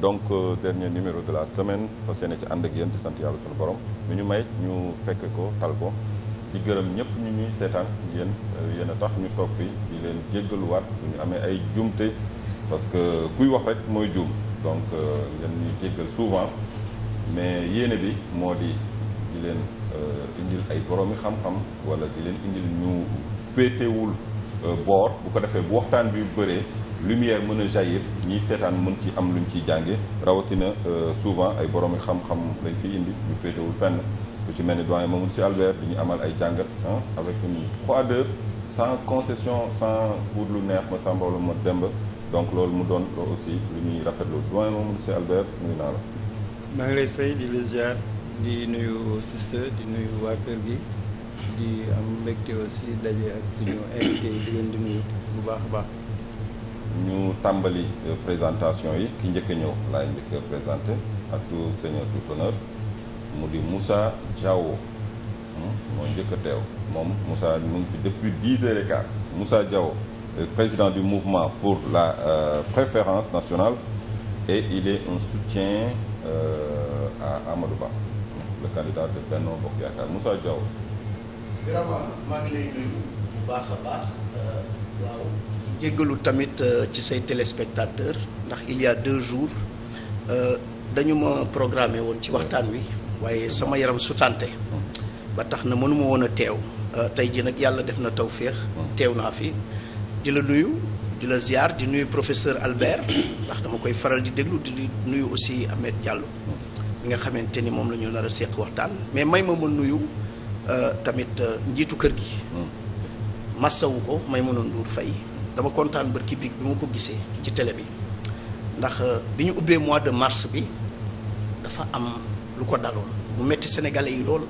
donc euh, dernier numéro de la semaine fa yéene ci ànd ak yéen di sant yàlla sunu borom mi ñu may ñu fekk ko tal ko di gërëm ñëpp ñu ñuy seetaan yéen euh, yéen a tax ñu toog fii di leen jéggaluwaat bu ñu amee ay jumte parce que kuy wax rek mooy jum donc ngeen euh, ñuy jéggal souvent mais yéene bi moo di di leen indil ay boroomi xam-xam wala di leen indil ñu féetewul boor bu ko defee bu waxtaan bi bëree lumière mën a jaillir ñiy seetaan mën ci am luñ ciy jànge rawatina euh, souvent ay borom xam-xam lañ fi indi ñu féetewul fenn lu ci mel ni moom Mamadou Sy Albert dañuy amal ay jàngat ah avec une trois heures sans concession sans pour lu neex ma Samba wala ma demb donc loolu mu doon loo aussi lu ñuy rafetlu doyen Mamadou Sy Albert nuyu naa la. maa ngi lay fay di la ziar di nuyu sister di nuyu waa kër gi di am mbégte aussi daje ak suñu invité yi di leen bu baax a baax. ñu tàmbali euh, présentation yi ki njëkk a ñëw laay njëkk a présenté ak tout seigneur tout mu di Moussa Diawo hmm? moo njëkk teew moom Moussa mu ngi fi depuis dix heures et quart Moussa Diawo euh, président du mouvement pour la euh, préférence nationale et il est un soutien euh, à Amadou Ba le candidat de Benno Bokk Yaakaar Moussa Diawo. jéggalu tamit euh, ci say téléspectateurs ndax il y a deux jours euh, dañu ma programme woon ci waxtaan wi waaye sama yaram sutante ba tax na mënuma woon a teew euh, tey jii nag yàlla def na tawféex teew naa fi di la nuyu di la ziar di nuyu professeur Albert ndax dama koy faral di déglu di nuyu aussi Ahmed Diallo mi nga xamante ni moom la ñu nar a seq waxtaan mais may ma ma nuyu tamit njiitu kër gi hmm. massawu ko may mënoon nduur fay dama kontaan bërki bi bi ma ko gisee ci télé bi ndax euh, bi ñu ubbee mois de mars bi dafa am lu ko daloon mu metti sénégalais yi lool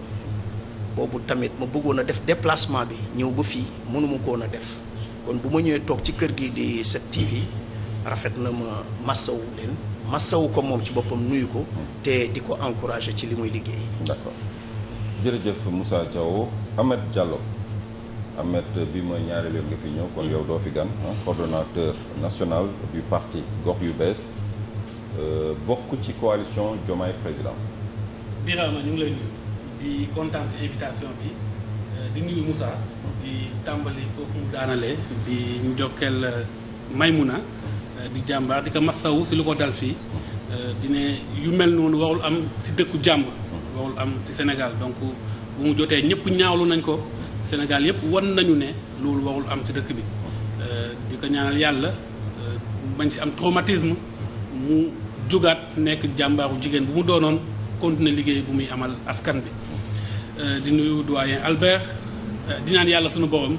boobu tamit ma bëggoon a def déplacement bi ñëw ba fii mënuma koon a def kon bu ma ñëwee toog ci kër gi di 7TV rafet na ma massawu leen massawu ko moom ci boppam nuyu ko te di ko encourager ci li muy liggéey d'accord jërëjëf Moussa Diaw Ahmed Diallo Ahmed bi mooy ñaareel yoon nga fi ñëw kon yow doo fi gan coordonnateur national du parti gox yu bees euh, bokk ci coalition Diomaye président Birama ñu ngi lay nuyu di kontaan ci invitation bi euh, di nuyu Moussa di tàmbali foofu mu daanale di njokkeel euh, Maymuna di jàmbaar di ko massawu si lu ko dal fii di yu mel noonu warul am si dëkku jàmb mm-hmm. warul am ci Sénégal donc bu mu jotee ñëpp ñaawlu nañ ko Sénégal yëpp wan nañu ne loolu warul am ci dëkk bi euh, di ko ñaanal yàlla euh, bañ ci am traumatisme mu jógaat nekk jàmbaaru jigéen bu mu doonoon continuer liggéey bu muy amal askan bi euh, di nuyu doyen Albert di naan yàlla suñu borom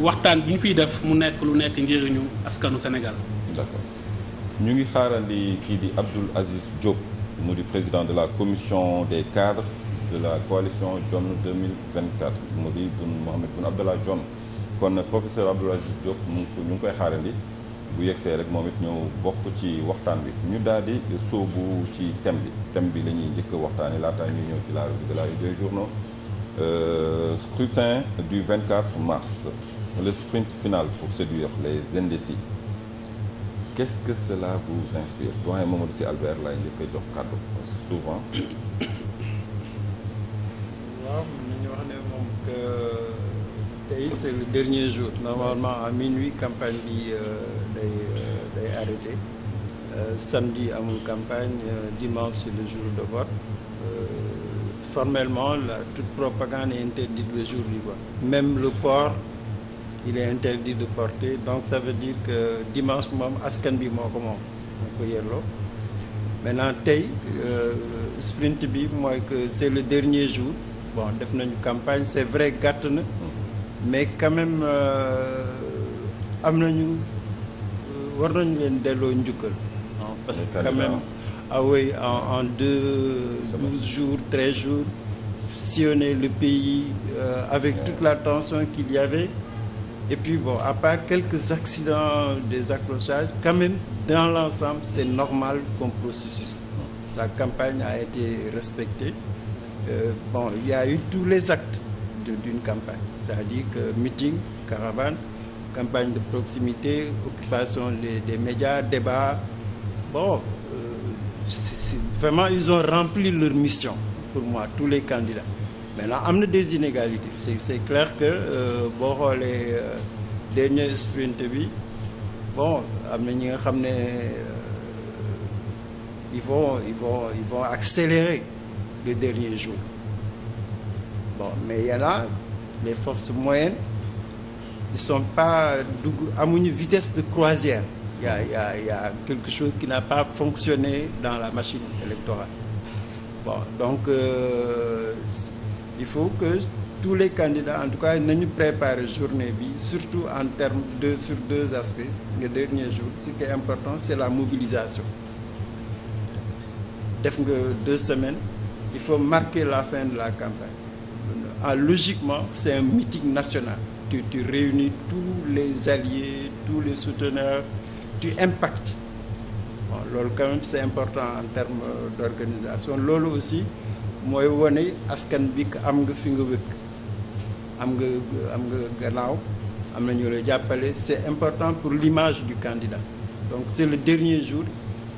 waxtaan bi ñu fiy def mu nekk lu nekk njëriñu askanu Sénégal. d'accord ñu ngi di kii di Abdoul Aziz Diop mu di président de la commission des cadres. de la coalition Diomaye 2024 mu di Boun Mohamed Boun Abdallah Dionne kon professeur Abdoul Aziz Diop mu ñu ngi koy xaarandi bu yegsee rek moom it ñëw bokk ci waxtaan bi ñu daal di sóobu ci tem bi thème bi la ñuy njëkk waxtaanee laataa ñuy ñëw ci la revue de la revue des journaux euh, scrutin du 24 mars le sprint final pour séduire les indécis qu'est-ce que cela vous inspire doyen Mamadou Sy Albert laay njëkk a jox kàddu souvent waaw mën nañu wax ne moom que tey c'est le dernier jour normalement à minuit campagne bi euh, day euh, day arrêté euh, samedi amul campagne dimanche c'est le jour de vote formellement la toute propagande est interdite le jour du vote même le port il est interdit de porter donc ça veut dire que dimanche moom askan bi moo ko moom moo ko yelloo maintenant tey sprint bi mooy que c'est le dernier jour bon def nañu campagne c'est vrai gàtt na mais quand même euh, am nañu euh, war nañu leen delloo njukkal. Ah, parce que quand même ah oui en en deux douze jours treize jours sillonner le pays euh, avec yeah. toute la tension qu'il y avait et puis bon à part quelques accidents des accrochages quand même dans l'ensemble c'est normal comme processus la campagne a été respectée euh, bon, il y a eu tous les de d'une campagne, c'est-à-dire que meeting, caravane, campagne de proximité, occupation des, des médias, débat. Bon, euh, c est, c est, vraiment, ils ont rempli leur mission, pour moi, tous les candidats. Maintenant, am na des inégalités. C'est clair que euh, boo xoolee euh, dernier sprint bi bon am na ñi nga xam ne euh, ils vont ils vont ils vont accélérer. les derniers jours. mais il y a, les forces moyennes, ils sont pas à une vitesse de croisière. Il y a, y, a, y quelque chose qui n'a pas fonctionné dans la machine électorale. Bon, donc, euh, il faut que tous les candidats, en tout cas, nous préparent journée vie, surtout en termes de, sur deux aspects. Le dernier jour, ce qui est important, c'est la mobilisation. Deux semaines, il faut marquer la fin de la campagne. Ah, logiquement, c'est un meeting national. Tu, tu, réunis tous les alliés, tous les souteneurs, tu impact loolu lolo, quand c'est important en termes d'organisation. Lolo aussi, mooy wane askan bi am nga fi nga wëkk am nga am nga gannaaw am na ñu la jàppale c'est important pour l'image du candidat donc c'est le dernier jour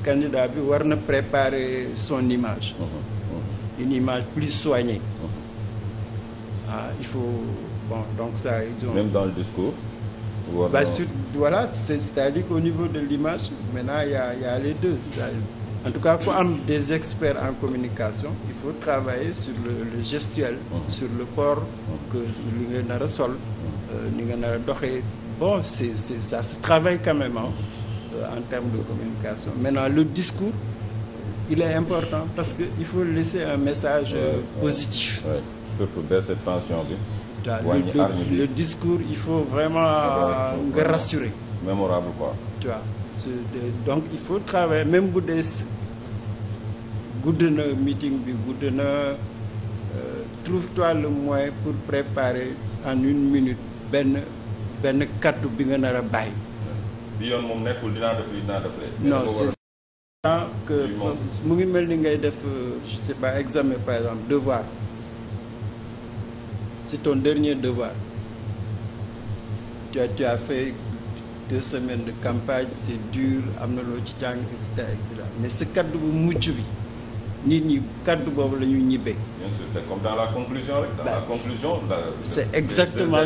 candidat bi war na préparer son image. Uh-huh. une image plus soignée. Ah, il faut. Bon, donc ça. Disons, dans le discours. Voilà, bah, sur, voilà c'est-à-dire qu'au niveau de l'image, maintenant, il les deux. Ça, en tout cas, fou am des experts en communication, il faut travailler sur le, le gestuel, sur le port que li nga nar a sol, euh, ni nga nar a doxee. Bon, c'est, c'est, ça quand même euh, en termes de communication. Maintenant, le discours. il est important parce que il faut laisser un message euh, ouais, positif. Ouais. surtout baisse cette tension bi. le discours il faut vraiment nga rassurer. mémorable quoi. tu donc il faut travailler même bu dee gudd meeting bi gudd euh, trouve-toi le moyen pour préparer en une minute benn benn kaddu bi nga nar a bi yoon moom nekkul dinaa def lii dinaa def lee. que mu ngi mel ni ngay def euh, je sais pas examen par exemple devoir c'est ton dernier devoir tu as tu deux semaines de campagne c'est dur am na loo ci jàng et cetera mais sa kaddu bu mujj bi nit ñi kàddu boobu la ñuy ñibbee. bien c'est dans la conclusion rek. dans la conclusion la. c'est exactement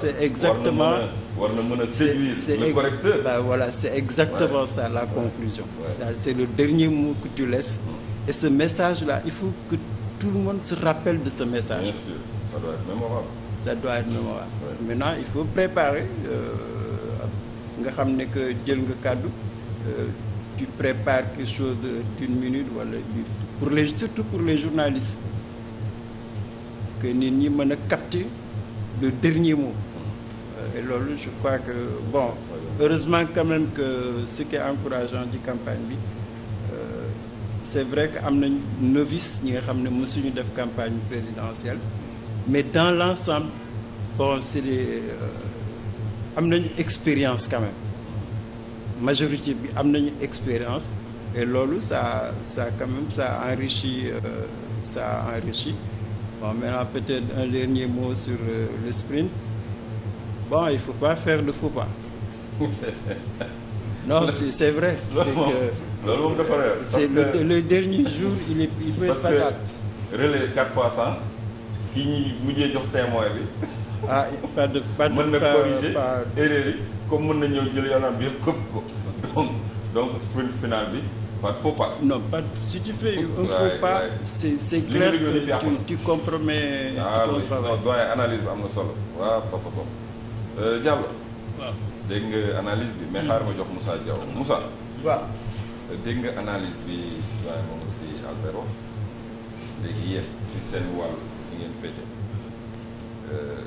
c'est exactement war na mën a séduire le correcteur. bah voilà c'est exactement ça la conclusion. ça c'est le dernier mot que tu laisses. Mm. et ce message la il faut que tout le monde se rappelle de ce message. bien sûr ça doit être mémorable. ça il faut préparer euh, nga xam ne que jël nga kàddu. Euh, tu prépares que chose d'une minute wala pour les surtout pour les journalistes que nit ñi mën a capter le dernier mot euh, et loolu je crois que bon heureusement quand même que ce qui encourageant di campagne bi euh, c'est vrai que am nañ novice ñi nga xam ne mësuñu def campagne présidentielle mais dans l'ensemble bon c'est des euh, am nañu expérience quand même majorité bi am nañu expérience et loolu ça a quand même ça enrichit euh, ça enrichit bon maintenant peut-être un dernier mot sur euh, le sprint bon il faut pas faire de faux pas non c'est vrai c'est que le, le dernier jour il est il peut être fatal relais 4 fois 100 kii ñuy mujjee jox témoin bi ah pas de pa de mën na corriger comme mën na ñëw jël yoonam bi yëpp këpp ko donc sprint final bi Pas de faux pas. Non, si tu fais un faux ouais, pas, ouais. c'est clair que tu, tu compromets ah analyse bi am na solo waa papa papa. Euh, Diallo. dégg nga analyse bi mais xaar ma jox Moussa Diaw Moussa. dégg nga analyse bi waaye moom si Albert léegi yéen si seen wàll yi ngeen féete euh,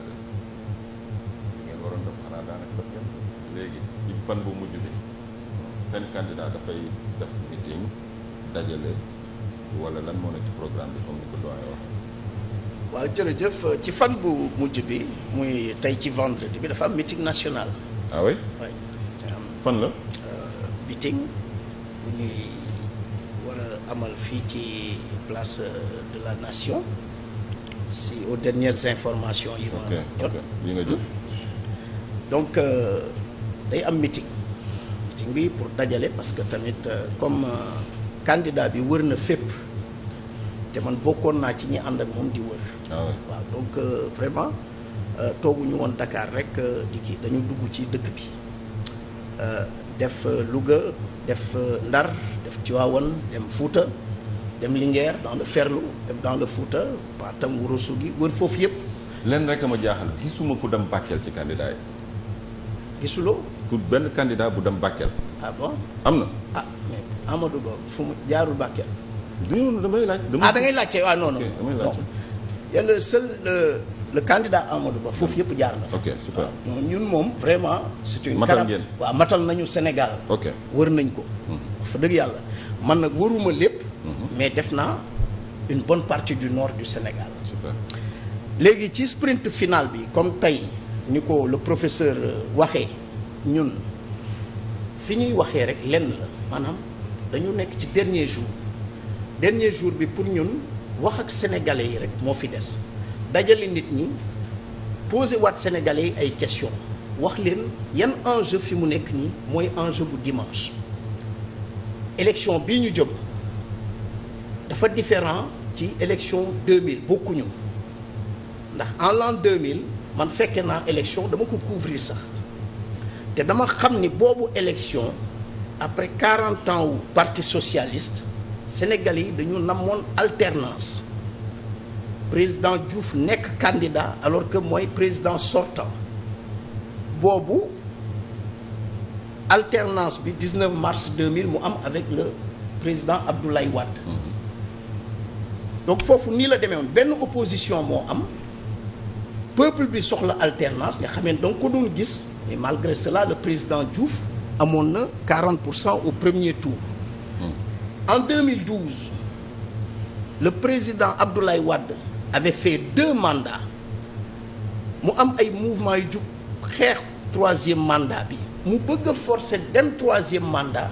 léegi ci fan bu mujj bi seen candidat dafay def. meeting dajale wala lan moo nekk ci programme bi comme ni ko doyen wax waaw jërëjëf ci fan bu mujj bi muy tey ci vendredi bi dafa am meeting national. ah fan la. Euh, meeting bu ñuy war a amal fii ci place euh, de la nation si aux dernières informations yi ma nga jot donc euh, day am meeting. meeting bi pour dajale parce que tamit euh, comme euh, candidat bi wër na fépp te man bokkoon naa ci ñi ànd ak moom di wër ah waaw donc euh, vraiment tooguñu woon Dakar rek di kii dañu dugg ci dëkk bi def Louga def Ndar def Tivaouane dem Fouta dem Linguère dans le Ferlo dem dans le Fouta Matam Ourossogui wër foofu yëpp lenn rek a ma jaaxal gisuma ko dem Bakel ci candidat yi gisuloo ku benn candidat bu dem Bakel. ah bon am na. ah mais Amadou Ba fu mu jaarul Bakel. du damay laaj. ah da ngay laajte waaw ah, non non. ok damay laajte yàlla seul le le candidat Amadou Ba foofu yëpp jaar na. ok super waaw ah, ñun moom. vraiment c'est une. matal ngeen waaw matal nañu Sénégal. ok wër nañ ko. Hmm. fa dëgg yàlla man nag waruma lépp. Hmm. mais def naa une bonne partie du nord du Sénégal. super léegi ci sprint final bi comme tey ni ko le professeur euh, waxee. ñun fi ñuy waxee rek lenn la maanaam dañu nekk ci dernier jour dernier jour bi pour ñun wax ak sénégalais yi rek moo fi des dajale nit ñi posé waat sénégalais yi ay question wax leen yan enjeu fi mu nekk nii mooy enjeu bu dimanche élection bii ñu jëm dafa différent ci élection 2000 bokkuñu ndax en l'an 2000 man fekkee naa élection dama ko couvrir sax te dama xam ni boobu élection après quarante ans wu parti socialiste Sénégal yi dañu namoon alternance président Diouf nekk candidat alors que mooy président sortant boobu alternance bi 19 mars 2000 mu am avec la président Abdoulaye Wade donc foofu nii la demee benn opposition moo am peuple bi soxla alternance nga xam ne da ko doon gis mais malgré cela le président Diouf amoon na 40 pour cent au premier tour hmm. en 2012 le président Abdoulaye Wade avait fait deux mandats mu am ay mouvement yu jug xeex troisième mandat bi mu bëgg a forcer dem troisième mandat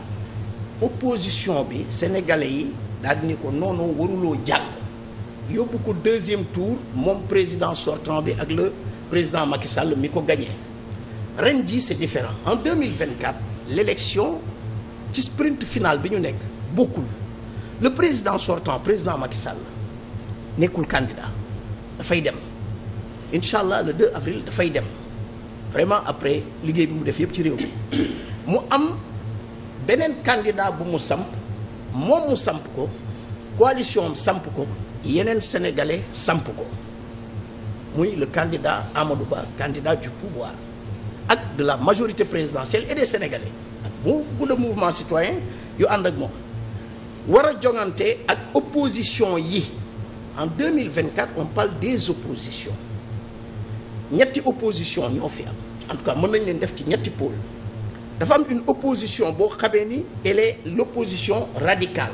opposition bi sénégalais yi daal di ni ko noonoo waruloo jàll yóbbu ko deuxième tour moom président sortant bi ak le président Macky Sall mi ko gagné ren jii c'est différent en 2024 l'élection ci sprint final bi ñu nekk bokkul le président sortant président Macky Sall nekkul candidat dafay dem incha allah le 2 avril dafay dem vraiment après liggéey bi mu def yëpp ci réew mi mu am beneen candidat bu mu samp moom mu samp ko coalition samp ko yeneen sénégalais samp ko muy le candidat Amadou Ba candidat du pouvoir ak de la majorité présidentielle et des sénégalais ak beaucoup de mouvement citoyen yu ànd ak moom war a jongante ak opposition yi en 2024 on parle des oppositions ñetti opposition ñoo fi am en tout cas mën nañ leen def ci ñetti pôle dafa am une opposition boo xamee ni elle est l'opposition radicale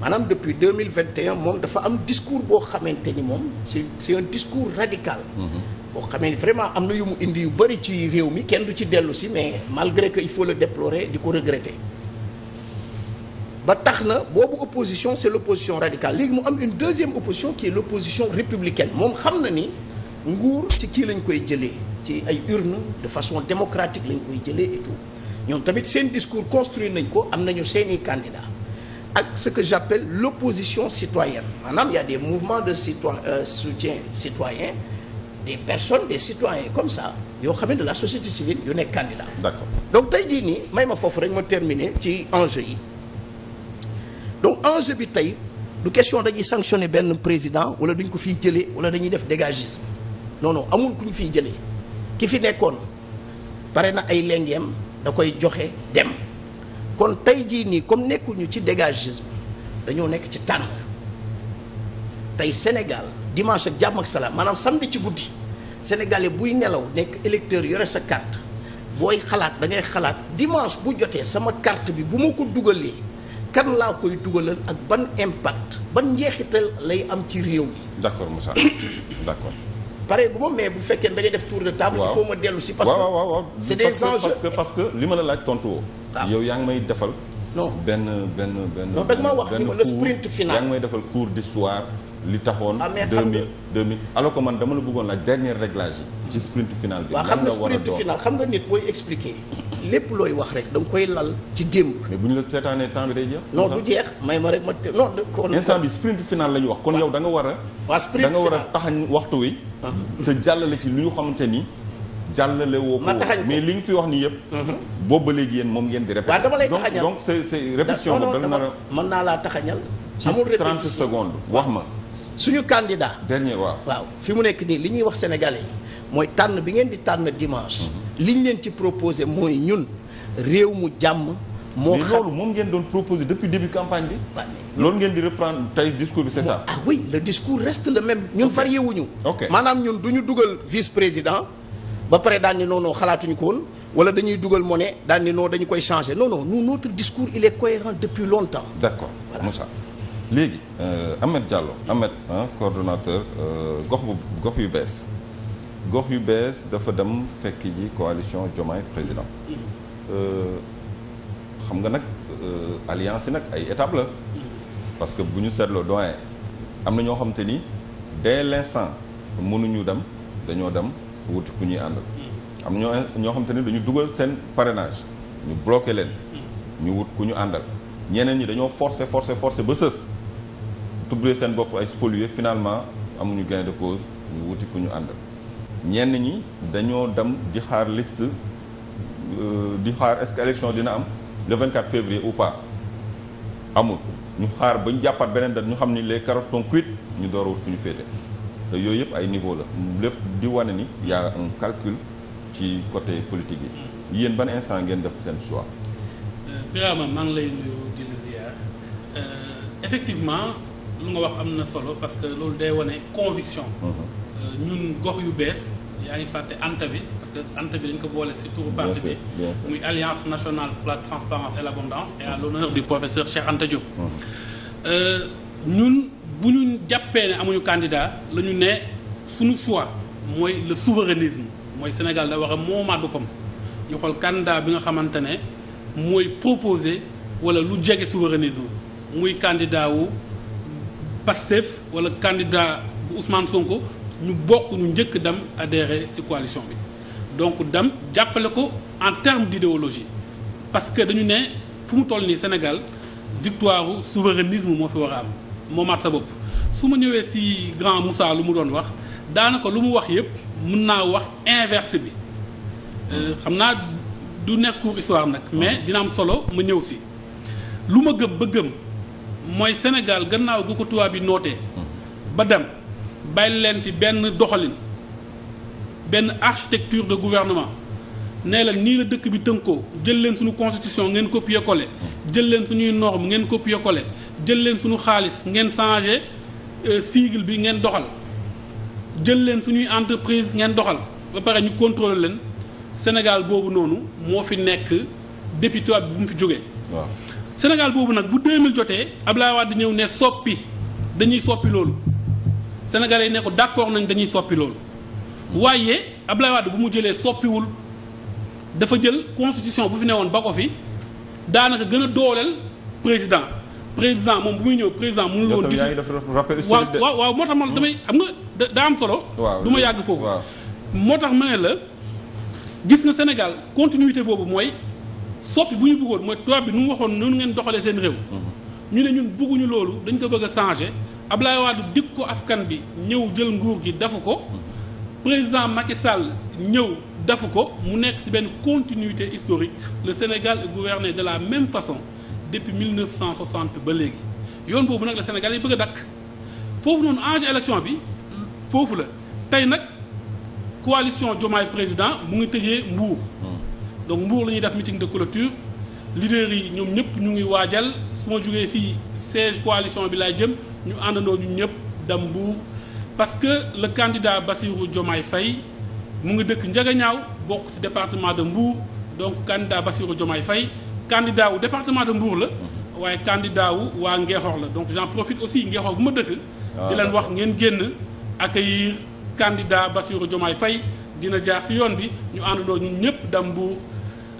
maanaam depuis 2021 moom dafa am discours boo xamante ni moom c'est c'est un discours radical mm-hmm. boo xamee ni vraiment am na yu mu indi yu bëri ci réew mi kenn du ci dellu si mais malgré que il faut la déplorer di ko regretter ba tax na boobu opposition c'est l'opposition radicale léegi mu am une deuxième opposition qui est l'opposition républicaine moom xam na ni nguur ci kii lañ koy jëlee ci ay urnes de façon démocratique lañ koy jëlee et tout ñoom tamit seen discours construit nañ ko am nañu seeni candidats ak ce que j'appelle l'opposition citoyenne maanaam il y a des mouvements de citoyen euh, soutien citoyen des personnes des citoyens comme ça yoo xam ne de la société civile yu nekk candidat d'accord donc tey jii nii may ma foofu rek ma terminer ci enjeu yi donc enjeu bi tey du question dañuy sanctionner benn président wala duñ ko fiy jëlee wala dañuy def dégagisme non non amul ku ñu fiy jëlee ki fi nekkoon pare na ay lengeem da koy joxe dem kon tey jii nii comme nekkuñu ci dégagisme dañoo nekk ci tànn tey Sénégal dimanche ak jàmm ak salaam maanaam samedi ci guddi sénégalais buy nelaw nekk électeur yore sa carte booy xalaat da xalaat dimanche bu jotee sama carte bi bu ma ko dugalee kan laa koy dugalal ak ban impact ban njeexital lay am ci réew mi. d'accord Moussa d'accord. pare gu ma mais bu fekkee da ngay def tour de table. waaw il ma dellu si parce que. des enjeux parce que parce que li ma la laaj tontu woo. Ah. yow yaa ngi may defal. non benn benn benn. non da nga ma wax le sprint final. yaa ngi may defal cours d'histoire li taxoon. ah mais xam nga 2000 2000 alors man dama la bëggoon laaj dernière réglage yi. ci sprint final bi. lan nga a doon waaw lépp looy wax rek da nga lal ci démb. mais bu ñu la seetaanee temps bi day jeex. non du jeex may ma rek ma te non. kon instant bi sprint final la ñu wax. a. a taxañ waxtu wi. Ah. te jàllale ci lu ñu xamante ni. jàllale woo ko mais li nga fi wax nii yëpp. Mhm. boobu ba léegi yéen moom ngeen di. répété waaw dama naa laa taxañal. amul répétition ci 30 secondes wax ma. suñu candidat. dernier waaw waaw fi mu nekk nii li ñuy wax sénégalais yi mooy tànn bi ngeen di tànn dimanche. Mhm. ñu leen ci proposé mooy ñun réew mu jàmm. moo xam loolu moom ngeen doon proposé depuis début campagne bi. loolu ngeen di reprendre tey discours bi c'est ça. ah oui le discours reste le même. ñun varié wuñu maanaam ñun du ñu dugal vice président. ba pare daal ni noonu xalaatuñu ko woon wala dañuy dugal monnaie daal ni non dañu koy changer non non nous notre discours il est cohérent depuis longtemps. léegi euh, Ahmed Diallo Ahmed coordonnateur euh, gox bu gox yu bees gox yu bees dafa dem fekk ji coalition Diomaye président euh, xam nga nag alliance yi nag ay étape la parce que bu ñu seetloo doyen am na ñoo xam te ni dès l'instant mënuñu dem dañoo dem wuti ku ñuy àndal am ñoo ñoo xam te ni dañu dugal seen parrainage ñu bloqué leen ñu wut ku ñu àndal ñeneen ñi dañoo forcé forcé forcé ba sës tuddee seen bopp ay spoliés finalement amuñu gain de cause ñu wuti ku ñu ñenn ñi dañoo dem di xaar liste euh, di xaar est-ce que dina am le 24 février ou pas amul ñu xaar ba ñu jàppaat beneen date ñu xam ni les carottes sont cuites ñu door a wut fu ñu féete te yooyu yëpp ay niveau la lépp di wane ni y a calcul ci côté politique yi yéen ban instant ngeen def seen choix. Euh, Birama maa ngi lay nuyu di la euh, effectivement. lu nga wax am na solo parce que loolu day wane conviction mhm. euh, ñun gox yu bees yaa ngi fàtte anta bi parce que anta dañ ko boole si turu bi muy alliance nationale pour la transparence et l'abondance et à l'honneur du professeur Cheikh Anta mhm. euh, ñun bu ñu jàppee ne amuñu candidat la ñu ne suñu choix mooy le souverainisme mooy Sénégal da war a moomaat boppam ñu xool candidat bi nga xamante ne mooy proposé wala lu jege souverainisme muy candidat wu Pastef wala candidat bu Ousmane Sonko ñu bokk ñu njëkk dem adhéré ci coalition bi donc dem jàppale ko en terme d'idéologie parce que dañu ne fu mu toll nii Sénégal victoire u souverainisme moo fi war a am moomaat sa bopp su ma ñëwee ci grand Moussa lu mu doon wax daanaka lu mu wax yépp mun naa wax inverse bi euh, xam naa du nekk histoire nag mais dina am solo ma ñëw ci lu ma gëm ba gëm mooy Sénégal gannaaw gu ko tubaab bi nootee ba dem bàyyi leen fi benn doxalin benn architecture de gouvernement nee la nii la dëkk bi tënkoo jël leen suñu constitution ngeen copier coller jël leen suñuy norme ngeen copier coller jël leen suñu xaalis ngeen changer euh, sigle bi ngeen doxal jël leen suñuy entreprise ngeen doxal ba pare ñu contrôler leen Sénégal boobu noonu moo fi nekk depuis tubaab bi bu mu fi jógee Sénégal boobu nag bu 2000 jotee Abdoulaye Wade ñëw ne soppi dañuy soppi loolu sénégalais yi ne ko d'accord nañ dañuy soppi loolu waaye Abdoulaye Wade bu mu jëlee soppiwul dafa jël constitution bu fi newoon ba ko fi daanaka gën a dooleel président président moom bu muy ñëw président mu mënul woon. gis waaw waaw waaw moo tax man damay am nga da am solo. du ma yàgg foofu. moo tax ma ne la gis na Sénégal continuité boobu mooy. soppi bu ñu bëggoon mooy tubaab bi nu mu waxoon noonu ngeen doxalee seen réew. ñu ne ñun bëgguñu loolu dañ ko bëgg a changé Ablaye Wade dig ko askan bi ñëw jël nguur gi dafu ko. président Macky Sall ñëw dafu ko mu nekk ci benn continuité historique le Sénégal est gouverné de la même façon depuis 1960 ba léegi yoon boobu nag la Sénégal yi bëgg a dakk foofu noonu enjeu élection bi foofu la tey nag coalition Diomaye président mu ngi tëjee mbuur donc Mbour la ñuy def meeting de clôture leaders yi ñoom ñëpp ñu ngi waajal su ma jugee fii siège coalition bi laay jëm ñu àndandoo ñu ñëpp dem Mbour parce que le candidat Bassirou Diomaye Faye mu ngi dëkk Njagañaaw bokk département de Mbour donc candidat Bassirou Diomaye Faye candidat wu département de Mbour la waaye candidat wu waa Ngeexoor la donc j'en profite aussi Ngeexoor ma dëkk leen wax ngeen génn accueillir candidat Bassirou Diomaye Faye dina jaar ci yoon bi ñu àndandoo ñun ñëpp dem Mbour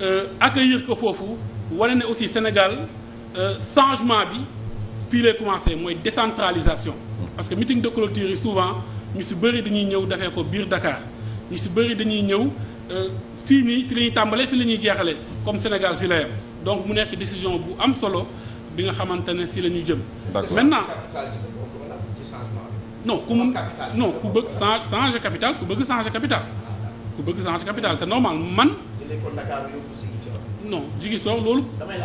Euh, accueillir ko foofu wane ne aussi Sénégal euh, changement bi fii lay commencé mooy décentralisation parce que meeting de clôture yi souvent ñu si bëri dañuy ñëw defee ko biir Dakar ñu si bëri dañuy ñëw euh, fii nii fi lañuy tàmbalee fi la ñuy jeexalee comme Sénégal fii la donc mu nekk décision bu am solo bi nga xamante ne si la ñuy jëm maintenant no ku mun non ku bëgg change changer capital ku bëgg changer capital ku bëgg changer capital c'est normal man kon Dakar bi yóbbu Ziguinchor. non Ziguinchor loolu. damay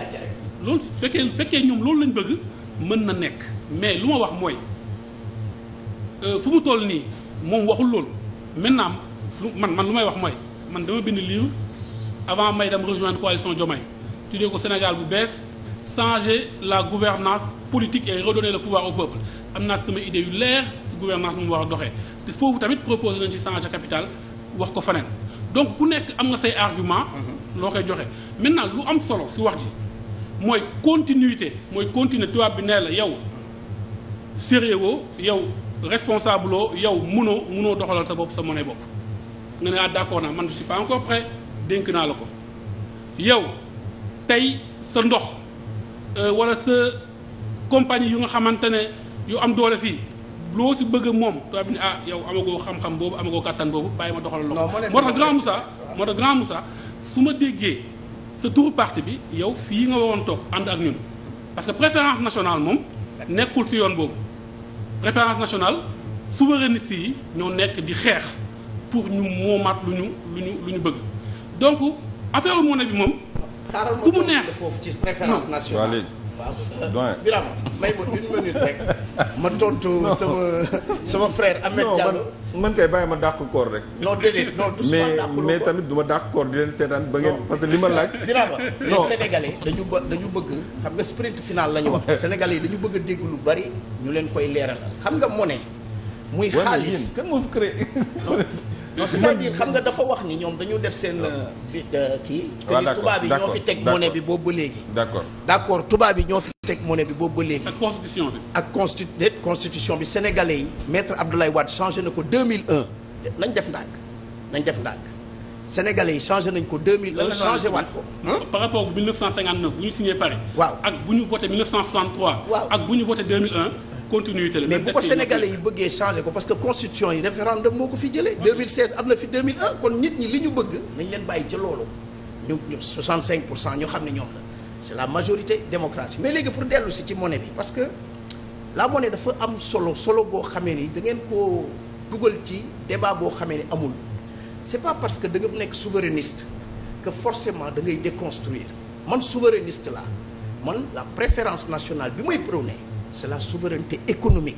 loolu fekkee fekkee ñoom loolu lañ bëgg mën na nekk mais lu ma wax mooy euh, fu mu toll nii moom waxul loolu maintenant lu man man lu may wax mooy man dama bind livre avant may dem rejoindre coalition Diomaye tuddee ko Sénégal bu bees changer la gouvernance politique et redonner le pouvoir au peuple am naa sama idée yu leer si gouvernance mu war a te foofu tamit proposé nañ ci changer capital wax ko faneen donc ku nekk am nga say argument mhm. loo koy joxe maintenant lu am solo si wax ji mooy continuité mooy continuer tubaab bi nee la yow sérieux woo yow responsable yow munoo munoo doxalal sa bopp sa monnaie bopp nga ne ah d'accord naa man je suis pas encore prêt dénk naa la ko yow tey sa ndox euh, wala sa compagnie yu nga xamante ne yu am doole fii loo si bëgg moom tubaab bi ne ah yow amagoo xam-xam boobu amagoo kàttan boobu bàyyi ma doxal loxo moo tax grand Moussa moo tax grand Moussa su ma déggee sa turu parti bi yow fii nga waroon toog ànd ak ñun parce que préférence nationale moom nekkul si yoon boobu préférence nationale souverainistes si ñoo nekk di xeex pour ñu moomaat lu ñu lu ñu lu ñu bëgg donc affaire monnaie bi moom ku mu neex foofu ci préférence nationale waaw Birama may ma une minute rek ma tontu sama sama frère Ahmed Diallo man kay bàyyi ma dàq koor rek non déedéet non mais mais tamit du ma dàq koor di leen seetaan ba parce que li ma laaj Birama les sénégalais dañu ba dañu bëgg xam nga sprint final la ñu wax sénégalais yi dañu bëgg a dégg lu bari ñu leen koy leeral xam nga monnaie muy xaalis kan moo fi non c'est-à-dire xam nga dafa wax ni ñoom dañu def seen euh, euh, kii te ah, ni tubaab yi ñoo fi teg monnaie bi boobu ba léegi d'accord d'accord tubaab yi ñoo fi teg monnaie bi boobu ba léegi ak constitution bi ak constitu constitution bi sénégalais yi maître Abdoulaye Wade changé na ko mille 2001 nañ def ndànk nañ def ndànk sénégalais yi changé nañ ko 2001 changé waat ko par rapport bu 1959 bu ñu signé Paris waaw ak bu ñu voté waaw ak bu ñu voté 2001 continuité la. mais bu ko sénégalais yi bëggee changé ko parce que constitution yi référendum moo ko fi jëlee. 2016 am na fi 2001 kon nit ñi li ñu bëgg nañ leen bàyyi ca loolu ñu ñu 65 pour cent ñu xam ne ñoom la c'est la majorité démocratie mais léegi pour dellu si ci monnaie bi parce que la monnaie dafa am solo solo boo xamee ni da ngeen koo dugal ci débat boo xamee ni amul c'est pas parce que da nga nekk souverainiste que forcément da ngay déconstruire man souverainiste la man la préférence nationale bi may prôné c'est la souveraineté économique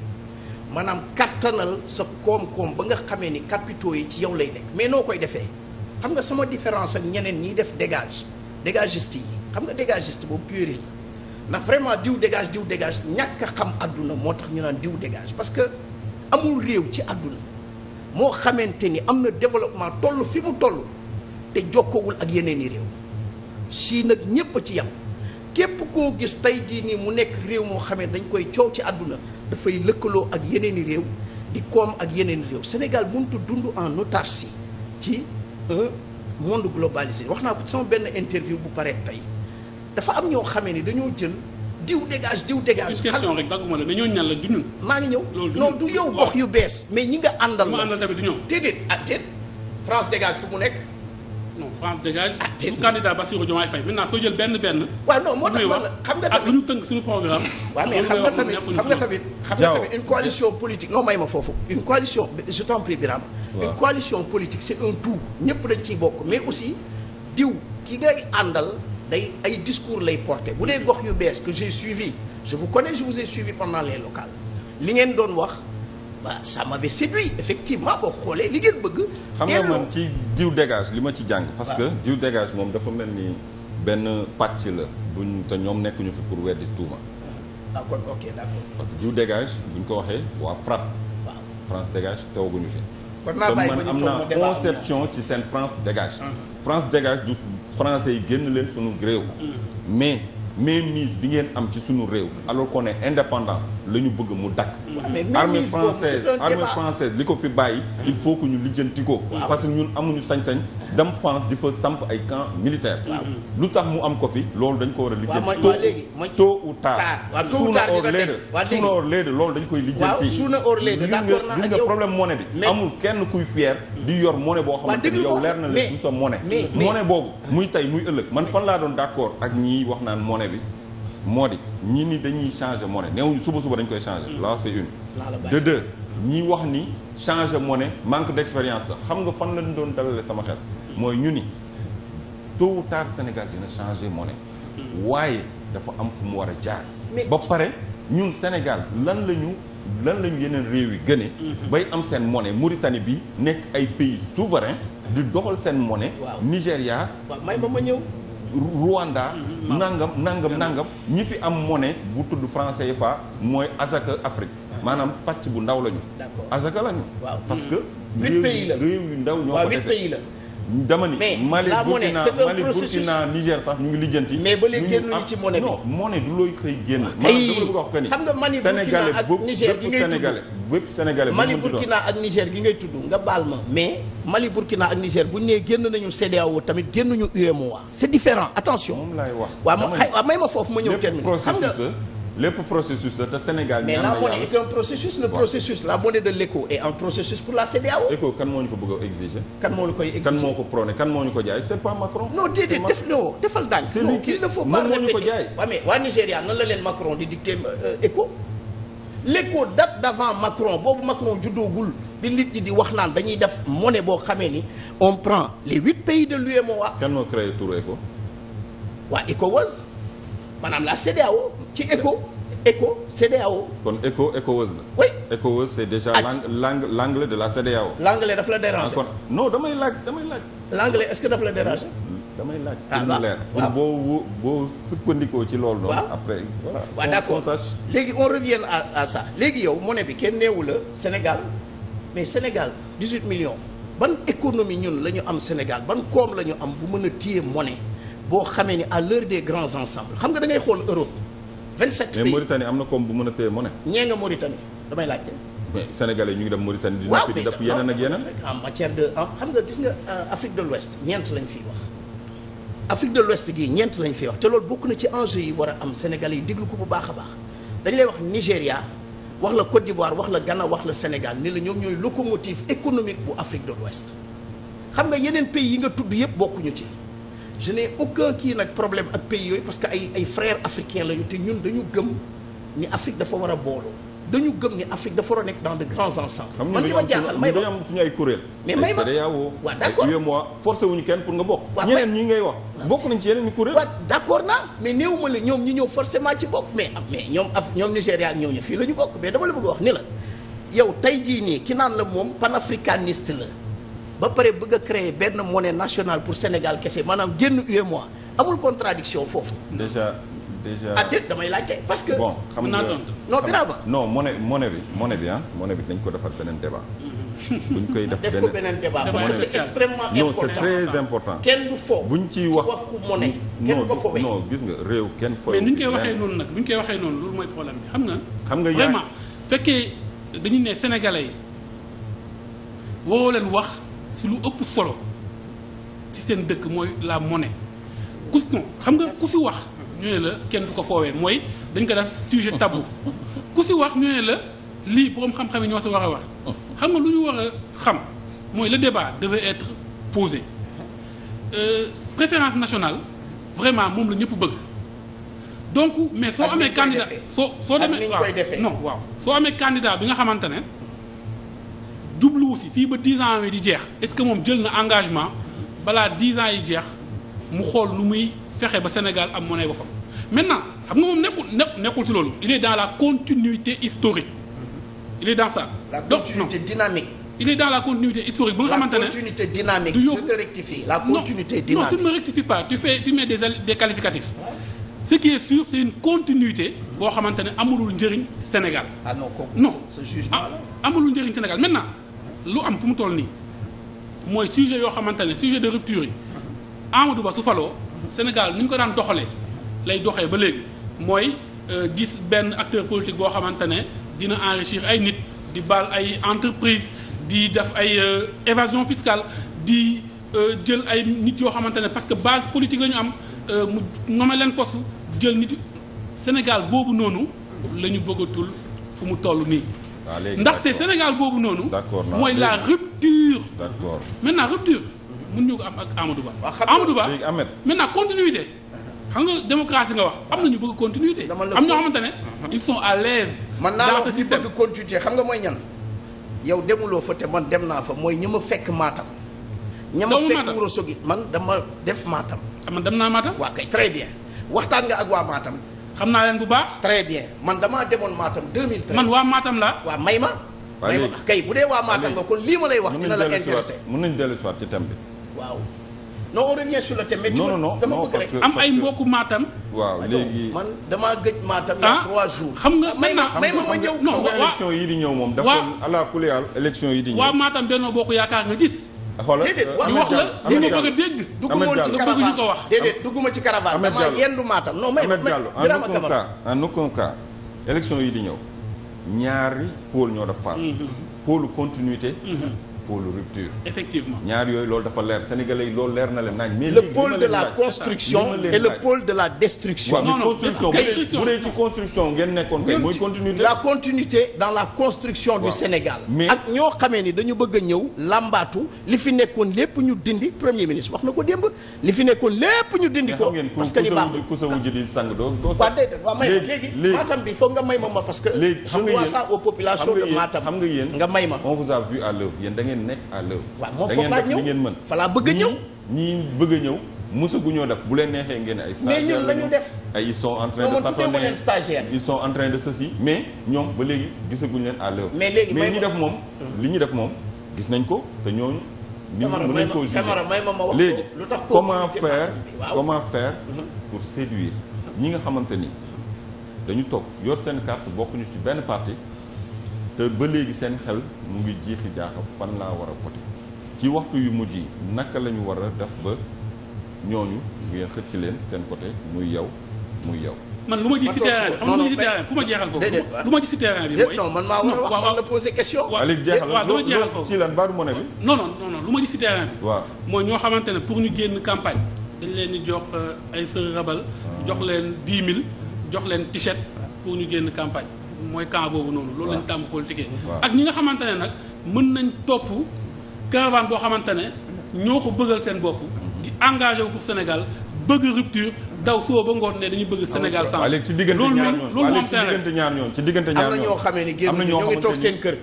maanaam kattanal sa koom-koom ba nga xamee ni capitaux yi ci yow lay nekk mais noo koy defee xam nga sama différence ak ñeneen ñiy def dégage dégagiste yi xam nga dégagiste boobu puéril la ndax vraiment diw dégage diw dégage ñàkk xam adduna moo tax ñu naan diw dégage parce que amul réew ci àdduna moo xamante ni am na développement toll fi mu toll te jokkowul ak yeneen i réew si nag ñépp ci yam képp koo gis tey jii nii mu nekk réew moo xamee dañ koy coow ci àdduna dafay lëkkaloo ak yeneen i réew di koom ak yeneen réew Sénégal mënut dund en autarcie ci un monde globalisé wax naa ko sama benn interview bu paree tey dafa am ñoo xamee ni dañoo jël diw dégage diw dégage. une question rek dàgguma la dañoo ñaan la du maa ngi ñëw non du ñëw gox yu bees. mais ñi nga àndal la mu àndal tamit du ñoom. déedéet ah déet France dégage fu mu nekk. non France dégage. su candidat Bassirou Diomaye Faye maintenant soo jël benn benn. waaw non moo tax wax xam nga tamit ak lu xam nga tamit xam nga tamit. une coalition politique non may ma foofu. une coalition je t'en prie Birame. une coalition politique c'est un tout. ñëpp dañ ciy bokk mais aussi diw ki ngay àndal day ay discours lay porté bu dee gox yu bees que j'ai suivi je vous connais je vous suivi pendant les locales li ngeen doon wax. waaw ça m'avait séduit effectivement boo xoolee li ngeen bëgg. xam nga man ci diw dégage li ma ci jàng. parce que diw dégage moom dafa mel ni benn pàcc la buñ te ñoom nekkuñu fi pour weddi tuuma. ah kon ok parce que diw dégage buñ ko waxee waa FRAPP. waaw France dégage teewaguñu fi. kon naa bàyyi ba ñu am na conception ci seen France dégage. Mm-hmm. France dégage du français yi génn leen sunu réew. Mm-hmm. mais mainmise bi ngeen am ci sunu réew. alors qu'on est indépendant. la ñu bëgg mu dakk armée française armée française li ko fi bàyyi il faut que ñu lijjanti ko parce que ñun amuñu sañ-sañ dem France di fa samp ay camp militaire lu tax mu am ko fi loolu dañ ko war a lijjanti tôt ou tard sooner or later sooner or later loolu dañ koy lijjanti gis nga problème monnaie bi amul kenn kuy fier di yor monnaie boo xamante ni yow leer na la du sa monnaie monnaie boobu muy tey muy ëllëg man fan laa doon d'accord ak ñii wax naan monnaie bi moo di ñi ni dañuy changer monnaie neewuñu suba suba dañ koy changer mm. là c'est une de deux ñi wax ni changer monnaie manque d'expérience la xam nga fan lañ doon dalale sama xel mooy ñu ni tôt ou tard Sénégal dina changer monnaie mm. waaye dafa am fu mu war a jaar ba pare ñun Sénégal lan la ñu lan la ñu yeneen réew yi gëne mm-hmm. bay am seen monnaie Mauritanie bi nekk ay pays souverain di doxal seen monnaie Nigéria waaw may ma ma ñëw Rwanda. Mm-hmm. nangam nangam mm-hmm. nangam ñi fi am monnaie bu tudd franc CFA mooy asaka Afrique ah. maanaam pacc bu ndaw lañu. asaka lañu. parce mm. que. huit réew yu ndaw ñoo ko dese. dama ni. Mali Burkina Mali Burkina Niger sax ñu ngi lijjanti. mais ba léegi génnuñu ci monnaie bi non monnaie du looy xëy génn. wax que ni Mali Burkina ak Niger gi ngay tudd Sénégalais bépp Sénégalais Mali Burkina ak Niger gi ngay tudd nga baal ma mais Mali Burkina ak Niger buñ nee génn nañu CEDEAO tamit génnuñu UEMOA. c'est différent attention. moom laay wax waaw may ma foofu ma ñëw terminer xam nga lépp processus la te Sénégal. mais la monnaie est un processus le processus la monnaie de l'éco est un processus pour la CEDEAO. éco kan moo ñu ko bëgg a exiger. kan moo ñu koy exiger kan moo ko prôné kan moo ko jaay c'est pas Macron. non déedéet def na woo defal dànk. non la leen Macron di dicté euh, éco l'éco date d'avant Macron boobu Macron juddoogul bi nit ñi di wax naan dañuy def monnaie boo xamee ni on prend les huit pays de l'UEMOA. kan moo créé tour éco. waa ECOWAS. maanaam la CEDEAO ci ECO ECO CEDEAO. kon ECO ECOWAS la. oui ECOWAS c'est déjà. langue l'anglais de la CEDEAO. l'anglais daf la déranger kon non damay laaj damay laaj. l'anglais est-ce que daf la déranger. damay laaj pour ah, mu leer pour ah. boo boo sukkandikoo ci loolu. waaw après voilà. waaw d'accord léegi on revient à à ça léegi yow monnaie bi kenn neewu la Sénégal mais Sénégal 18 millions ban économie ñun la ñu am Sénégal ban koom la ñu am bu mën a téye monnaie. boo xamee ni à l'heure des grands ensembles xam nga da xool Europe. 27 pays mais Mauritanie am na koom bu mën a téye mu ne. ñee nga Mauritanie damay laajte. mais Sénégalais ñu ngi dem Mauritanie. di noppi di def yeneen ak yeneen. en matière de xam nga gis nga euh, Afrique de l'Ouest ñeent lañ fiy wax. Afrique de l'Ouest gii ñeent lañ fiy wax te lool bokk na ci enjeu yi war a am Sénégalais yi déglu ko bu baax a baax dañ lay wax Nigéria wax la Côte d'Ivoire wax la Ghana wax la Sénégal ni la ñoom ñooy locomotive économique bu Afrique de l'Ouest xam nga yeneen pays yi nga tudd yëpp bokkuñu ci je n'ai aucun kii nag problème ak pays yooyu parce que ay ay frères africains lañu te ñun dañu gëm ni Afrique dafa war a booloo dañu gëm ni Afrique dafa war a nekk dans de grands ensembles. man li ma jaaxal may dañu am suñu ay kuréel. mais may ma e waaw d'accord UEMOA forcé wuñu kenn pour nga bokk. ñeneen ñi ngay wax. bokk nañ ci yeneen i kuréel. waaw d'accord naa mais néew ma la ñoom ñi ñëw forcément ci bokk mais ah, mais ñoom af ñoom Nigéria ak ñooñu fii la ñu bokk mais dama la bëgg wax ni la yow tey jii nii ki naan la moom panafricaniste la. ba pare bëgg a créer benn monnaie national pour Sénégal kese maanaam génn UEMOA amul contradiction foofu. déjà déjà ah déet damay laajte parce que. bon xam naa non grave non monnaie monnaie bi monnaie bi ah monnaie bi dañ ko defar beneen débat. buñ koy def beneen beneen débat parce que c'est extrêmement important non c'est très important. kenn du wax waxu monnaie. kenn ko fowee non gis nga réew kenn fooy. mais ni ñu koy waxee noonu nag bu ñu koy waxee noonu loolu mooy problème bi xam nga. xam nga vraiment fekkee dañu ne sénégalais leen wax. si lu ëpp solo ci seen dëkk mooy la monnaie ku xam nga ku si wax ñu ne la kenn du ko foowee mooy dañ ko def sujet tabou ku si wax ñu ne la lii boroom xam-xam yi ñoo si war a wax xam nga lu ñu war xam mooy le débat devait être posé euh, préférence nationale vraiment moom la ñëpp bëgg donc mais soo amee candidat soo soo demee no non waaw soo amee candidat bi nga xamante ne jubluwu si fii ba dix ans yi di jeex est-ce que moom jël na engagement balaa dix ans yi jeex mu xool lu muy fexe ba Sénégal am monnaie boppam maintenant xam nga moom nekkul nekkul si loolu il est dans la continuité historique il est dans ça. la continuité donc, dynamique. il e dans la continuité historique ba nga xamante ne la continuité dynamique je te rectifie. la continuité dynamique non tu ne tu fais tu mets des qualificatifs. ce qui est sûr c'est une continuité boo xamante ne amulul njëriñ Sénégal. ah non kooku non ce jugement là ah, njëriñ maintenant. lu am fu mu toll nii mooy sujet yoo xamante ne sujet de rupture yi Amadou Ba su faloo Sénégal ni ñu ko daan doxalee lay doxee ba léegi mooy euh, gis benn acteur politique boo xamante ne dina enrichir ay nit di baal ay entreprise di def ay euh, évasion fiscale di euh, jël ay nit yoo xamante ne parce que base politique la ñu am mu nommé leen poste jël nit Sénégal boobu noonu la ñu bëggatul fu mu toll nii ndaxte Sénégal boobu noonu. mooy la rupture. d'accord naa rupture. mën ñu ko am ak Amadou Ba. Amadou Ba maintenant continuité. xam nga démocratie nga wax am na ñu bëgg continuité. am ñoo xamante ne. Mhm. ils sont à l'aise man naa wax ñu bëgg continuité xam nga mooy ñan. yow demuloo fa te man dem naa fa mooy ñi fekk Matam. ña ma fekk Ourossogui man dama def maatam ah, man dem naa Matam. waaw kay très bien waxtaan nga ak waa Matam. xam naa leen bu baax. très bien man damaa demoon Matam 2013. man waa Matam la. waaw may ma. may ma bu dee waa Matam nga kon lii lay wax. dina la intéressé mën nañu dellu si waat ci thème bi. waaw non on revient sur le thème. dama bëgg rek am ay mbokku Matam. waaw léegi man damaa gëj Matam. il y a ah, trois xam nga may ma may ma ma ñëw. non waa élection yi di ñëw moom. waaw dafa ala kulli élection yi di ñëw. waa Matam Benno Bokk Yaakaar nga gis. Ah, xoolal ñu euh, wax la li nga bëgg dégg. dugguma ci caravane ñu ko wax. déedéet ci caravane. dama yendu maatam non may. may Birama Kamara en aucun cas élection yi di ñëw ñaari pôle ñoo def face. pôle continuité. Mhm. pôle loolu dafa leer sénégalais loolu leer na leen le pôle de la construction et le pôle de la destruction. bu dee ci construction ngeen nekkoon kay mooy continuité. la continuité dans la construction du Sénégal. ak ñoo xamee ni dañu bëgg ñëw. làmbaatu li fi nekkoon lépp ñu dindi premier ministre wax na ko démb li fi nekkoon lépp ñu dindi ko. parce que li baaxul ku sa wujj di sang doo doo sax. waaw may léegi Matam may ma léegi xam nga yéen nga may ma on vous a vu ngeen nekk àll l'œuvre waaw moom ñëw da ngeen def li ngeen mën fa bëgg a ñëw ñii bëgg ñëw musugu ñoo def bu leen neexee ngeen ay stagiaires mais ñun lañu def ay ils sont en train de tâtonner ils sont en train de mais ñoom ba léegi gisaguñ leen àll l'œuvre mais léegi mais ñi def moom hmm. li ñu def moom gis nañ ko te ñooñu li mën nañ koo juger léegi comment faire comment faire pour séduire ñi nga xamante ni dañu toog yor seen carte bokkuñu si benn parti te ba léegi seen xel mu ngi jiixi jaaxa fan laa war a voté ci waxtu yu mujj yi naka lañu ñu war a def ba ñooñu ngeen xëcc leen seen côté muy yow muy yow. man lu ma ji ci terrain bi xam nga lu ma gis ci terrain bi ma jeexal ko. déedéet ma gis ci terrain bi mooy. non man maa a wax man la posé question. waaw Aliou jeexal waaw dama jeexal ko ci lan baadu monnaie bi. lu ma gis ci terrain waaw mooy ñoo xamante ne pour ñu génn campagne. dañ leen di jox euh, ay sër rabal. Ah. jox leen 10 000 jox leen t-shirt pour ñu génn campagne. mooy camp boobu noonu. loolu lañ tàmm politique ak ñi nga xamante ne nag mën nañ topp caravane boo xamante ne ñoo ko bëggal seen bopp. di engagé wu Sénégal bëgg rupture. daw soo ba ngoon ne dañu bëgg Sénégal sans léegi ci diggante ñaar ñoom loolu moom ci diggante ñaar ñoom ci diggante ñaar ñoom am na ñoo xamee ni génn ñu euh, ngi toog seen kër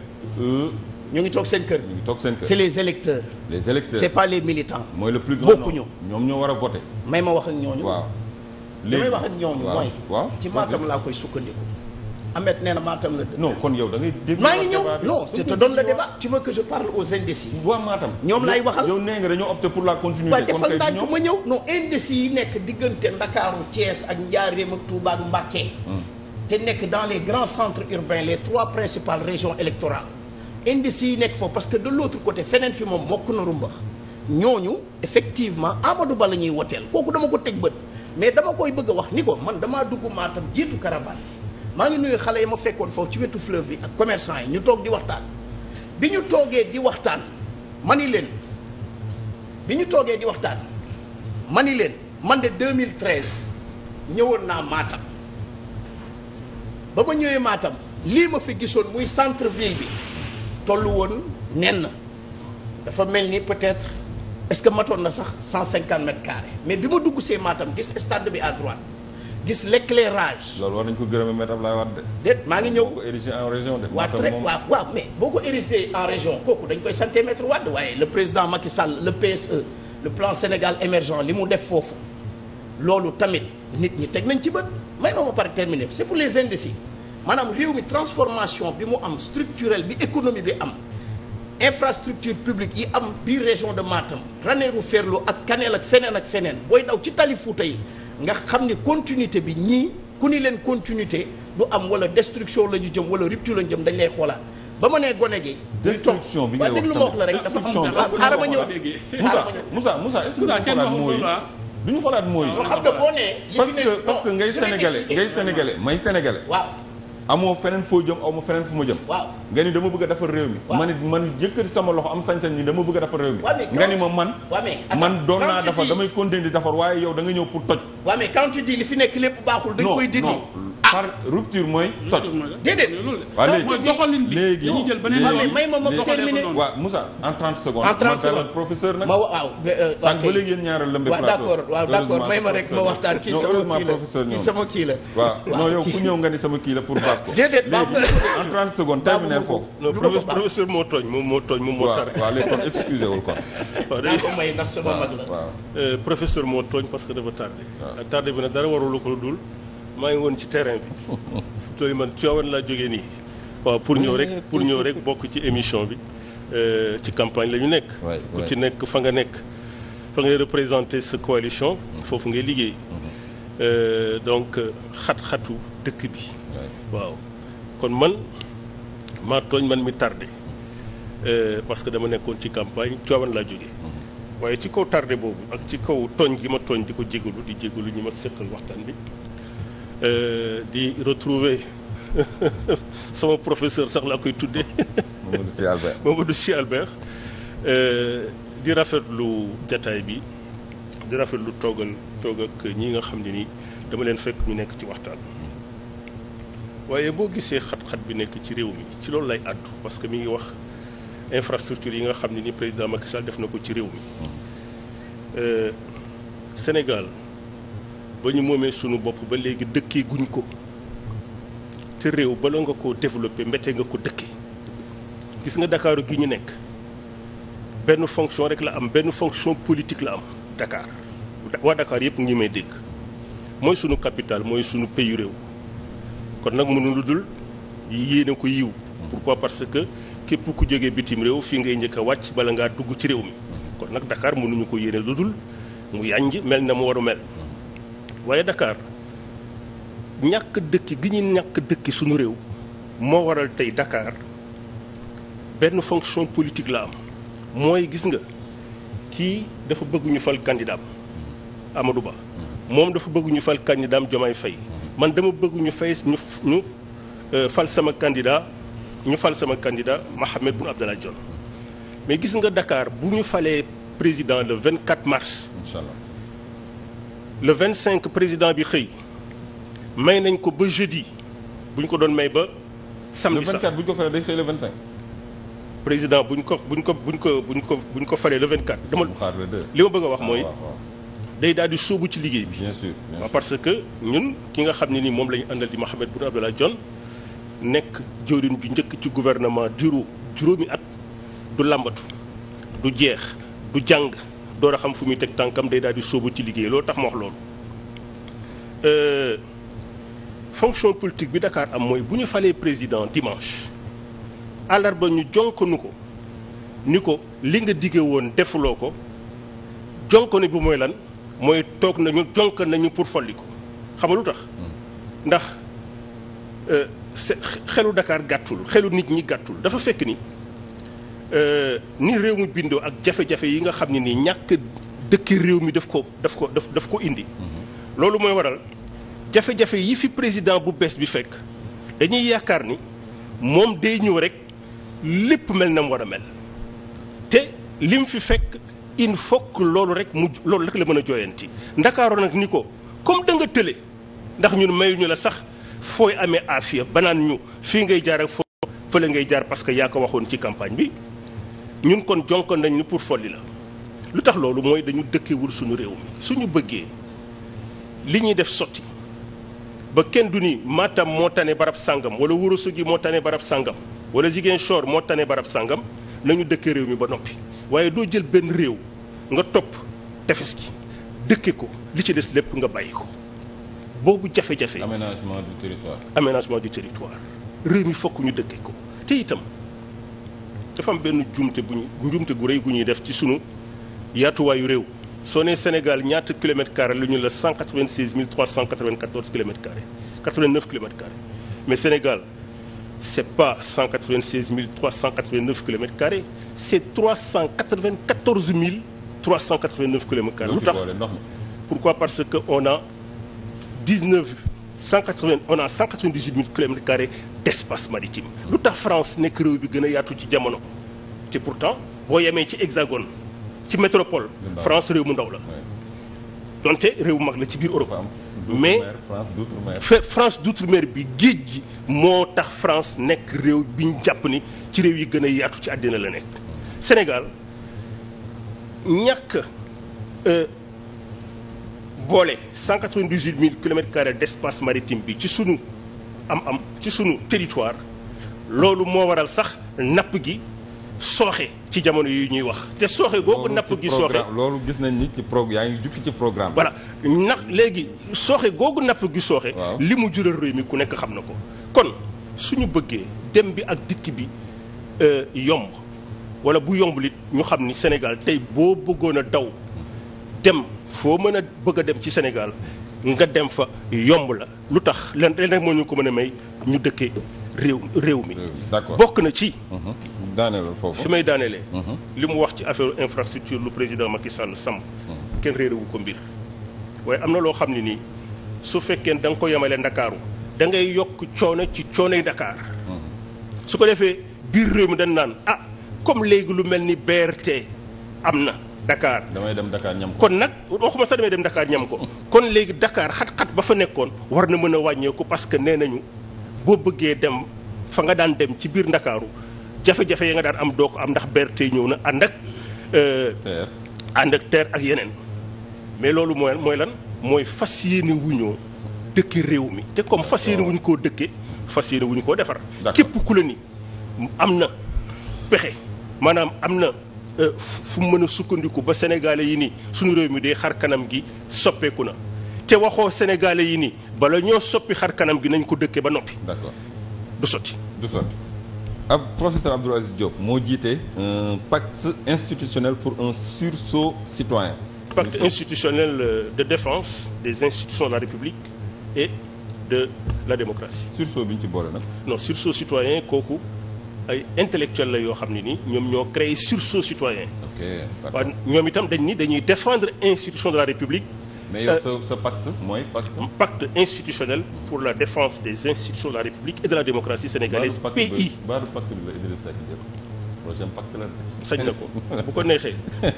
ñu ngi toog seen kër ñu ngi toog seen kër c'est les électeurs les électeurs c'est pas mooy le plus grand bokkuñu ñoom ñoo war a voter may ma wax ak ñooñu waaw li may wax ak ñooñu mooy ci maatam laa koy sukkandiku Ahmed nee na Matam la dëkk. kon yow da ngay dégg. maa ngi ñëw non je te donne le débat. tu veux que je parle aux indécis. waa Matam ñoom laay waxal yow nee nga dañoo opté pour la continuité. kon defal ndànk ma ñëw non indécis yi nekk diggante Ndakaaru Thiès ak Njaaréem ak Touba ak hmm. te nekk dans les grands centres urbains les trois principales régions électorales indécis yi nekk fa parce que de l'autre côté feneen fi moom mokk na rumbax ñooñu effectivement Amadou Ba la ñuy woteel kooku dama ko teg bët mais dama koy bëgg a wax ni ko man damaa dugg Matam jiitu caravane. maa ngi nuyu xale yi ma fekkoon foofu ci wetu fleuve bi ak commerçant yi ñu toog di waxtaan bi ñu toogee di waxtaan ma ni leen bi ñu toogee di waxtaan ma ni leen man de 2013 ñëwoon naa maatam ba ma ñëwee maatam lii ma fi gisoon muy centre ville bi tollu woon nenn dafa mel ni peut-être est-ce que matoon na sax cent 150 mètres carrés mais bi ma dugg see maatam gis stade bi à droite. gis l'éclairage. loolu war nañ ko gërëmee maître Abdoulaye Wade de. déet maa ngi ñëw boo ko érigé en région de. waaw très waaw waaw mais boo ko érigé en région kooku dañ koy santé maître waaye le président Macky Sall le PSE le plan Sénégal émergent li mu def foofu loolu tamit nit ñi teg nañ ci bët may ma ma pare terminé c'est pour les indécis maanaam réew mi transformation bi mu am structurelle bi économie bi am infrastructure publique yi am biir région de Matam Ranérou Ferlo ak Kanel ak feneen ak feneen booy daw ci tali Fouta nga xam ni continuité bi ñii ku ni leen continuité du am wala destruction la ñu jëm wala rupture la ñu jëm dañ lay xoolaat ba ma nee gone gi. destruction bi ngay wax déglu ma wax la rek dafa am xaaral ma ñëw Moussa Moussa Moussa est-ce que duñu xoolaat mooy duñu xoolaat mooy. xam nga ngay sénégalais ngay sénégalais may sénégalais waaw. amoo feneen foo jëm ma feneen fu ma jëm nga ni dama bëgg defar réew mi ma ne man yëkkati sama loxo am sañ-sañ ni dama bëgg a defar réew mi nga ni ma man man doon naa defar damay continuer di defar waaye yow da nga ñëw pour toj waaw mais quand li fi nekk lépp baaxul dañ koy dindi par rupture mooy. toj déedéet waaw mooy doxalin léegi dañuy jël beneen yoon may ma ma terminer waaw Moussa en 30 secondes. en 30 secondes professeur nag. ma waaw euh, sànq ba léegi yéen waaw may sama kii la kii ku ñëw nga ni sama kii la pour baax ko. déedéet baax en 30 secondes terminer foofu. non moom moo tooñ moom moo tar. waaw waaw léegi kon excusez wul kon. ko may ndax sama mag la. Euh, professeur moo tooñ parce que dafa tardé. waaw tardé bi nag dara warul ko dul maa ngi woon ci terrain bi tooy man Tivaouane laa jóge nii waaw pour ñëw rek pour ñëw rek bokk ci émission bi euh, ci campagne la ñu nekk ku ci nekk fa nga nekk fa ngay représenter sa coalition mhm. foofu ngay liggéey mhm. euh, donc xat-xatu dëkk bi waaw kon man maa tooñ man mi tardé euh, parce que dama nekkoon ci campagne Tivaouane laa jóge mhm. waaye ci kaw tardé boobu ak ci kaw tooñ gi ma tooñ di ko jégalu di jégalu ñi ma seqal waxtaan bi Euh, di retrouver sama professeur sax laa koy tuddee. Mamadou Sy Albert Mamadou Sy Albert. Euh, di rafetlu jataay bi di rafet lu toogal toog ak ñi nga xam ne nii dama leen fekk ñu nekk ci waxtaan. waaye boo gisee xat-xat bi nekk ci réew mi ci loolu lay àddu parce que mi ngi wax infrastructure yi nga xam ne ni président Macky Sall def na ko ci réew mi mm. euh, Sénégal. ba ñu moomee sunu bopp ba léegi dëkkee guñ ko te réew bala nga ko développé mbete nga ko dëkkee gis nga Dakaaru gi ñu nekk benn fonction rek la am benn fonction politique la am Dakar waa Dakar yëpp ngi may dégg mooy sunu capital mooy sunu payu réew kon nag mënu lu dul yéene ko yiw pourquoi parce que képp ku jógee bitim réew fii ngay njëkk a wàcc bala ngaa dugg ci réew mi kon nag dakaar mënuñu ko yéene lu dul mu yànj mel na mu war mel waaye dakaar ñàkk dëkki gi ñu ñàkk dëkki suñu réew moo waral tey dakaar benn fonction politique la am mooy gis nga kii dafa bëgguñu fal candidat Amadou Ba moom dafa bëgguñu ñu fal candidat Diomaye Faye man dama bëgguñu ñu fay ñu ñu euh, fal sama candidat ñu fal sama candidat Mahammed Boun Abdallah Dionne mais gis nga dakaar bu ñu falee président le 24 mars. incha allah le 25 président bi xëy may nañ ko ba jeudi bu ñu ko doon may ba. samedi sax le bu ñu ko faree day xëy le 25. président bu ñu ko bu ñu ko bu ñu ko bu ñu ko bu ñu ko falee le 24. dama li ma bëgg a wax mooy. Ah, day daal di sóobu ci liggéey bi. bien sûr parce que ñun ki nga xam ne nii moom la ñu àndal di ma Mahammed Boun Abdallah Dionne nekk jëwriñ ju njëkk ci gouvernement duru juróomi at du làmbatu du jeex du jàng. door a xam fu muy teg tànkam day daal di sóobu ci liggéey loolu tax ma wax loolu euh, fonction politique bi dakaar am mooy bu ñu falee président dimanche àllarba ñu jonkonu ko ni ko li nga diggee woon defuloo ko jonkoni bi mooy lan mooy toog nañu jonk nañu pour folli ko xam lu tax ndax euh, xelu dakaar gàttul xelu nit ñi gàttul dafa fekk ni Euh, ni réew mi bindoo ak jafe-jafe yi nga xam ne nii ñàkk dëkki réew mi daf ko daf ko daf ko indi. Mhm. loolu mooy waral jafe-jafe yi fi président bu bees bi fekk dañuy yaakaar ni moom day ñëw rek lépp mel na mu war a mel te li mu fi fekk il faut loolu rek mu loolu rek la mën a jooyanti. ndakaaroon nag ni ko comme da nga tële ndax ñun mayuñu la sax fooy amee aafiya banaan ñu fii ngay jaar ak foo fële ngay jaar parce que yaa ko waxoon ci campagne bi. ñun kon jonkoon nañ ni pour folli la lu tax loolu mooy dañu dëkkewul suñu réew mi suñu bëggee li ñuy def sotti ba kenn du ni maatam moo tane barab sàngam wala Ourossogui moo tane barab sàngam wala Ziguinchor moo tane barab sàngam nañu dëkkee réew mi ba noppi waaye doo jël benn réew nga topp tefes gi dëkke ko li ci des lépp nga bàyyi ko boobu jafe-jafe aménagement du territoire aménagement du territoire réew mi fokk ñu dëkke ko te itam dafa am benn jumte bu ñu njumte gu rëy gu ñuy def ci sunu yaatuwaayu réew soo nee Sénégal ñaata kilomètres carrés lu ñu la 196 394 kilomètres carrés 89 kilomètres carrés mais Sénégal c'est pas 196 389 kilomètres carrés c'est 394 389 kilomètres carrés lu tax pourquoi parce que on a 19 180 on a 198 000 kilomètres carrés d' espace maritime. lu tax France nekk réew bi gën a yaatu ci jamono te pourtant boo yemee ci hexagone ci métropole. France réew mu ndaw la. donte réew mag la ci biir Europe. mais France d' outre bi géej gi moo tax France nekk réew bi ñu jàpp ni ci réew yi gën a yaatu ci àddina la nekk. Sénégal ñàkk. Euh, boole 198 000 kilomètres carrés d' espace maritime bi ci sunu am-am ci suñu territoire loolu moo waral sax napp gi sooxe ci jamono yi ñuy wax. te sooxe googu napp gi sooxe loolu gis nañ ni pro yaa ngi jukki ci programme voilà na léegi sooxe googu napp gi sooxe. li mu jural réew mi ku nekk xam na ko. kon suñu bëggee dem bi ak dikk bi euh, yomb wala bu yomb it ñu xam ni Sénégal tey boo bëggoon a daw dem. foo mën a bëgg a dem ci senegal nga dem fa yomb la lu tax lan leen rek moo ñu ko mën a may ñu dëkkee réew réew mi. d'accord bokk na ci. Mhm. daaneel foofu fi may daaneele mhm. li mu wax ci affaire infrastructure lu président Macky Sall sàmm. Mhm. kenn réerewu ko mbir. waaye am na loo xam ne nii su fekkee da nga ko yemale ndakaaru da ngay yokk coono ci coonoy Dakar. su ko defee biir réew mi dañ naan a ah, comme léegi lu mel ni BRT am na. Dakar. damay dem Dakar ñam kon nag waxuma sa demee dem Dakar ñam ko. kon léegi dakaar xat-xat ba fa nekkoon war na mën a wàññeeku parce que nee nañu boo bëggee dem fa nga daan dem ci biir Ndakaaru jafe-jafe ya nga daan am doo ko am ndax BRT ñëw na ànd ak. Euh, ànd ak TER ak yeneen. mais loolu mooy mooy lan mooy fas yéene wuñoo dëkke réew mi te comme fas yéene oh. wuñ koo dëkke fas yéene wuñ koo defar. képp ku la ni am na pexe maanaam am na. Euh, fu mu mën a sukkandiku ba sénégalais yi ni suñu réew mi day xar kanam gi soppeeku na te waxoo sénégalais yi ni bala ñoo soppi xar kanam gi nañ ko dëkkee ba noppi. d'accord du sotti. du sotti ab professeur Abdoul Aziz Diop moo jiite un euh, pacte institutionnel pour un sursaut citoyen. pacte institutionnel euh, de défense des institutions de la République et de la démocratie. sursaut bi ñu ci boole nag. non sursaut citoyen kooku. ay intellectuel la yoo xam ne nii ñoom ñoo créé sursaut citoyen waaw ñoom itam dañ ni dañuy défendre institution de la république mais yow euh, sa sa pacte mooy pacte. institutionnel pour la défense des institutions de la république et de la démocratie sénégalaise PI. baalu pacte bi la na ko bu ko neexee.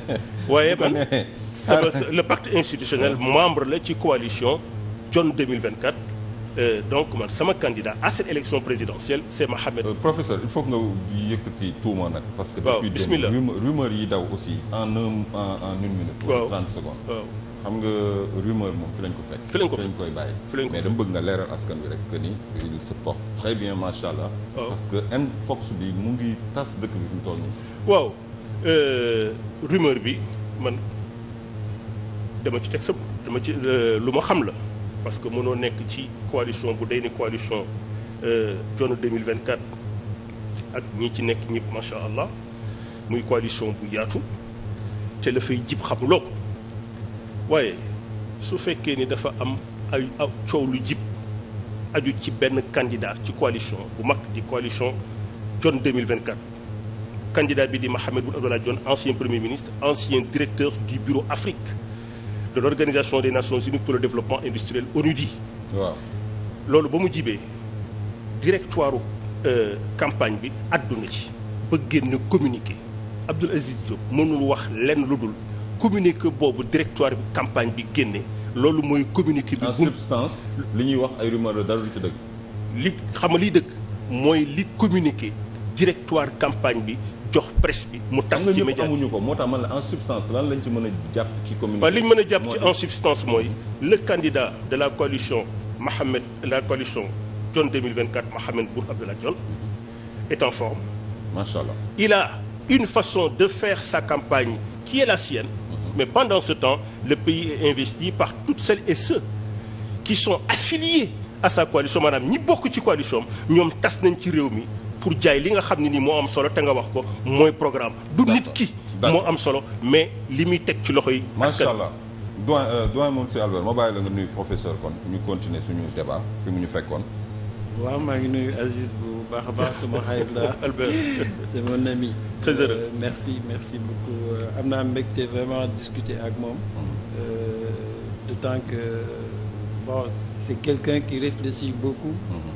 waaye man sama le pacte institutionnel membre la ci coalition John 2024. Euh, donc man sama candidat à cette élection présidentielle c'est Mohamed. Euh, professeur il faut que nga yëkkati tuuma nag. parce que depuis bismillah rumeur yi daw aussi en un minute. waaw xam nga rumeur moom fi lañ ko fekk. fi lañ ko koy bàyyi. mais dama bëgg nga leeral askan wi rek que ni il se porte très bien macha allah. parce que Mfox bi mu ngi tas dëkk bi fi mu toll nii. waaw euh, rumeur bi man dama ci teg sa dama ci lu ma xam la. parce que mënoo nekk ci coalition bu day ni coalition Dionne euh, 2024 ak ñi ci nekk ñëpp macha allah muy coalition bu yaatu te la fay jib xam loo ko waaye su fekkee ni dafa am ay coow lu jib aju ci benn candidat ci coalition bu mag di coalition Dionne 2024 candidat bi di Mahammed Boun Abdallah Dionne ancien premier ministre ancien directeur du bureau Afrique de l'organisation des nations unies pour le développement industriel ONUDI waaw loolu ba mu jibee directoire euh, campagne bi àdduna ci ba génn communiqué Abdoul Aziz Diop mënul wax lenn lu dul communiqué boobu directoire campagne bi génne loolu mooy communiqué bi en substance li ñuy wax ay rumeur la dara du ci dëgg li xam nga liy dëgg mooy li communiqué directoire campagne bi jox presse bi mu tas ci média amuñu ko moo tax man la en substance lan lañ ci mën a jàpp ci commune waaw li ñu mën a jàpp en substance mooy le candidat de la coalition Mahamed la coalition John 2024 Mahamed Boun Abdallah Dionne est en forme macha allah il a une façon de faire sa campagne qui est la sienne mhm. mais pendant ce temps le pays est investi par toutes celles et ceux qui sont affiliés à sa coalition maanaam ñi bokk ci coalition ñoom tas nañ ci réew mi pour jaay li nga xam ne ni moo am solo te nga wax ko mooy programme du nit ki moo am solo mais li muy teg ci loxo yi macha allah doyen euh, doyen moom si Albert ma bàyyi la nga nuyu professeur kon ñu continuer suñu débat fi mu ñu fekkoon waaw maa ngi nuyu Aziz bu baax a baax sama xarit la Albert c'est mon ami très heureux euh, merci merci beaucoup euh, am naa mbégte vraiment discuter ak moom mm-hmm. d'autant que bon c'est quelqu'un qui réfléchit beaucoup mm -hmm.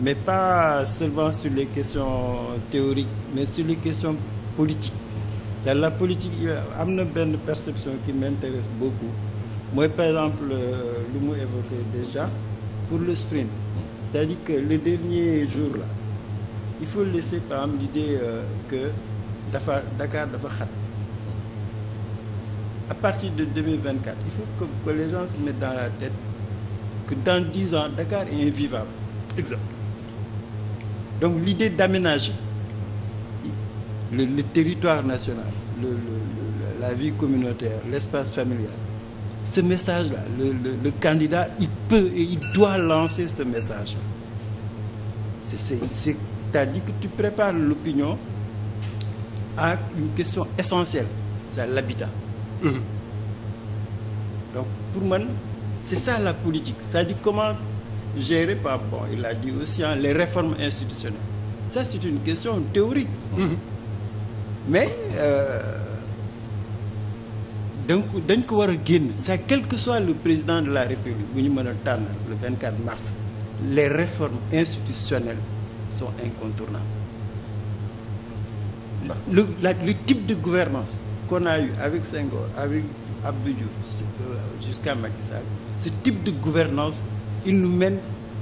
mais pas seulement sur les questions théoriques, mais sur les questions politiques. Dans la politique, am na a une perception qui m'intéresse beaucoup. Moi, par exemple, euh, le mot évoqué déjà, pour le sprint, c'est-à-dire que le dernier jour, là, il faut laisser par exemple l'idée euh, que Dakar dafa xat à partir de 2024 il faut que, que les gens se mettent dans la tête que dans 10 ans Dakar est invivable donc l'idée d'aménager le, le territoire national la vie communautaire l'espace familial ce message là le candidat il peut et il doit lancer ce message c'est c'est-à-dire que tu prépares l'opinion à une question essentielle c'est l'habitat mm-hmm. donc pour man c'est ça la politique c'est-à-dire comment géré par, bon, il a dit aussi, hein, les réformes institutionnelles. Ça, c'est une question théorique. Mm -hmm. Mais, donc, donc, ça, quel que soit le président de la République, le 24 mars, les réformes institutionnelles sont incontournables. Le, la, le, type de gouvernance qu'on a eu avec Senghor, avec Abdou Diouf, euh, jusqu'à Macky Sall, ce type de gouvernance ils nous mènent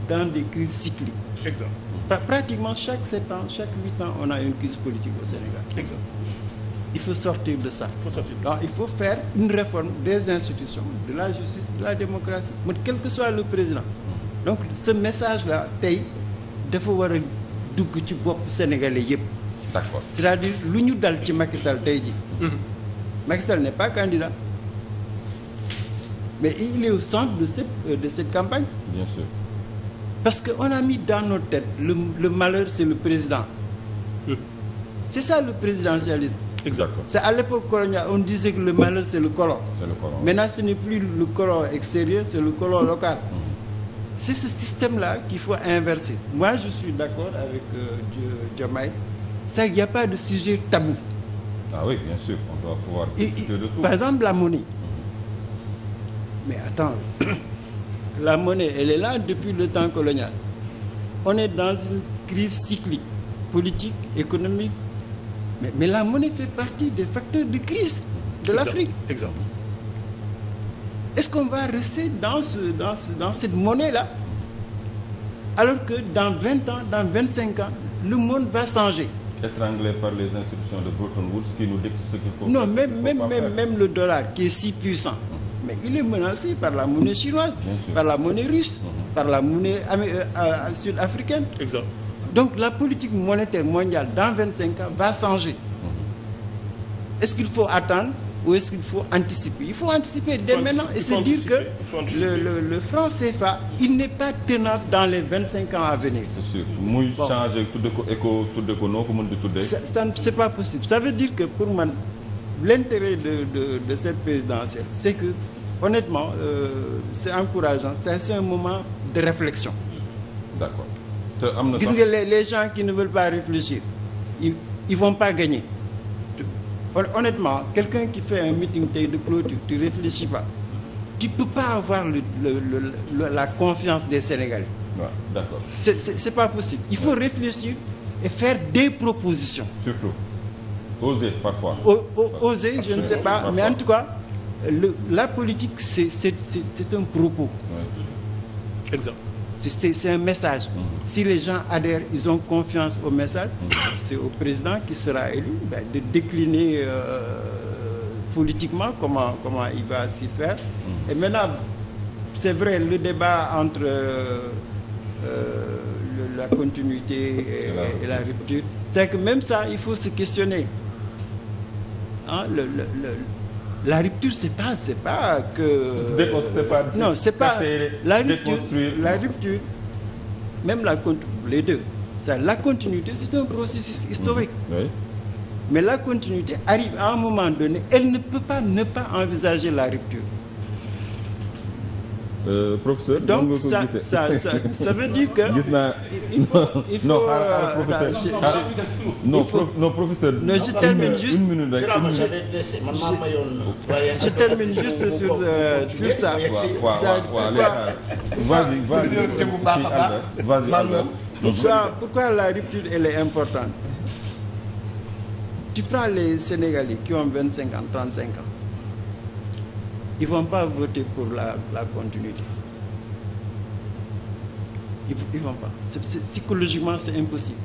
dans des crises cycliques. Exact. Pratiquement chaque 7 ans, chaque 8 ans, on a une crise politique au Sénégal. Exact. Il faut sortir de ça. Il faut sortir de ça. Donc, il faut faire une réforme des institutions, de la justice, de la démocratie, mais quel que soit le président. Donc ce message la tey dafa war a dugg ci boppu sénégalais yëpp. D'accord. C'est-à-dire lu ñu dal ci Macky Sall tey ji mhm. Macky n'est pas candidat. mais il est au centre de cette, euh, de cette campagne. Bien sûr. Parce qu'on a mis dans nos têtes le, le malheur, c'est le président. Mmh. C'est ça le présidentialisme. Exactement. C'est à l'époque coloniale, on disait que le malheur, c'est le colon. C'est le colon. Maintenant, ce n'est plus le colon extérieur, c'est le colon local. Mmh. C'est ce système-là qu'il faut inverser. Moi, je suis d'accord avec Jamaï. Euh, il n'y a pas de sujet tabou. Ah oui, bien sûr, on doit pouvoir discuter de tout. Par exemple, la monnaie. Mais attends, la monnaie, elle est là depuis le temps colonial. On est dans une crise cyclique, politique, économique. Mais, mais la monnaie fait partie des facteurs de crise de l'Afrique. Exemple. Est-ce qu'on va rester dans, ce, dans, ce, dans cette monnaie-là alors que dans 20 ans, dans 25 ans, le monde va changer étranglé par les institutions de Bretton Woods qui nous dictent ce qu'il faut Non, même le dollar qui est si puissant. mais il est menacé par la monnaie chinoise, par la monnaie russe, mhm. par la monnaie euh, euh, euh, sud-africaine. Donc la politique monétaire mondiale dans 25 ans va changer. Mhm. Est-ce qu'il faut attendre ou est-ce qu'il faut anticiper? Il faut anticiper dès maintenant et se dire que le, le, le franc CFA, il n'est pas tenable dans les 25 ans à venir. C'est sûr. muy changer tuddee ko ko mën di tuddee. Ça, ça c'est pas possible. veut dire que pour man l'intérêt de, de, de, cette présidentielle, c'est que, honnêtement, euh, c'est encourageant. C'est un moment de réflexion. D'accord. Les, les, gens qui ne veulent pas réfléchir, ils ne vont pas gagner. Honnêtement, quelqu'un qui fait un meeting de clôture, tu ne réfléchis pas. Tu ne peux pas avoir le, le, le, la confiance des Sénégalais. Ouais, d'accord. Ce n'est pas possible. Il faut ouais. réfléchir et faire des propositions. Surtout. Oser, parfois. O, o, oser, Absolument. je ne sais pas. Parfois. Mais en tout cas, le, la politique, c'est un propos. Oui. Exact. C'est un message. Mm -hmm. Si les gens adhèrent, ils ont confiance au message, mm -hmm. c'est au président qui sera élu ben, de décliner euh, politiquement comment, comment il va s'y faire. Mm -hmm. Et maintenant, c'est vrai, le débat entre euh, euh, le, la continuité et, et la rupture, c'est que même ça, il faut se questionner. hein, le, le, le, la rupture, c'est pas, c'est pas que. Déconstruire, pas. Non, c'est pas. La rupture, la rupture, même la les deux. Ça, la continuité, c'est un processus historique. Oui. Mais la continuité arrive à un moment donné, elle ne peut pas ne pas envisager la rupture. professeur. donc ça ça ça ça veut dire que. gis naa non xaaral professeur non non professeur. non je termine juste une minute rek je termine juste sur sur ça. vas-y vas-y pourquoi pourquoi la rupture elle est importante. tu prends les Sénégalais qui ont vingt cinq ans trente cinq ans. ils vont pas voter pour la la continuité ils ils vont pas c'est, psychologiquement c'est impossible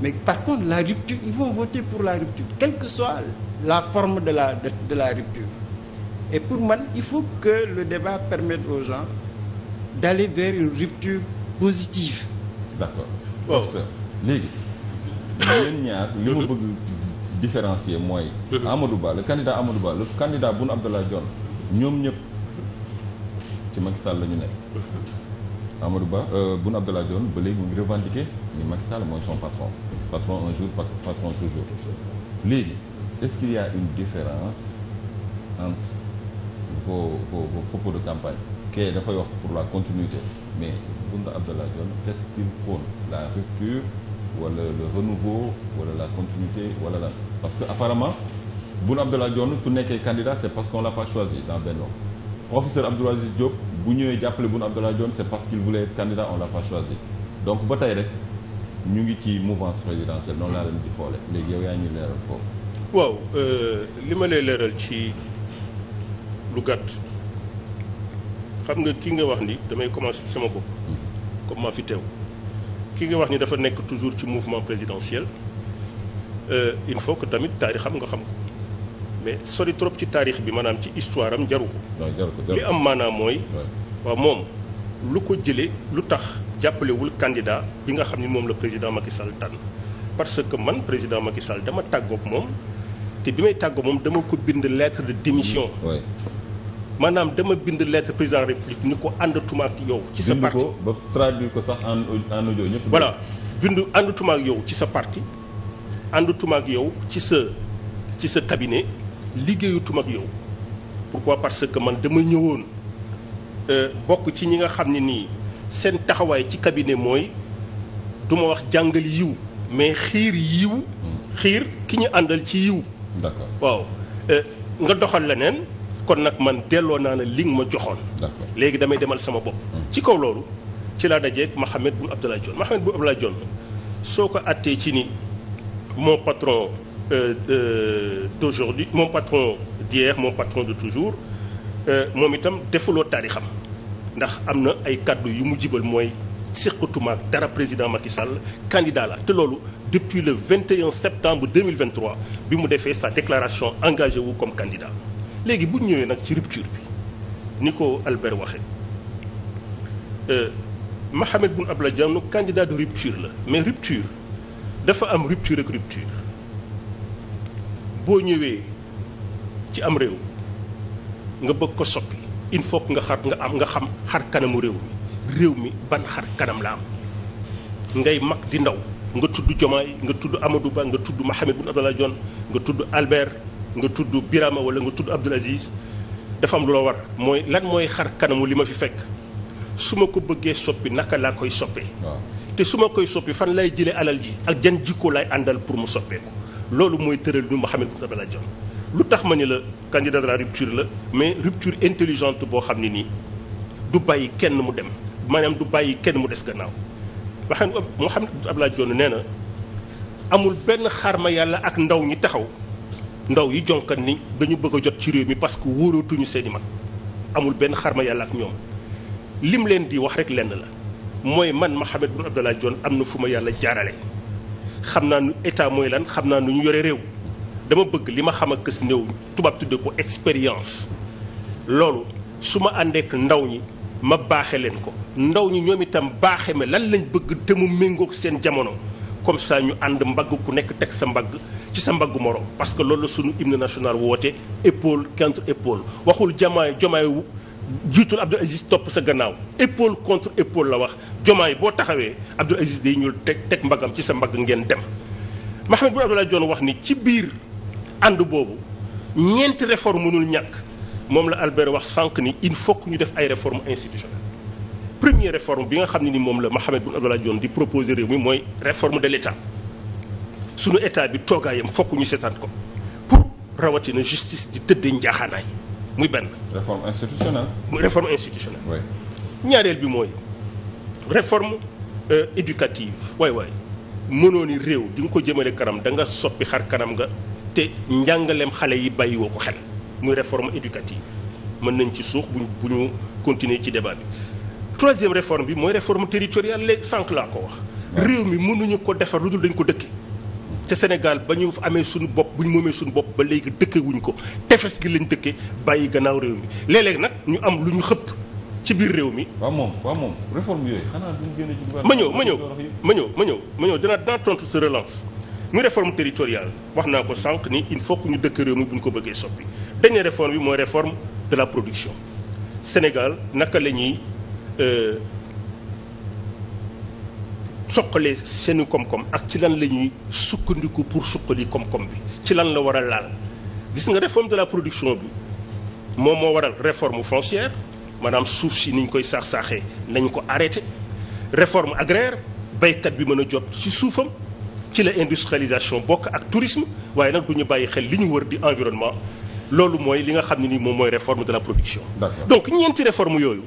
mais par contre la rupture ils vont voter pour la rupture quelle que soit la forme de la de, de la rupture et pour man il faut que le débat permette aux gens d'aller vers une rupture positive. d'accord bon léegi. yéen ñaar li ma bëgg différencier mooy. Amadou Ba le candidat Amadou Ba le candidat Boun Abdallah Dionne. ñoom ñëpp ci Macky Sall la ñu nekk. Amadou Ba euh, Boun Abdallah Dionne ba léegi mu ngi revendiqué ni Macky Sall mooy son patron patron un jour patron toujours. léegi est-ce qu'il y a une différence entre vos vos propos de campagne. kee dafay wax pour la continuité mais Boun Abdallah Dionne qu'est-ce la rupture wala le renouveau wala la continuité wala la parce que apparemment. Boun Abdallah Dionne su nekkee candidat c'est parce qu'on l'a pas choisi dans Benno professeur Abdoul Aziz Diop bu ñëwee jàppale bun Abdallah Dionne c'est parce qu'il voulait être candidat on l'a pas choisi donc ba tey rek ñu ngi ci mouvance présidentielle noonu laa leen di xoole léegi yow yaa ñu leeral foofu waaw euh, li ma lay leeral ci lu gàtt xam nga kii nga wax ni damay commencer ci sama bopp comme ma fi teew kii nga wax ni dafa nekk toujours ci mouvement présidentiel euh, il faut que tamit taarixam nga xam ko mais sori trop ci taarix bi maanaam ci histoire am jaru ko li am maanaam mooy waaw moom lu ko jëlee lu tax jàppalewul candidat bi nga xam ni moom la président Macky Sall tànn parce que man président Macky Sall dama tàggook moom te bi may tàggoog moom dama ko bind lettre de démission mmh, maanaam dama bind lettre président république ni ko àndatuma ak yow ci sa parti bind ba traduire ko sax en en audio ñëpp voilà bind àndatuma ak yow ci sa parti àndatuma yow ci sa ci sa cabinet liggéeyutuma ak pour pourquoi parce que man dama ñëwoon euh, bokk ci ñi nga xam ne nii seen taxawaay ci kabine mooy duma wax jàngal yiw mais xiir yiw xiir ki ñu àndal ci yiw d'accord waaw euh, nga doxal leneen kon nag man delloo naa ne li nga ma joxoon léegi damay demal sama bopp hmm. ci kaw loolu ci laa dajeeg Mahammed Boun Abdallah Dionne Mahammed Boun Abdallah Dionne soo ko attee ci ni mon patron Euh, euh, d'aujourd'hui mon patron d'hier mon patron de toujours euh, moom itam defuloo taarixam ndax am na ay kàddu yu mu jibal mooy seqatuma dara président Macky Sall candidat la te loolu depuis le 21 septembre 2023 bi mu defee sa déclaration engagé wu comme candidat léegi bu ñu ñëwee nag ci rupture bi ni ko Albert waxee Mahammed Boun Abdallah Dionne candidat de rupture la mais rupture dafa am rupture ak rupture boo ñëwee ci am réew nga bëgg ko soppi il faut que nga xar nga am nga xam xar kanamu réew mi réew mi ban xar kanam la am ngay mag di ndaw nga tudd Diomaye nga tudd Amadou Ba nga tudd Mahammed Boun Abdallah Dionne nga tudd Albert nga tudd Birama wala nga tudd Abdoul Aziz dafa am lu la war mooy lan mooy xar kanamu li ma fi fekk su ma ko bëggee soppi naka laa koy soppee te su ma koy soppi fan lay jëlee alal ji ak jan jikko lay àndal pour mu soppeeku loolu mooy tëral du Mahammed Boun Abdallah Dionne lu tax ma ni la candidat de la rupture la mais rupture intelligente boo xam ne nii du bàyyi kenn mu dem maanaam du bàyyi kenn mu des gannaaw waxee Mahammed Boun Abdallah Dionne nee na amul benn xarma yàlla ak ndaw ñi taxaw ndaw yi jonkan ni dañu bëgg a jot ci réew mi parce que wóorootuñu seeni mag amul benn xarma yàlla ak ñoom lim leen di wax rek lenn la mooy man Mahammed Boun Abdallah Dionne am na fu ma yàlla jaarale xam naa nu état mooy lan xam naa nu ñu yore réew dama bëgg li ma xam a kës néew tubaab tudde ko expérience loolu su ma àndeek ndaw ñi ma baaxe leen ko ndaw ñi ñoom itam baaxe ma lan lañ bëgg te mu méngook seen jamono comme ça ñu ànd mbagg ku nekk teg sa mbagg ci sa mbaggu morom parce que loolu la sunu hymne national woote épaule contre épaule waxul jamaay jomaay jiitul Abdou Aziz topp sa gannaaw épaule contre épaule la wax jomaay boo taxawee Abdou Aziz day ñuul teg teg mbagam ci sa mbagg ngeen dem. Mahammed Boun Abdallah Dionne wax ni ci biir ànd boobu ñeenti réforme mënul ñàkk moom la Albert wax sànq ni il faut ñu def ay réformes institutionnelles. première réforme bi nga xam ne ni moom la Mahammed Boun Abdallah Dionne di proposer réew mi mooy réforme de l' état sunu état bi toogaayam fokk ñu seetaan ko pour rawatina justice di tëddee njaaxaanaay. muy benn. réforme institutionnelle. muy réforme institutionnelle. oui ñaareel bi mooy réforme euh, éducative. waay waay mënoo ni réew di nga ko jëmale kanam da nga soppi xar kanam nga te njàngaleem xale yi bàyyiwoo ko xel muy réforme éducative mën nañ ci suux bu bu ñu continuer ci débat bi. troisième réforme bi mooy réforme territoriale léegi sànq laa ko wax. réew mi mënuñu ko defar lu dul dañ ko dëkkee. ca Sénégal ba ñu amee suñu bopp bu ñu moomee suñu bopp ba léegi dëkke ko tefes gi lañ dëkke bàyyi gannaaw réew mi léeg nag ñu am lu ñu xëpp ci biir réew mi. waaw moom waaw moom réforme yooyu ma ñëw ma ñëw ma ñëw ma ñëw ma ñëw dinaa dinaa tontu sa relance muy réforme territoriale wax naa ko sànq ni il faut que ñu dëkk réew mi bu ñu ko bëggee soppi dernière réforme bi mooy réforme de la production Sénégal naka lañuy euh, soqalee seeni koom-koom ak ci lan la ñuy sukkandiku pour suqali koom-koom bi ci lan la war a laal gis nga réforme de la production bi moom moo waral réforme foncière maanaam suuf si ni ñu koy saax-saaxee nañ ko arrêté réforme agraire baykat bi mën a jot ci suufam ci la industrialisation bokk ak tourisme waaye nag du ñu bàyyi xel li ñu wër di environnement loolu mooy li nga xam ne ni moom mooy réforme de la production donc ñeenti réforme yooyu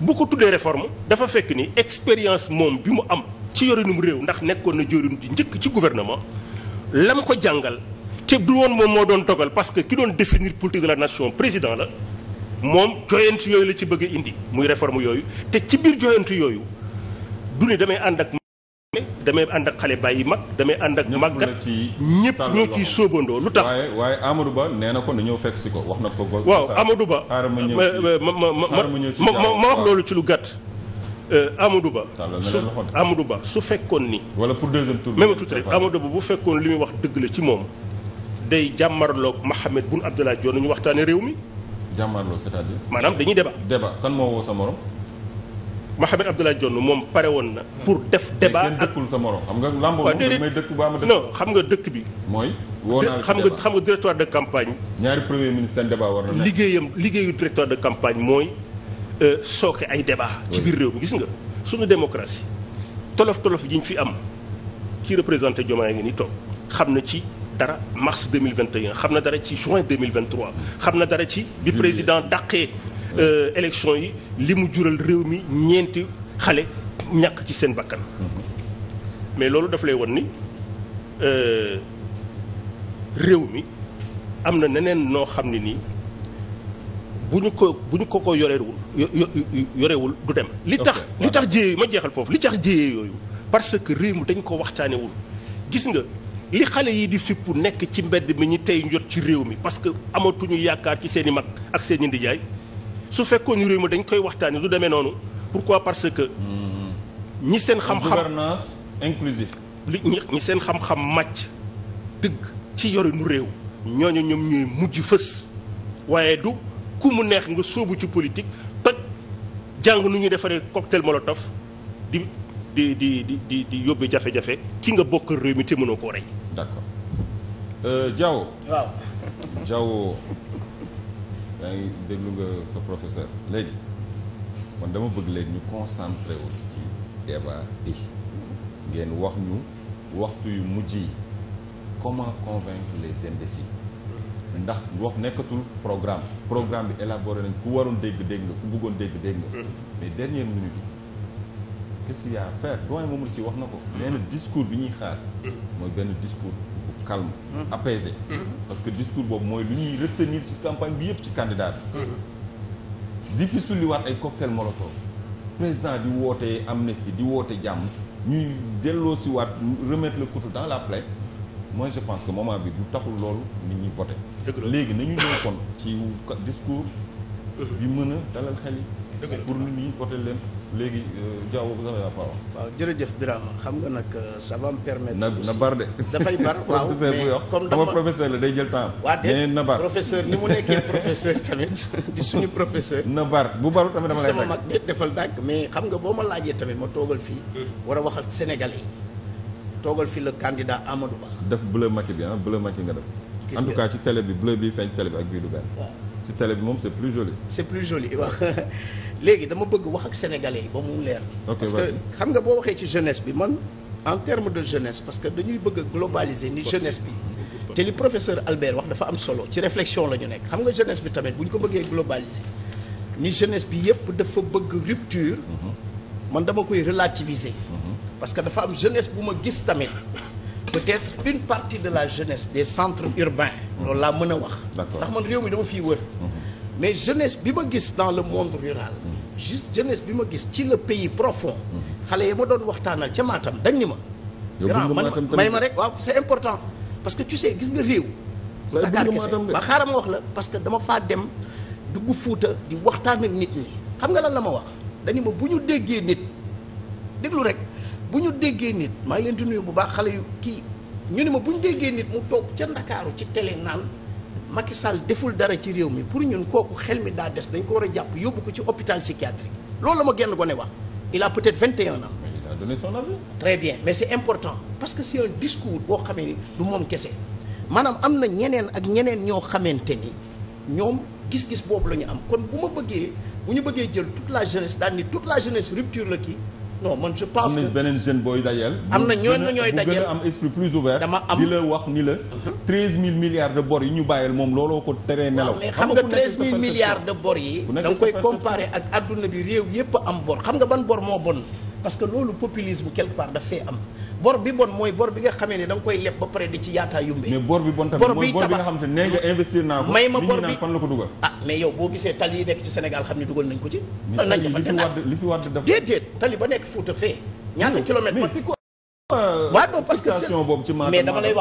bu ko tuddee réforme dafa fekk ni expérience moom bi mu am ci yorinum réew ndax nekkoon na jorin ji njëkk ci gouvernement lam ko jàngal te du woon moom moo doon dogal parce que ki doon définir politique de la nation président la moom joyant yooyu la ci bëgg a indi muy réforme yooyu te ci biir joyant yooyu du ni damay ànd ak damay ànd ak xale bàyyi mag damay ànd ak màggat ñëpp ñoo ciy sóobandoo lu tax waaye waaye Ba nee na ko na ñëw fekk si ko wax na ko ko waaw Amadou Ba ma ma wax loolu ci lu gàtt euh, Amadou Ba su Amadou Ba su fekkoon ni wala pour deuxième tour même tuuti rek Amadou Ba bu fekkoon li muy wax dëgg la ci moom day jàmmarloog Mahammed Boun Abdallah Dionne ñu waxtaane réew mi jàmmarloo c'est-à-dire maanaam dañuy débat débat kan moo woo sa morom Mahammed Abdoulaye Dione moom pare woon na. pour def débat ak dëkkul sa morom xam nga lamb may dëkk ba ma dëkk non xam nga dëkk bi. mooy woo naa xam nga xam nga directoire de campagne. ñaari premier ministre seen débat war liggéeyam liggéeyu directoire de campagne mooy euh, sooke ay débat ci biir réew mi gis nga suñu démocratie tolof tolof yi ñu fi am kii représenté Diomaye ngi ni toog xam na ci. dara mars 2021 xam na dara ci juin 2023 xam na dara ci bi président dàqee Euh, élection yi li mu jural réew mi ñeenti xale ñàkk ci seen bakkan mais loolu daf lay won ni euh, réew mi am na neneen noo xam ne nii bu ñu ko bu ñu ko ko yorewul yorewul du dem li tax li tax jéyee ma jeexal foofu li tax jéyee yooyu parce que réew mi dañ ko waxtaanewul gis nga li xale yi di fippu nekk ci mbedd mi ñu tey njot ci réew mi parce que amatuñu yaakaar ci seen i mag ak seen i ndijaay su fekkoon ni réew mi dañ koy waxtaanee du deme noonu pourquoi parce que. ñi seen xam-xam gouvernance li ñi seen xam màcc dëgg ci yorinu réew ñooñu ñoom ñuy mujj fës waaye du ku mu neex nga sóobu ci politique toj jàng nu ñuy defaree cocktail molotov di di di di di di yóbbu jafe-jafe ki nga bokk réew mi te mënoo koo rey. d'accord euh, Diao. waaw yaa ngi déglu nga sa professeur léegi kon dama bëgg léegi ñu concentré wu ci débat bi ngeen wax ñu waxtu yu mujj yi comment convaincre les indécis ndax wax nekkatul programme programme bi élaboré nañ ku waroon dégg-dégg nga ku bëggoon dégg-dégg nga mais dernière minute bi qu'est-ce qu'il y a à faire doyen wax na ko lenn mm-hmm. na discours bi ñuy xaar mooy benn discours calme mm-hmm. apaisé mm-hmm. parce que discours boobu mooy lu ñuy retenir ci campagne bi yëpp ci candidat bi mm-hmm. di fi waat ay cocktail molotov président di woote amnistie di woote jàmm ñuy delloo si waat remettre le couteau dans la plaie moi je pense que moment bi du taxul loolu nit ñi voté léegi nañu ñëw kon ci discours bi mën a dalal xel yi pour nit ñi voté leen léegi euh, Diaw vous avez la parole. waaw jërëjëf Birama xam nga nag euh, ça va me na na bar de. dafay bar waaw mais comme dama professeur la day jël temps. waa de na bar ni mu nekkee professeur tamit di na bar bu baru tamit dama lay. sama defal dàgg mais xam nga boo ma laajee tamit ma toogal fii. war wax ak sénégalais yi. la candidat Amadou Ba. def bleu Macky bi ah bleu Macky nga def. en tout cas ci tele bi bleu bi feeñ télé bi ak bii du benn. ci télé bi moom c'est plus joli. c'est plus joli waaw. léegi dama bëgg wax ak sénégalais yi ba mu leer. parce que xam nga boo waxee ci jeunesse bi man en terme de jeunesse parce que dañuy bëgg a globaliser ni jeunesse bi. te li professeur Albert wax dafa am solo ci réflexion la nekk xam nga jeunesse bi tamit bu ñu ko bëggee globaliser ni jeunesse bi yëpp dafa bëgg rupture. man dama koy relativiser. parce que dafa am jeunesse bu ma gis tamit. peut-être une partie de la jeunesse des centres urbains loolu laa mën a wax ndax man réew mi dama fiy mhm. mais jeunesse bi ma gis dans le monde rural juste jeunesse bi ma gis ci la pays profond. xale yi ma doon waxtaanal ca Matam dañ ni ma. grand man may ma rek waaw c'est important. parce que tu gis nga réew. Dakar kese ba xaaral ma wax la parce que dama faa dem dugg Fuuta di waxtaan ak nit ñi. xam nga lan la ma wax dañu ma bu ñu déggee nit déglu rek bu ñu déggee nit maa ngi leen di nuyu bu baax xale yu kii ñu ni ma bu ñu déggee nit mu toog ca Ndakaaru ci télé naan. Macky Sall deful dara ci réew mi pour ñun kooku xel mi daa des dañ ko war a jàpp yóbbu ko ci hôpital psychiatrique loolu la ma génn gone wax il a peut-être 21 ans. il a très bien mais c'est important parce que c'est un discours boo xamee ni du moom kese maanaam am na ñeneen ak ñeneen ñoo xamante ni ñoom gis-gis boobu la ñu am kon bu ma bëggee bu ñu bëggee jël toute la jeunesse daal tout toute la jeunesse rupture la kii. non man je pense beneen jeune booy dajeel. am na ñooñu ñooy dajeel bu gën a am esprit plus ouvert. dama am di la wax ni la. 13000 milliards de bor yi ñu bàyyil moom looloo ko teree nelaw. xam nga 13000 milliards de bor yi. da nga koy comparer ak adduna bi réew yépp am bor xam nga ban bor moo bon. parce que loolu populisme quelque part daf fee am bor bi bon mooy bor bi nga xamee ne da nga koy leb ba pare di ci yaataa yumbe mais bor bi bon tamit bor bi nga xam ne nee nga investir naa ko may ma bor bi fan la ko dugal ah mais yow boo gisee tali yi nekk ci Sénégal xam ne dugal nañ ko ci ah, nañ defante naa li fi wàdd def tali ba nekk Fuuta fee ñaata kilomètre euh, mais dama lay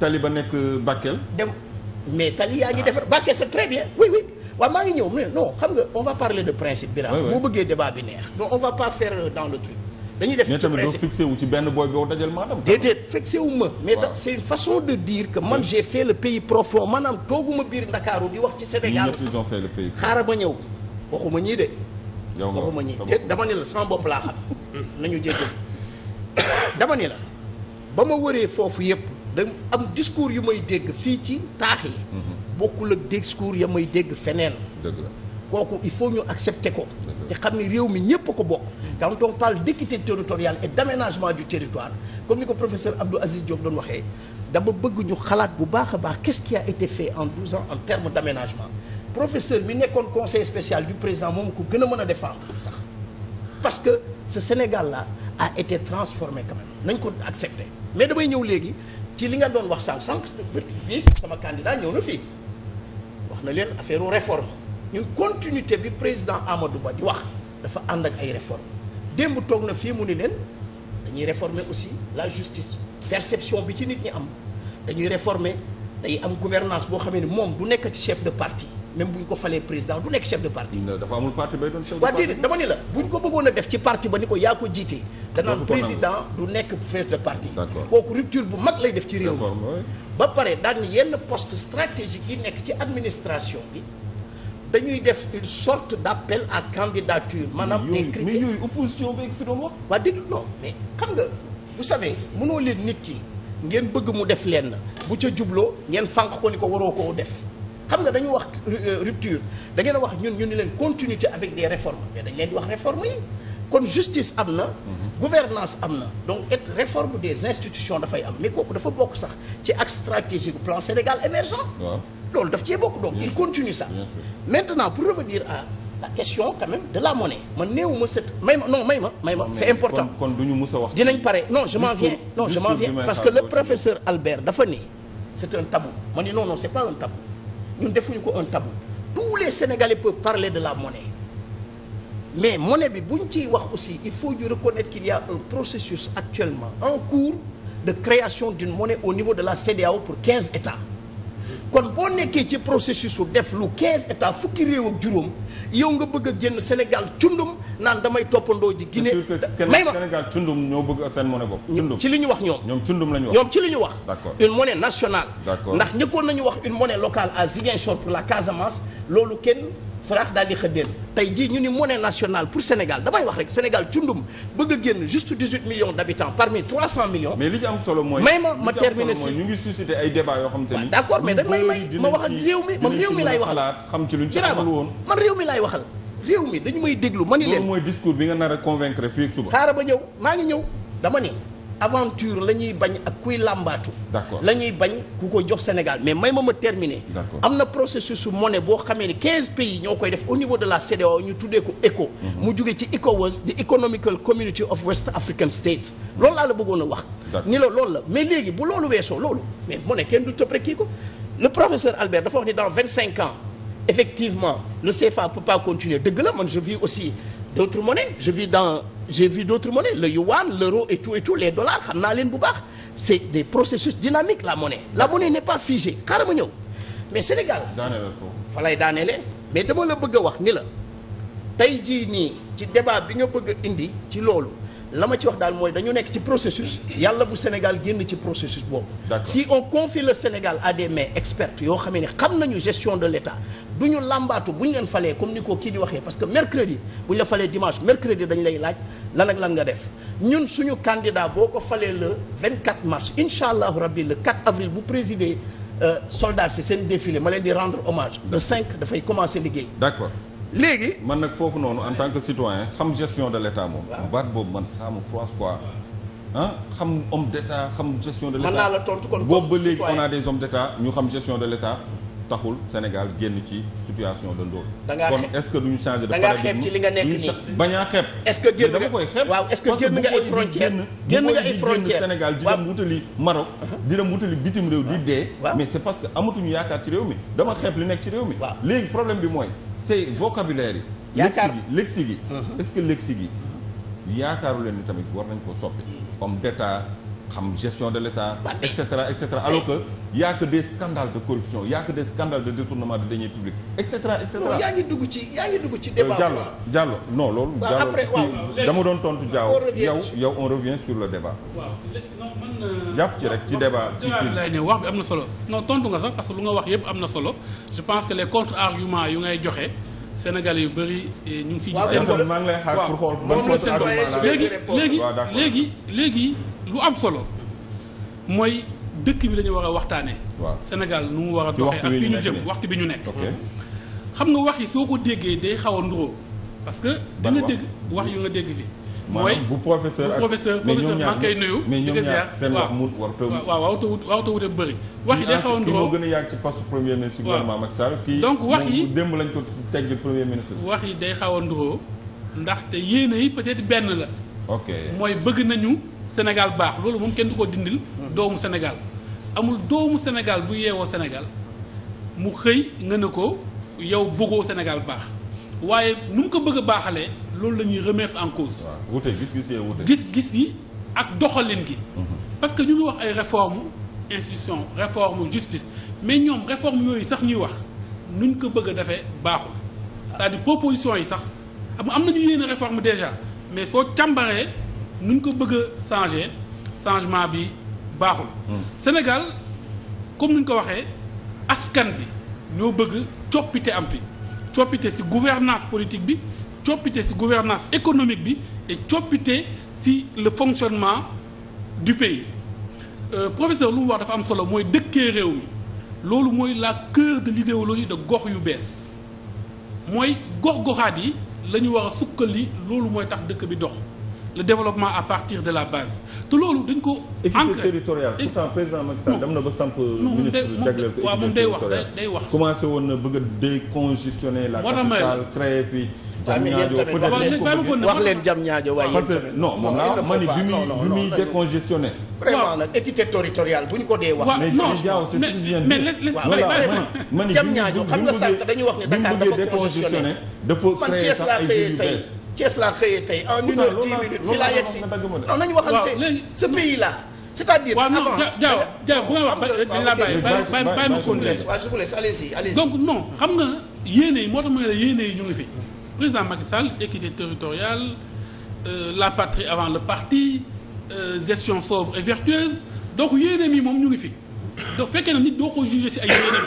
tali ba nekk Bakel. dem mais tali yaa ngi defar Bakel c'est très bien oui oui waaw maa ngi ñëw mais non xam nga on va parler de principe bi daal. boo bëggee débat bi neex. donc on va pas faire euh, dans le truc. dañuy def ci principe mais doo fixé wu ci benn booy boo dajal maanaam. déedéet fixé wu ma. mais tam c'est une façon de dire que man j'ai fait le pays profond maanaam tooguma biir Ndakaaru di wax ci Sénégal. ñun ñëpp ils ont fait le pays. xaaral ma ñëw waxuma ñii de. yow waxuma ñii de eh, dama ne la sama bopp laa xam nañu jéggal dama ma wëree foofu yëpp da am discours yu may dégg fii ci taax yi. Mhm. bokkul ak discours ya may dégg feneen. kooku il faut ñu accepter ko. te xam ni réew mi ñëpp ko bokk. Mhm. quand on parle d'équité territoriale et d'aménagement du territoire comme ni ko professeur Abdou Aziz Diop doon waxee dama bëgg ñu xalaat bu baax a baax qu'est-ce a été fait en 12 ans en termes d'aménagement professeur bi nekkoon conseil spécial du président moom ko gën a mën a défendre sax parce que ce Sénégal là a transformé quand nañ ko accepter mais damay ñëw léegi. ci li nga doon wax sànq sànq bi sama candidat ñëw na fii wax na leen affaire réforme ñun continuité bi président Amadou Ba di wax dafa ànd ak ay réforme démb toog na fii mu ni leen dañuy réformer aussi la justice perception bi ci nit ñi am dañuy réformer day am gouvernance boo xamee ni moom du nekkati chef de partie même bu ñu ko falee président du nekk chef de parti. dafa amul parti bay doon chef de parti. dama ni la bu ñu ko bëggoon a def ci parti ba ni ko yaa ko jiite. danaan président du nekk chef de parti. kooku rupture bu mag lay def ci réew mi. ba pare daan yenn post stratégique yi nekk ci administration bi. dañuy def une sorte d' ak à candidature maanaam des critères mais yooyu opposition bi fi doon wax waa déglu non mais xam nga vous savez mënoo leen nit ki ngeen bëgg mu def lenn bu ca jubloo ngeen fànq ko ni ko waroo koo def xam nga dañu wax euh, rupture da wax ñun ñu ni leen continuité avec des réformes mais dañ leen di wax réformes yi kon justice am na mhm. gouvernance am na donc et réforme des institutions dafay am mais kooku dafa bokk sax ci ak stratégie plan Sénégal émergent loolu daf cee bokk donc il continue ça maintenant pour revenir à la question de la monnaie ma néew ma sët may ma non may ma may ma c'est important kon duñu mus a wax dinañ pare non je m'en viens non je parce que le professeur Albert dafa ni c'est un tabou ma ni non ñun defuñu ko un tabou tous les sénégalais parler de la monnaie mais monnaie bi bu ci wax aussi il faut ñu reconnaître qu'il y a un processus actuellement en cours de création d'une monnaie au niveau de la CEDEAO pour 15 États kon boo nekkee ci processus su def lu 15 États fukki réew ak juróom yow nga bëgg a génn Sénégal cundum naan damay toppandoo ji Guinée may ma Sénégal cundum ñoo bëgg seen monnaie bopp cundum ci li ñu wax ñoom ñoom cundum la ñu wax ñoom ci li ñu wax d'accord une monnaie nationale d'accord ndax ñëkkoon nañu wax une monnaie locale à Ziguinchor pour la Casamance loolu kenn farax daal di xëddeen tey jii ñu ni monnaie nationale pour Sénégal damay wax rek Sénégal cundum bëgg a génn juste 18 millions d'habitants parmi 300 millions. mais li ci am solo mooy. may ma ma terminer ay débats yoo xam te ni. ma wax ak réew mi man réew mi laay waxal réew mi dañu may déglu ma ni leen mooy discours bi nga nar a convaincre fii ak suba. xaaral ba ñëw maa ngi ñëw dama ni. aventure la ñuy bañ ak kuy làmbaatu. d'accord la ñuy bañ ku ko jox Sénégal mais may ma ma terminer. am na processus su monnaie boo xamee ni 15 pays ñoo koy def au niveau de la CEDEAO ñu tuddee ko ECO. Mhm. mu jugee ci ECOWAS di Economical Community of West African States. lool laa la bëggoon a wax. ni la lool la mais léegi bu loolu weesoo loolu mais monnaie kenn du tëb rek kii ko. le professeur Albert dafa wax ni dans cinq ans effectivement le CFA peut pas continuer dëgg la man je aussi. d'autres monnaies je vis dans j'ai vu d'autres monnaies le yuan l'euro et tout et les dollars xam naa leen bu baax c'est des processus dynamiques la monnaie la monnaie n'est pas figée xaaral ma ñëw mais Sénégal fa lay daaneele mais dama la bëgg a wax ni la tey jii nii ci débat bi nga bëgg indi ci loolu la ma ci wax daal mooy dañu nekk ci processus yàlla bu Sénégal génn ci processus boobu si on confie le Sénégal à des mains expertes yoo xam ne xam nañu gestion de l'État du ñu làmbaatu bu ñu leen falee comme ni ko kii di waxee parce que mercredi bu ñu la falee dimanche mercredi dañ lay laaj lan ak lan nga def ñun suñu candidat boo ko falee le 24 mars incha allahu rabbi le 4 avril bu présider euh, soldats si seen défilé ma leen di rendre hommage le 5 dafay commencer liggéey d'accord léegi man nag foofu noonu en tant que citoyen xam gestion de l' moom. baat boobu man ça me quoi. xam homme d' état xam gestion de l' état. mën naa la tontu boobu ba léegi on a des hommes d' état ñu xam gestion de l' taxul Sénégal génn ci situation de ndóol. kon est ce que duñu changer de paradigme da ngaa xeeb ci li nga a xeeb. est ce que génn nga dama koy xeeb. génn nga ay génn Sénégal di dem wutali Maroc. Uh-huh. di dem wutali bitim réew di dee. mais c' parce que amatuñu yaakaar ci réew mi dama nekk ci réew mi. léegi problème bi mooy tey vocabulaire yi. yaakaar lexique yi lexique yi uh-huh. est-ce que lexique yi yaakaaru leen ni tamit war nañ koo soppi. homme d'État xam gestion de l'État et cetera et cetera alors que y a que des scandales de corruption y a que des scandales de détournement de deniers publics et cetera et cetera yaa ngi ci yaa ngi ci débat euh, Diallo Diallo non loolu Diallo dama doon tontu jaaw yow yow on revient sur le débat euh, jàpp ci rek ci débat ci lay ne wax bi am na solo non tontu nga sax parce que lu nga wax yëpp am na solo je pense que les contre arguments yu ngay joxe Sénégal yu bëri eh, ñu ngi siy gis seen maa ngi lay xaar pour xool man foofu argument la léegi léegi léegi léegi lu am solo mooy dëkk bi la ñu war a waxtaanee. waaw Sénégal nu mu war a doxee ak fi ñu jëm waxtu bi ñu nekk. xam nga wax yi soo ko déggee day xaw a nduróo parce que danga dégg wax yu nga dégg fi mooy bu professeur professeur professeur maa ngi koy nuyu. mais ñoom ñaar seen wax mu waaw waaw waxtu bëri. wax xaw a nduroo gën yàgg ci poste premier ministre. waaw gouvernement Macky Sall wax yi démb lañ ko tegg premier ministre. wax yi day xaw a nduroo ndaxte yéene yi peut-être benn la. ok mooy bëgg nañu Sénégal baax loolu moom kenn du ko dindil. Hmm. doomu Sénégal amul doomu Sénégal bu yeewoo Sénégal mu xëy nga ne ko yow bëggoo Sénégal baax. waaye nu mu ko bëgg a baaxalee loolu la ñuy remettre en cause. wute gis-gis gis yi ak doxalin gi. Mhm. parce que ñu ngi wax ay réformes institution réforme justice mais ñoom réforme yooyu sax ñuy wax nuñ ko bëgg a defee baaxul. c'est-à-dire proposition yi sax am nañu leen réforme déjà mais soo càmbaree nuñ ko bëgg a changer changement bi baaxul. Mhm. Sénégal comme nuñ ko waxee askan bi ñoo bëgg coppité am fi. coppite ci gouvernance politique bi coppite ci gouvernance économique bi et coppite ci le fonctionnement du pays euh, professeur lu mu wax dafa am solo mooy dëkkee réew mi loolu mooy la cœur de l'idéologie de gox yu bees mooy gox goxaat yi la ñu war a sukkali loolu mooy tax dëkk bi dox le développement à partir de la base te loolu dañ ko. ancré territorial pourtant président Macky Sall dem na ba samp. ministre jagleel ko moom day wax day wax. commencé woon na a décongestionner la capitale créé puis. jam ñaajo peut-être wax leen jam ñaajo waaye non moom laa ma ni bi muy bi muy décongestionné. vraiment nag bu ñu ko dee wax. mais mais mais les ma ni jam ñaajo xam nga sànq dañuy wax ne Dakar dafa congestionné dafa Thiès laa xëyee tey en une heure dix minutes fii laa yegg si non nañu waxante ce pays là cest a dire avant waaw non jaaw jaaw bu nga wax dañ laa bàyyi bàyyi ma y allez-y donc non xam nga yéene yi moo tax ma ne la yéene yi ñu ngi fi président Macky équité territoriale euh, la patrie avant le parti euh, gestion sobre et vertueuse donc yéene mi moom ñu ngi fi donc fekkee na nit doo ko jugé si ay yeneen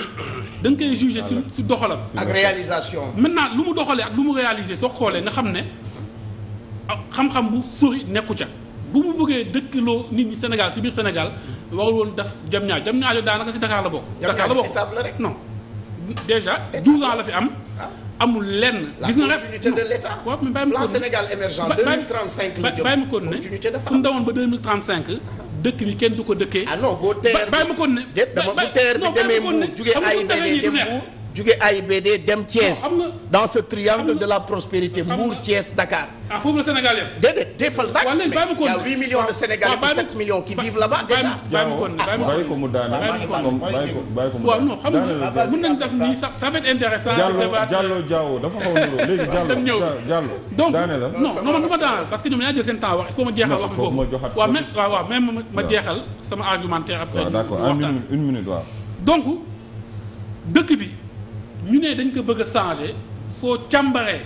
da nga koy jugé ci si doxalam. ak réalisation maintenant lu mu doxalee ak lu mu réalisé soo xoolee nga xam ne ah, xam-xam bu sori nekku ca bu mu bëggee loo nit ñi Sénégal si biir Sénégal warul woon def jam ñaar jam ñaar daanaka si Dakar la bokk. Dakar la bokk non déjà 12 ans la fi am. Ah. amul lenn. gis nga rek l'opportunité de l'État. ma ko ne plan Sénégal la jëm. bàyyi ma ko ne fu mu demoon ba 2035. dëkk bi kenn du ko dëkkee. ah non boo teer bi bàyyi ko ne. déet dama bu teer bi demee mu jugee ay ndey dem buur jóge AIBD dem Thiès. dans ce triangle de la prospérité. Mbour Thiès ah, la Sénégal yem. déedéet defal nag. waaw léegi bàyyi mu a 8 millions de Sénégalais ou 7 millions qui vivent là-bas déjà. bàyyi bàyyi ko ko mu waaw non xam nga mën nañ def nii euh, dafa xaw a niroo léegi Diallo donc non non man du ma daanal parce que ñoom ñaa jël seen temps wax il faut ma jeexal. wax foofu waaw même ma jeexal sama argumentaire. après d'accord une minute waaw. donc dëkk bi ñu ne dañ ko bëgg a changer soo càmbaree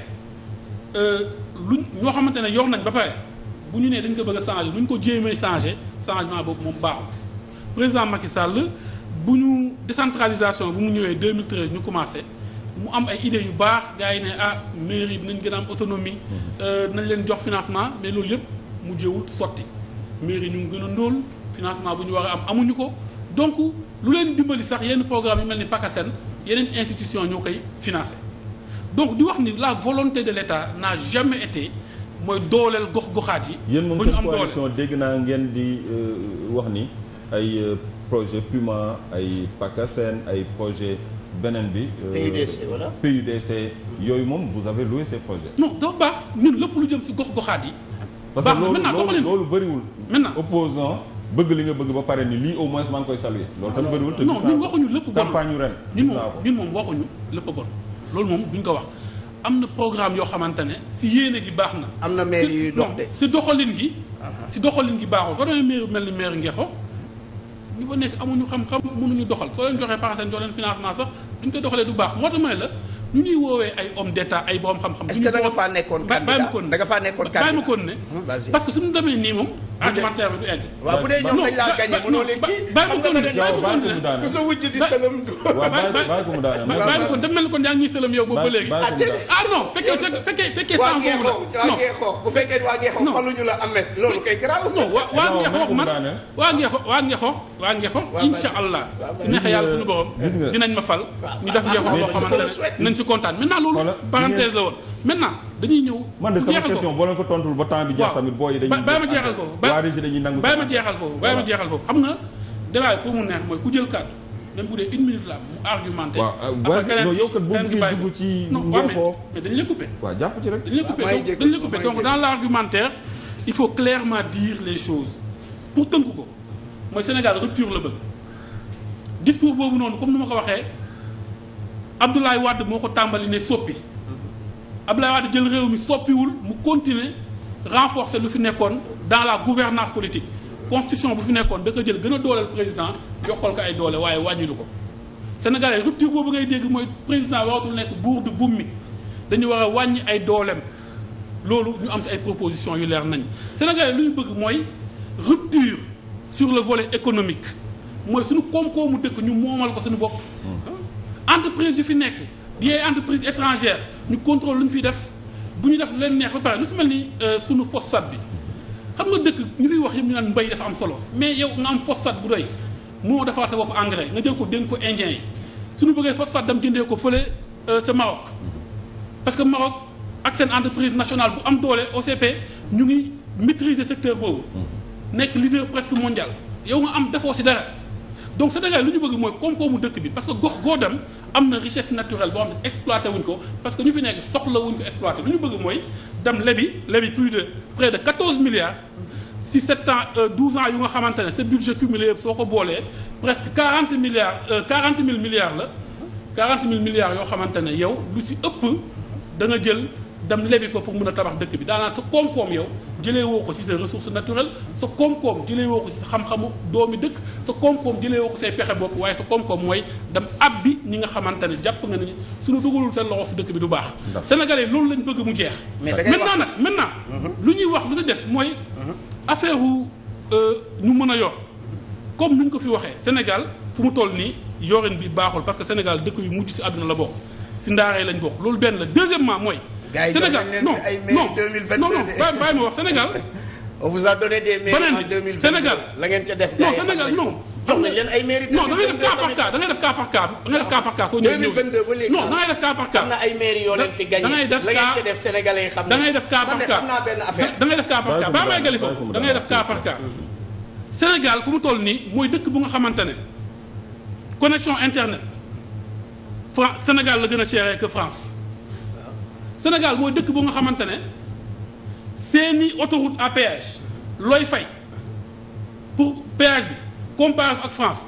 euh, lu ñoo xamante ne yor nañ ba pare bu ñu nee dañ ko bëgg a changer luñ ko jéemee changer changement boobu moom baaxul président Macky Sall bu ñu décentralisation bu mu ñëwee 2013 ñu commencé mu am ay idées yu baax gaa yi ne ah mairie bi nañ gën a am autonomie mhm. euh, nañ leen jox financement mais loolu yëpp mujjewul sotti mairie ñu ngi gën a ndóol financement bu ñu war am amuñu ko donc lu leen dimbali sax yenn programme yu mel ni yeneen institution ñoo koy financé donc di wax ni la volonté de l'État n'a jamais été mooy dooleel gox-goxaat yi. yéen moom seen coalition dégg naa ngeen di euh, wax ni ay euh, projet Puma ay PACASEN ay projet beneen bi. Euh, PUDC voilà PUDC yooyu moom vous avez loué ces projets. non dafa baax ñun lépp lu jëm si gox-goxaat yi. baax na maintenant doxalin parce que loolu loolu bëriwul. maintenant opposant bëgg li nga bëgg ba pare ni lii au moins maa ngi koy saluer loolu tam bëriwul te non ñun waxuñu lépp bon campagne ren ñun moom ñun moom loolu moom duñ ko wax am na programme yoo xamante ne si yéene gi baax na am na maire yuy dox de si doxalin gi ah ah. si doxalin gi baaxul soo demee maire mel ni maire Ngexo ñu fa nekk amuñu xam-xam mënuñu doxal soo leen joxee parcelle jox leen financement sax duñ koy doxalee du baax moo tax may la ñu ñuy woowee ay homme d'état ay borom xam-xam. est-ce da ma kon ne. Hmm, parce que suñu demee nii moom. argumentaire bi egg. bu dee ñoom dañ laa gagné sëlëm yow boobu ba léegi. ah non fekkee fekkee fekkee. waa ngee la amet loolu waa ngee xoox man waa ngee xoox waa allah su neexee yàlla suñu borom dinañ ma fal ñu def ngee xoox boo xamante ne si kontaan maintenant loolu. parenthèse la woon maintenant dañuy ñëw. man de sama question boo ba temps bi jeex tamit booy yi dañuy. waaw bàyyi ma jeexal ko bàyyi ma pour mu mooy ku jël kàddu même bu dee une minute la mu argumenté. waaw euh, non yow kat jàpp ci rek. dañu la coupé donc dañu la coupé donc dans l' argumentaire il faut clairement dire les choses pour tënk boobu noonu comme ni ma ko waxee Abdoulaye Wade moo ko tàmbali ne soppi Abdoulaye Wade jël réew mi soppiwul mu continuer renforcer lu fi nekkoon dans la gouvernance politique constitution bu fi nekkoon da ko jël gën a dooleel président yokkal ko ay doole waaye wàññilu ko sénégalais rupture boobu ngay dégg mooy président waratul nekk buur du mi dañu war a wàññi ay dooleem loolu ñu am si ay propositions yu leer nañ sénégalais lu ñu bëgg mooy rupture sur le volet économique mooy suñu koom-koomu dëkk ñu moomal ko suñu bopp mmh. entreprise yu fi nekk di ay entreprise étrangère ñu contrôle lu ñu fiy def bu ñu def leen neex ba pare lu si mel ni euh, sunu phosphate bi xam nga dëkk ñu fiy wax yëpp ñu naan mbay dafa am solo mais yow nga am bu doy moo defar sa bopp engrais nga jël ko dénk ko indien yi suñu bëggee phosphate dem jëndee ko fële euh, sa Maroc parce que Maroc ak seen entreprise nationale bu am doole OCP ñu ngi maîtriser secteur boobu mm. nekk leader presque mondial yow nga am defoo si dara donc Sénégal lu ñu bëgg mooy koom-koomu dëkk bi parce que gox goo dem am na richesse naturelle boo xam ne exploité wuñ ko parce que ñu fi nekk soxla wuñ ko exploité lu ñu bëgg mooy dem lebi lebi plus de près de 14 milliards si 7 ans 12 euh, ans yu nga xamante ne ce budget cumulé yëpp soo ko boolee presque 40 milliards 40 euh, mille milliards la 40 mille milliards yoo xamante ne yow lu si ëpp da nga jël dem lebi ko pour mun a tabax dëkk bi daanaa sa koom-koom yow jëlee woo ko ci sa ressource naturelle sa koom-koom jëlee woo ko ci sa xam-xamu doomi dëkk sa koom-koom jëlee woo ko say pexe bopp waaye sa koom-koom mooy dem ab bi ñi nga xamante ne jàpp nga ni suñu dugalul seen loxo si dëkk bi du baax sénégalais loolu lañu bëgg mu jeex maintenant nag maintenant mhm. lu ñuy wax lu sa des mooy mhm. affaire wu euh, ñu mën a yor comme ni ñu ko fi waxee Sénégal fu mu toll nii yorin bi baaxul parce que Sénégal dëkk yu mujj si àdduna la bokk si ndaaree lañ bokk loolu benn la deuxièmement mooy Sénégal non non non non bàyyi bàyyi ma wax Sénégal. on vous a donné des mairies en 2022 Sénégal la ngeen ca def. non Sénégal non. jox nañ leen ay mairies non da ngay def cas par cas da ngay def cas par cas da ngay def cas par cas soo ñëwee ñëw non da ngay def cas par cas. am na ay mairies yoo leen fi gagné da ngay def la ngeen ca def Sénégalais yi xam ne da ngay def cas par cas da ngay def cas par cas baa may gali foofu da ngay def cas par cas. Sénégal fu mu toll nii mooy dëkk bu nga xamante ne connexion internet Fra Sénégal la gën a cher que France. Sénégal mooy dëkk bu nga xamante ne seeni autoroute à péage looy fay pour péage bi comparé ak France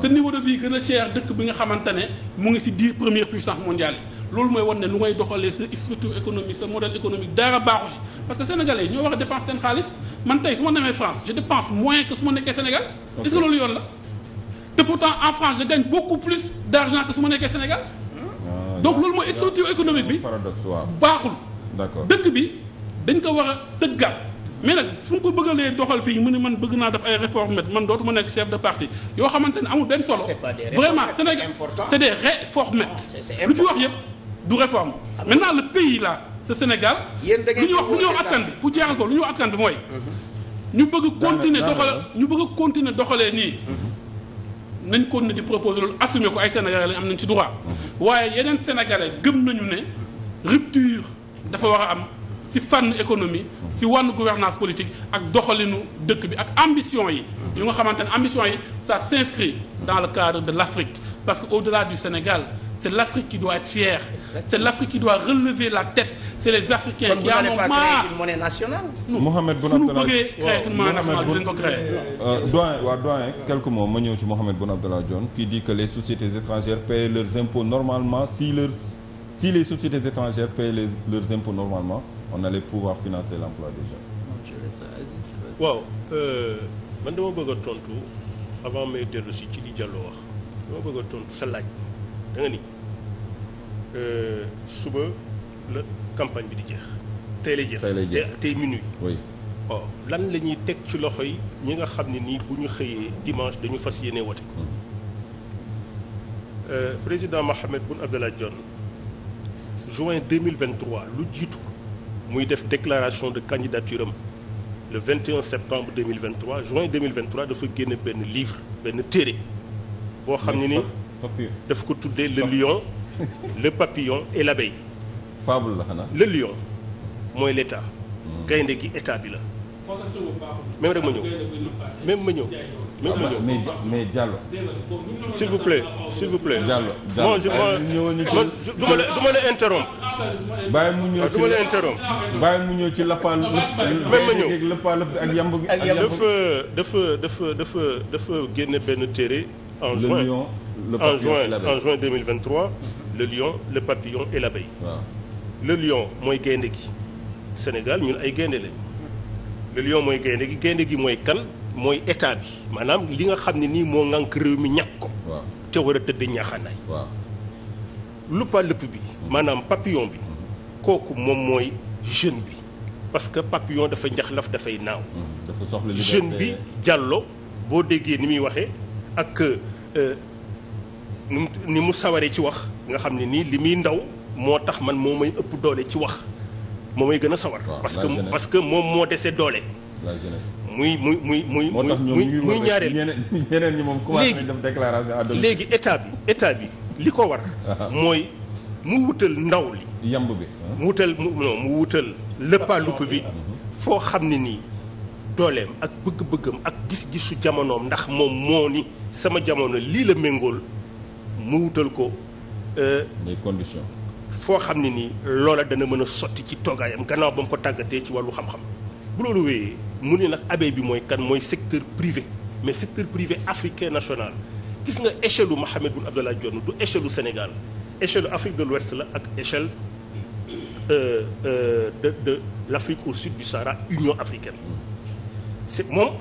te niveau de vie gën a cher dëkk bi nga xamante ne mu ngi ci dix premières puissances mondiales yi loolu mooy wan ne lu ngay doxalee sa structure économique sa modèle économique dara baaxu ci parce que a dépense seen xaalis man tey su ma demee France je dépense moins que su ma nekkee Sénégal est-ce que loolu yoon la te pourtant en France ma nekkee Sénégal ah, donc loolu mooy structure économique bi baaxul dëkk bi dañ ko war a tëggal mais nag fu ñu ko bëggalee doxal fii mu ne man bëgg naa def ay réformes man dootuma nekk chef de parti yoo xamante ne amul benn solo. vraiment c'est des réformes lu ci wax yëpp du réforme maintenant le pays là ce Sénégal. lu ñu wax lu ñu wax askan bi pour jeexal ko lu ñu wax askan bi mooy. Mhm. ñu bëgg continuer doxal ñu bëgg continuer doxalee nii. Mhm. nañ continuer di proposer loolu assumer ko ay Sénégalais lañ am nañ ci droit mhm. waaye yeneen Sénégalais gëm nañu ne rupture dafa war am. si fànn économie si wànn gouvernance politique ak doxalinu dëkk bi ak ambition yi yu nga xamante ne ambition yi ça s'inscrit dans le cadre de l'Afrique parce que au-delà du Sénégal c'est l'Afrique qui doit être fière c'est l'Afrique qui doit relever la tête c'est les Africains qui en ont marre une monnaie nationale Mohamed Boun Abdallah bëggee créer suñu monnaie nationale dinañ ko créer euh, doyen waaw doyen quelques mots ma ñëw ci Mohamed Boun Abdallah Dionne qui dit que les sociétés étrangères paient leurs impôts normalement si leurs si les sociétés étrangères paient les, leurs impôts normalement on allait pouvoir financer l'emploi des jeunes. waaw ban euh, dama bëgg a tontu avant may dellu si ci li Diallo wax dama bëgg a tontu sa laaj da nga ni euh, suba la campagne bi di jeex. tey lay jeex tey lay jeex tey oh, lan la ñuy teg ci loxo yi ñi nga xam ne nii bu ñu xëyee dimanche dañu fas yéene wote. Mm. Euh, président Mahammed Boun Abdallah Dionne juin 2023 lu jiitu. muy def déclaration de candidature am le 21 septembre 2023 juin 2023 dafa génne benn livre benn téere boo xam ne ni daf ko tuddee le lion le papillon et fable la xanaa le lion mooy l'état hmm. gaynde gi état bi la même rek ma ñëw même ma ñëw Ah, mais mais Diallo. s'il vous plaît s'il vous plaît. Diallo Diallo bon je ma mu ñëw ci la interrompre. Ah, yamb bi ak yamb dafa dafa dafa dafa dafa génne le lion en juin le lion le papillon et mooy gaynde gi Sénégal ñun ay gaynde lañ le lion mooy gaynde gi gaynde gi mooy kan. mooy état bi maanaam li nga xam ne nii moo ŋànk réew mi ñàkk ko. te war a tëdd ñaaxanaay. waaw lupa bi. maanaam papillon bi. Mm-hmm. kooku moom mooy jeune bi. parce que papillon dafa njaxlaf dafay naaw. Mm-hmm. dafa soxla jeune bi jàlloo boo déggee ni muy waxee ak euh, ni mu sawaree ci wax nga xam ne nii li muy ndaw moo tax man moo may ëpp doole ci wax moo may gën a sawar. parce que parce que moom moo dese doole. la muy muy muy muy. moo tax ñoom muy ñaareel ñeneen ñi moom commencé nañ def déclaration à domicile. léegi état bi état bi li ko war. mooy mu wutal ndaw li. yamb bi mu wutal mu non mu wutal. lëppaalup bi foo xam ne nii dooleem ak bëgg-bëggam ak gis-gisu jamonoom ndax moom moo ni sama jamono lii la méngool mu wutal ko. des euh, conditions. foo xam ne nii loola dana mën a sotti ci toogaayam gannaaw ba mu ko tàggatee ci wàllu xam-xam bu loolu wéyee. mu ni nag abe bi mooy kan mooy secteur privé mais secteur privé africain national gis nga échelle u Mahammed Boun Abdallah Dionne du échelu u Sénégal échelle Afrique de l'Ouest la ak échelle euh, euh, de de l'Afrique au sud du Sahara Union africaine c'est moom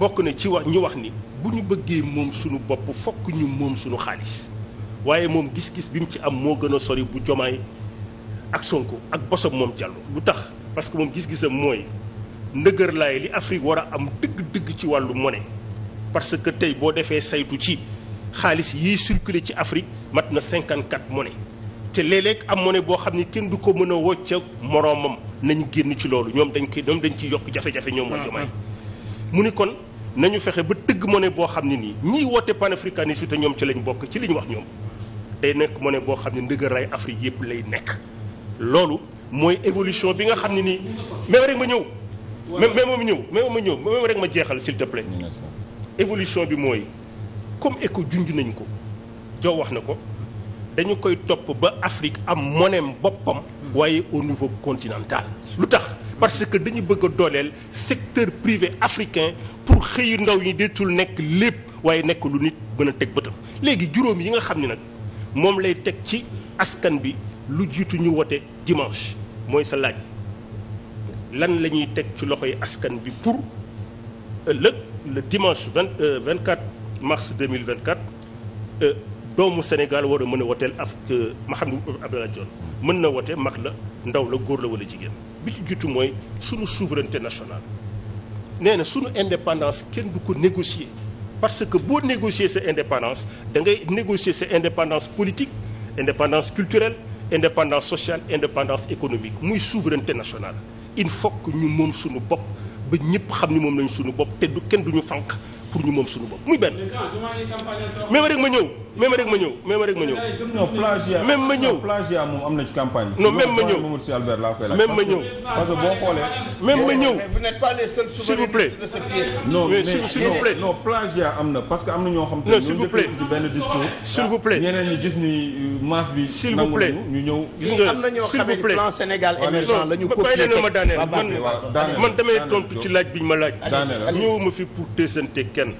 bokk na ci wax ñi wax ni bu ñu bëggee moom suñu bopp fokk ñu moom suñu xaalis waaye moom gis-gis bi mu ci am moo gën a sori bu Jomaay ak Sonko ak bosam moom Diallo lu tax parce que moom gis-gisam mooy ndëgër laay li Afrique war a am dëgg-dëgg ci wàllu mone parce que tey boo defee saytu ci xaalis yiy circuler ci Afrique mat na cinquante 54 mone te léeg-léeg am monnaie boo xam ni kenn du ko mën a wocc ak moroomam nañu génn ci loolu ñoom dañ koy ñoom dañ ciy yokk jafe-jafe ñoom waa ah, Diomaye ah. mu ni kon nañu fexe ba tëgg monnaie boo xam ne nii ñiy woote panafricanisme te ñoom ci lañ bokk ci li ñu wax ñoom day nekk monnaie boo xam ne ndëgër laay Afrique yëpp lay nekk loolu mooy évolution bi nga xam ne nii mais ma ñëw même même ma ñëw même ma ñëw même rek ma jeexal s'il te plaît. évolution bi mooy comme éco junj nañ ko jow wax na ko dañu koy topp ba Afrique am moneem boppam. waaye au niveau continental. lu tax parce que dañu bëgg a dooleel secteur privé africain pour xëyu ndaw yi deetul nekk lépp waaye nekk lu nit mën a teg bëtam. léegi juróom yi nga xam ne nag moom lay teg ci askan bi lu jiitu ñu wote dimanche mooy sa laaj. lan la ñuy teg ci loxo yi askan bi pour ëllëg le dimanche vingt euh, vingt quatre mars deux mille vingt quatre euh, doomu Sénégal war a mën a woteel af euh, Mahammed Abdoulaye Dione mën na wote mag la ndaw la góor la wala jigéen bi ci jiitu mooy sunu souveraineté national nee na sunu indépendance kenn du ko négocier parce que boo négocier sa indépendance da ngay négocier sa indépendance politique indépendance culturel indépendance sociale indépendance économique muy souveraineté national il faut que ñu moom suñu bopp ba ñëpp xam ni moom lañ suñu bopp te du kenn duñu fànq pour ñu moom suñu bopp muy benn mais rek ma ñëw même rek ma ñëw même rek ma ñëw. non plagiat même ma ñëw plagiat moom am na ci campagne bi. non même ma ñëw Mamadou Sy Albert laa koy laaj. même ma ñëw parce que boo xoolee. même ma ñëw vous n'êtes pas les seuls souverainistes de ce pays. non mais s'il vous plaît non plagiat am na parce que am na ñoo xam te ne ñoo njëkk ci benn discours. s'il vous plaît ñeneen ñi gis ni euh, masse bi. s'il vous plaît ñu ñëw. gis nga s'il vous plaît plan Sénégal émergent la ñu copier teg ma daaneel man man damay tontu ci laaj bi ñu ma laaj. ñëwuma fi pour desante kenn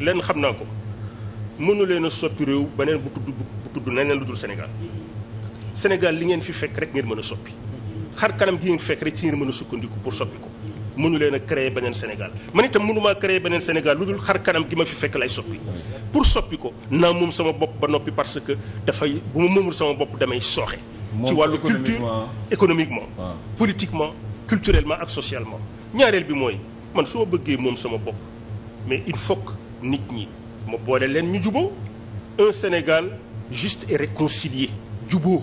lenn xam naa ko mënu leen a soppi réew beneen bu tudd bu tudd neneen lu dul Sénégal Sénégal li ngeen fi fekk rek ngeen mën a soppi xar kanam gi ngeen fekk rek ci ngeen mën sukkandiku pour soppi ko mënu leen a créer beneen Sénégal man itam mënumaa créer beneen Sénégal lu xar kanam gi ma fi fekk lay soppi pour soppi ko naa moom sama bopp ba noppi parce que dafay bu ma moomul sama bopp damay sooxe ci wàllu culture économiquement ah. politiquement culturellement ak socialement ñaareel bi mooy man su bëggee moom sama bopp mais il faut nit ñi ma boole leen ñu juboo un Sénégal juste et réconcilié juboo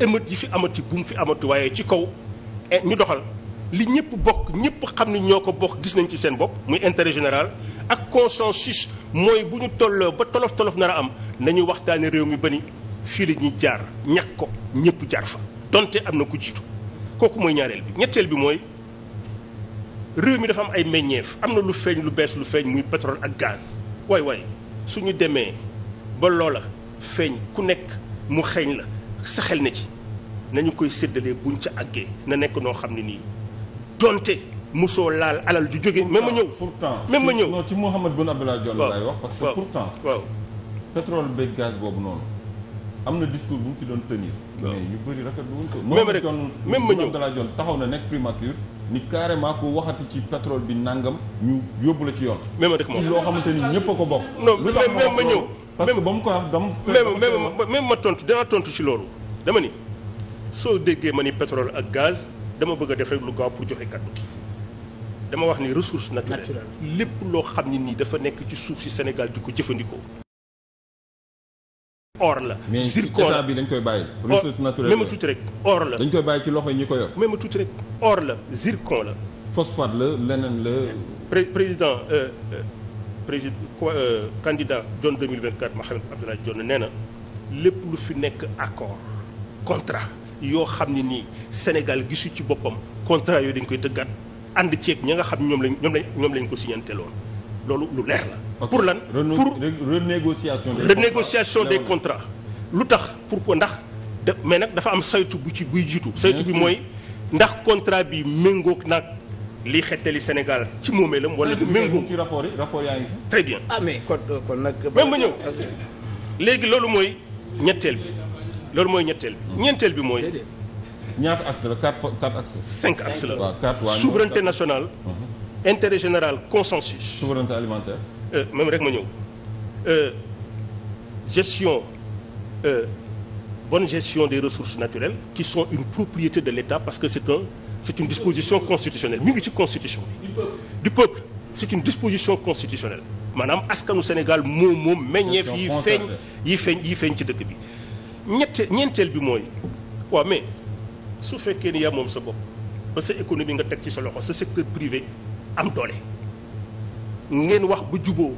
émeute yi fi amati bu mu fi amati waaye ci kaw eh, ñu doxal li ñëpp bokk ñëpp xam ni ñoo ko bokk gis nañ ci seen bopp muy intérêt général ak consensus mooy bu ñu tolloo ba tolof tolof nar a am nañu waxtaane réew mi ba ni fii la ñuy jaar ñàkk ko ñëpp jaar fa donte am na ku jiitu kooku mooy ñaareel bi ñetteel bi mooy réew mi dafa am ay meññeef am na lu feeñ lu bees lu feeñ muy pétrole ak gaz waay waay suñu demee ba loola feeñ ku nekk mu xeeñ la sa xel na ci nañu koy séddalee buñ ca àggee na nekk noo xam ne nii donte musoo laal alal ju jóge même ma ñëw pourtant même ma ñëw non ci Mouhamed Boun Abdallah Dionne wax parce que pourtant waaw pétrole beeg gaz boobu noonu am na discours bu mu ci doon tenir mais ñu bëri rafetlu wuñ ko même rek même ma ñëw Abdallah Dionne taxaw na nekk primature ni carrément ku waxati ci pétrole bi nangam ñu yóbbu la ci yoon. ma rek moom loo xamante ni ñëpp a ko bokk. noonu même même ma ñëw parce que ba mu ko am dama. même même ma tontu dinaa tontu ci loolu. dama ni soo déggee ma ni pétrole ak gaz dama bëgg a def rek lu gaaw pour joxe kàddu gi dama wax ni ressource naturelle lépp loo xam ne nii dafa nekk ci suuf si Sénégal di ko jëfandikoo. or la. mais état bi dañ koy bàyyi. ressource naturelle même tuuti rek or la. dañ koy bàyyi ci loxo yi ñi ko yor. même tuuti rek or la zircon la. phosphate la leneen la. pré président euh, euh, président euh, candidat John 2024 Mahammed Abdoulaye John nee na lépp lu fi nekk accord contrat yoo xam ne nii Sénégal gisu ci boppam contrat yooyu dañ koy tëggaat ànd ceeg ñi nga xam ñoom lañ ñoom lañ ñoom lañ ko signanteloon. loolu lu leer la. pour lan pour renégociation. des renégociation des contrats. lu tax pour ko ndax de mais nag dafa am saytu bu ci buy jiitu. saytu bi mooy ndax contrat bi méngook nag li xettali Sénégal ci moomeelam. wala du méngoo ci rapport yi yaa ngi très bien ah mais euh, nag. même ma ñëw léegi loolu mooy ñetteel bi loolu mooy ñetteel bi ñeenteel bi mooy. ñaata axe la quatre quatre axes. cinq axes la souveraineté nationale. Mhm. intérêt général consensus. souveraineté euh, même rek ma ñëw euh, gestion euh, bonne gestion des ressources naturelles qui sont une propriété de l'État parce que c'est un c'est une disposition constitutionnelle mi ngi ci constitution bi. du peuple c'est une disposition constitutionnelle maanaam askanu Sénégal moom moom meññeef yi feeñ yi feeñ yi feeñ ci dëkk bi. ñette ñeenteel bi mooy waaw mais su fekkee ni yaa moom sa bopp ba sa économie nga teg ci sa loxo sa secteur privé. am doole ngeen wax ba juboo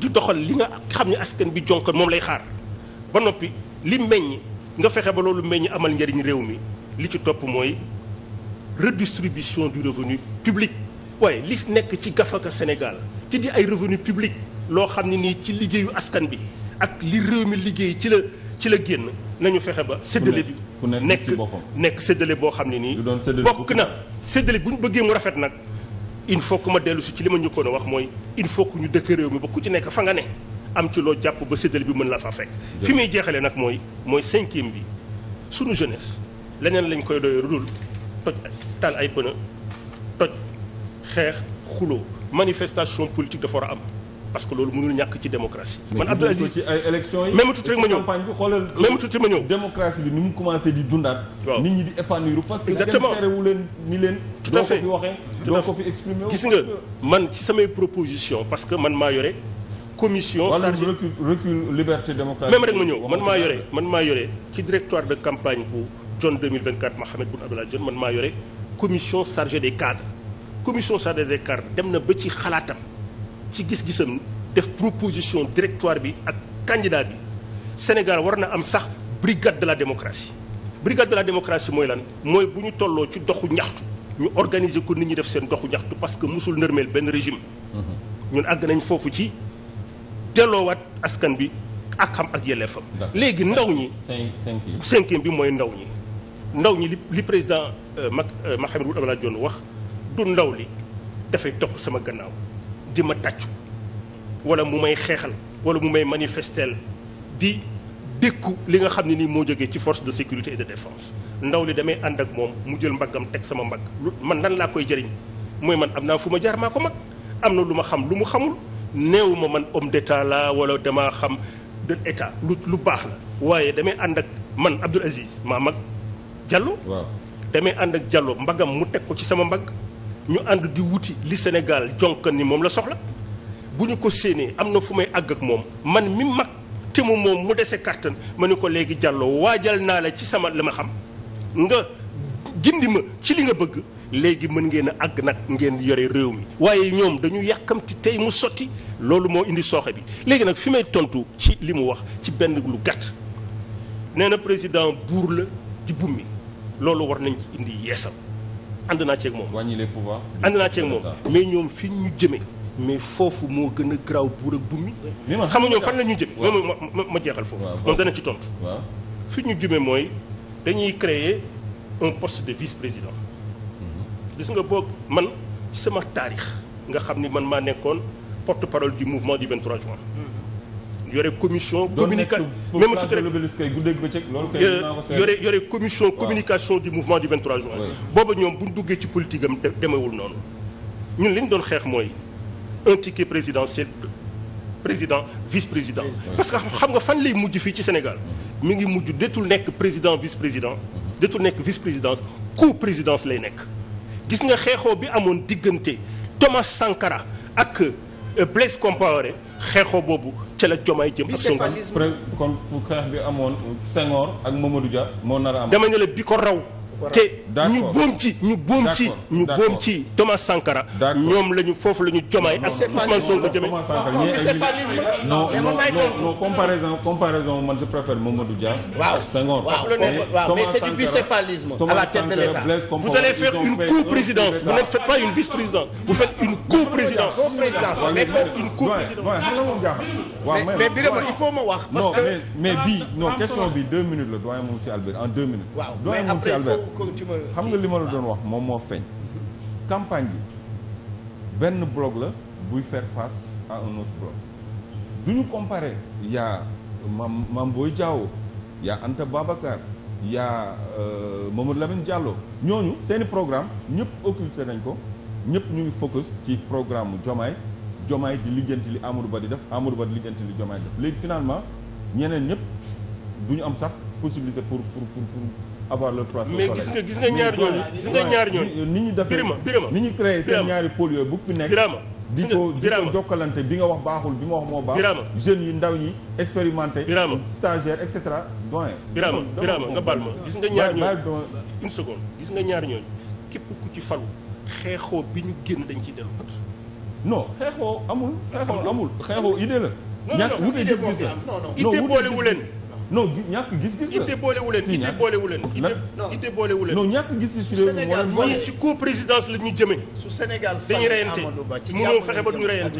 di doxal li nga xam ne askan bi jonkan moom lay xaar ba noppi li meññ nga fexe ba loolu meññ amal njëriñ réew mi li ci topp mooy redistribution du revenu public waaye li nekk ci gafaka Sénégal te di ay revenu public loo xam ne nii ci liggéeyu askan bi ak li réew mi liggéey ci la ci la génn nañu fexe ba séddale bi nekk nekk séddale boo xam ne nii bokk na séddale bu ñu bëggee mu rafet nag il faut que ma dellu si ci li ma njëkkoon a wax mooy il faut ñu dëkk réew mi ba ku ci nekk fa nga ne am ci loo jàpp ba séddale bi mën la faa fekk. fi muy jeexalee nag mooy mooy cinquième bi sunu jeunesse leneen lañ koy doyoo dul toj taal ay pneu toj xeex xuloo manifestation politique dafa war a am. parce que loolu mënul ñàkk ci démocratie. man Abdou Aziz ci ay élections yi. même tuuti rek ma ñëw campagne bi leen leen. tout à fait doo man ci samay proposition parce que man maa yore. commission chargée wàllu recul recul liberté démocratie. même rek man maa yore man maa yore ci directoire de campagne bu John 2024 Mahammed Boun Abdallah Dionne man maa yore commission chargée des cadres commission chargée des dem na ba ci xalaatam. ci gis-gisam def proposition directoire bi ak candidat bi Sénégal war na am sax brigade de la démocratie brigade de la démocratie mooy lan mooy bu ñu tolloo ci doxu ñaxtu ñu organiser ko nit ñi def seen doxu ñaxtu parce que mosul nërmeel benn régime mhm. ñun àgg nañ foofu ci delloowaat askan bi ak xam ak yelleefam léegi ndaw ñi cinquième bi mooy ndaw ñi ndaw ñi li li président euh, Mahammed euh, Boun Abdallah Dionne wax du ndaw li dafay topp sama gannaaw di ma tàccu wala mu may xeexal wala mu may manifestel di dékku li nga xam ne nii moo jógee ci force de sécurité et de défense ndaw li damay ànd ak moom mu jël mbaggam teg sama mbagg lu man lan laa koy jëriñ mooy man am naa fu ma jaar maa ko mag am na lu ma xam lu mu xamul néew ma man homme d'état la wala damaa xam de état lu lu baax la waaye damay ànd ak man Abdoul Aziz maa mag Diallo. waaw damay ànd ak Diallo mbagam mu teg ko ci sama mbagg. ñu ànd di wuti li Sénégal jonkan ni moom la soxla bu ñu ko séenee am na fu may àgg ak moom man mi mag te mu moom mu dese kàttan ma ni ko léegi jàlloo waajal naa la ci sama li ma xam nga gindi ma ci li nga bëgg léegi mën ngeen a àgg nag ngeen yore réew mi waaye ñoom dañu yàkkamti tey mu sotti loolu moo indi sooxe bi léegi nag fi may tontu ci li mu wax ci benn lu gàtt nee na président buur la di bummi loolu war nañ ci indi yeesal ànd ceeg moom. wàññi les pouvoirs. ànd naa ceeg moom mais ñoom fi ñu jëmee. mais foofu moo gën a garaaw buur ak bummi. li ma xam nga ñoom fan la ñu jëm. waaw ma ma ma jeexal foofu. moom dana ci tontu. waaw fi ñu jëmee mooy dañuy créer un poste de vice président. Mhm. gis nga boog man sama taarix nga xam ni man maa nekkoon porte parole du mouvement du 23 juin. Mm. yore commission. communication même su yore yore commission communication du mouvement du 23 juin. booba ñoom bu ñu duggee ci politique am demewul noonu. ñun li ñu doon xeex mooy un ticket présidentiel président vice président. parce que xam nga fan lay mujj fii ci Sénégal mi ngi mujj deetul nekk président vice président. detul nekk vice présidence co-présidence lay nekk. gis nga xeexoo bi amoon diggante Thomas Sankara ak euh, Blaise Compaoré xeexoo boobu. ca la Diomaye jëm ak Sonko kon xeex bi amoon Senghor ak Mamadou Dia moo nar a am dama ñu la bi ko raw te ñu boom ci ñu boom ci ñu boom ci Thomas Sankara ñoom la ñu foofu la ñu jomaay ak Ousmane Sonko jëme non non comparaison comparaison man je préfère Mamadou Dia waaw Senghor waaw mais du bicéphalisme à la tête de l'État vous allez faire une coprésidence vous ne faites pas une vice-présidence vous faites une coprésidence mais une coprésidence mais Birama il faut ma wax parce que mais bi non question bi deux minutes la doyen Moussi Albert en deux minutes doyen Moussi Albert xam nga li ma la doon wax moom moo feeñ. campagne bi benn bloc la buy fair face à un autre bloc du ñu compare yaa Mam Mam booy Diao yaa Anta Babacar yaa euh, Mamadou Lamine Diallo ñooñu seeni programme ñëpp occulté nañ ko ñëpp ñu ngi focus ci programme Diomaye Diomaye di lijjanti li Amadou Ba di def Amadou Ba di lijjanti li Diomaye def léegi finalement ñeneen ñëpp du ñu am sax possibilité pour pour pour pour avoir le trois mais gis nga gis nga ñaari ñooñu gis nga ñaari ñooñu ni ñu defee birima birima ni ñu créé seen ñaari pôle yooyu bu nekk birama ko jokkalante bi nga wax baaxul bi ma wax moo baax jeunes yi ndaw ñi expérimenté birama stagiaire et cetera doyen birama birama nga baal ma gis nga ñaari ñooñu une seconde gis nga ñaari ñooñu képp ku ci falu xeexoo bi ñu génn dañ ci dellu non xeexoo amul xeexoo amul xeexoo idée la ñàkk wute gis-gis la idée boolewuleen non ñàkk gis-gis la itte boolewu leen itte boolewu leen itte boolewu leen non ñàkk gis-gis si Sénégal mooy ci coprésidence la ñu jëmee su Sénégal dañuy reyante mënoo fexe ba duñu reyante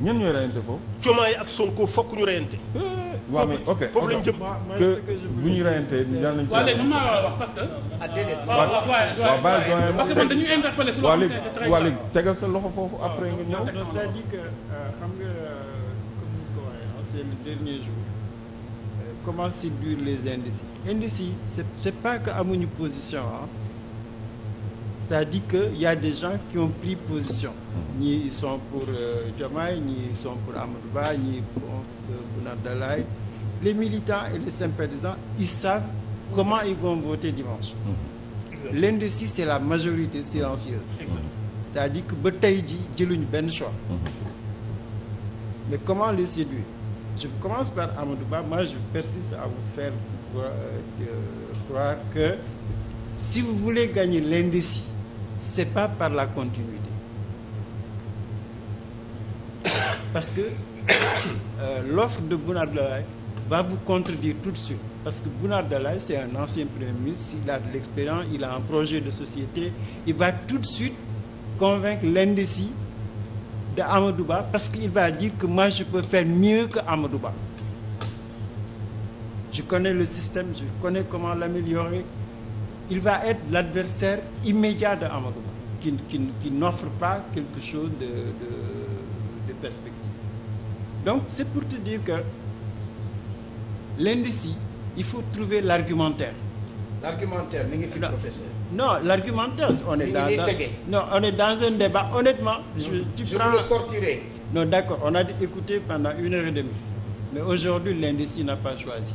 ñen ñooy reyante foofu Diomaye ak Sonko fokk ñu reyante eh, waaw mais ok foofu lañ jëm que bu ñuy reyante yàlla nañ ci waaw léegi mën naa la wax parce que ah, waaw baal doyen parce que man dañuy interpellé si loo xam waaw léegi tegal sa loxo foofu après nga ñëw c'est-à-dire que euh, xam nga euh, comme ni comment séduire les indices indices yi c'est pas que amuñu position ah c'est-à-dire que y a des gens qui ont pris position ñii ils sont pour euh, Diomaye euh, ñii ils sont pour Amadou Ba ñii les militants et les sympathisants ils savent comment ils vont voter dimanche l'indécis c'est la majorité silencieuse c'est-à-dire que ba tey ji jëluñu benn choix mmh. mais comment les séduire Je commence par Amadouba. Moi, je persiste à vous faire croire, euh, croire que si vous voulez gagner l'indécis, ce pas par la continuité. Parce que euh, l'offre de Bounadalaï va vous contredire tout de suite. Parce que Bounadalaï, c'est un ancien Premier ministre, il a de l'expérience, il a un projet de société, il va tout de suite convaincre l'indécis de Amadou Ba parce qu'il va dire que moi je peux faire mieux que Amadou Ba je connais le système je connais comment l'améliorer il va être l'adversaire immédiat de Amadou Ba qui qui qui n'offre pas de perspective donc c'est pour te dire que l'indécis il faut trouver l'argumentaire l'argumentaire mi ngi fi professeur non l'argumenteuse on est dans non on est dans un débat honnêtement. je tu je prends vous le sortirai. non d'accord on a écouté pendant une heure et demie mais aujourd'hui l'indécis n'a pas choisi.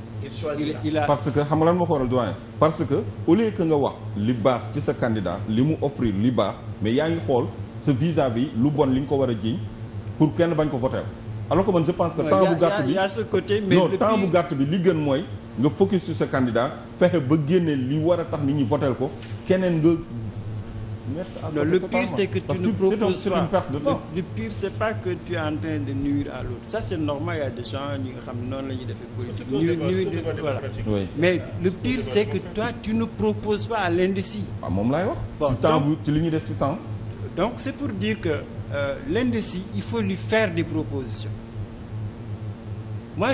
parce que xam nga lan moo ko waral doyen. parce que au lieu que nga wax li baax ci sa candidat li mu offrir li baax mais yaa ngi xool sa vis-à-vis lu bon li nga ko war a jiiñ pour kenn bañ ko voter alors ko man je pense que. temps bu gàtt bi y côté mais non temps bu gàtt bi li gën mooy. nga focus sur sa candidat fexe ba génne li war a tax nit ñu votel ko keneen nga. non le pire c'est que tu ne proposes pas une perte de temps le pire c'est pas que tu es en de nuire à l'autre c'est normal y des gens ñi nga xam noonu la ñu defee politique nuire nuire voilà mais le pire c'est que toi tu ne proposes pas à l'indécis waaw ah, moom laay wax bon temps bu ci li ñu def ci temps donc c'est pour dire que euh, l'indécis il faut lui faire des propositions moi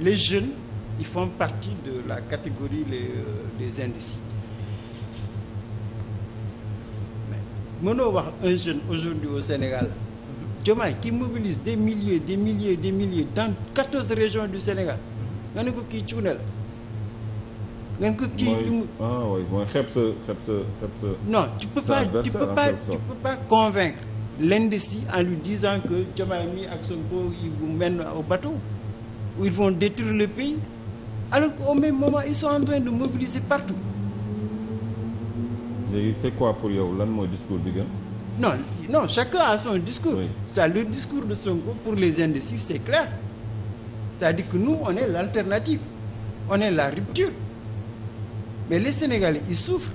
les jeunes, ils font partie de la catégorie les, euh, des indécis. mënoo wax un jeune aujourd'hui au Sénégal Diomaye ki mobilise des milliers des milliers des milliers dans quatorze régions du Sénégal nga ne ko kii cuune la nga ne ko kii li mu ah non tu peux pas tu peux pas convaincre l'indécis en lui disant que Diomaye mi ak Sonko ils vous mènent au bateau où ils vont détruire le pays, alors qu'au même moment, ils sont en train de mobiliser partout. yow lan mooy discours bi gën. non chacun a son discours. Oui. ça le discours de Sonko pour les indécis c'est clair. c'est-à-dire que nous on est l'alternative on est la rupture mais les Sénégalais ils souffrent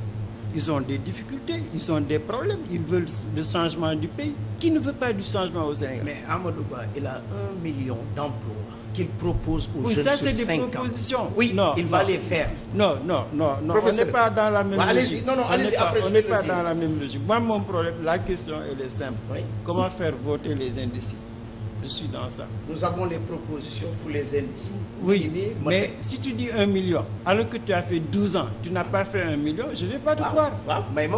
ils ont des difficultés ils ont des problèmes ils veulent le changement du pays qui ne veut pas du changement au Sénégal. mais Amadou il a un million d'emplois qu'il propose aux oui, jeunes ça, sur des 5 propositions. ans. Oui, non, il va non. les faire. Non, non, non, non. Professeur. on n'est pas dans la même bah, logique. Non, non, allez-y après. On n'est pas, on pas dans la même logique. Moi, mon problème, la question, elle est simple. Oui. Comment faire voter les indécis Je suis dans ça. Nous avons les propositions pour les indices. Oui, mais, si tu dis un million, alors que tu as fait 12 ans, tu n'as pas fait un million, je ne vais pas te croire.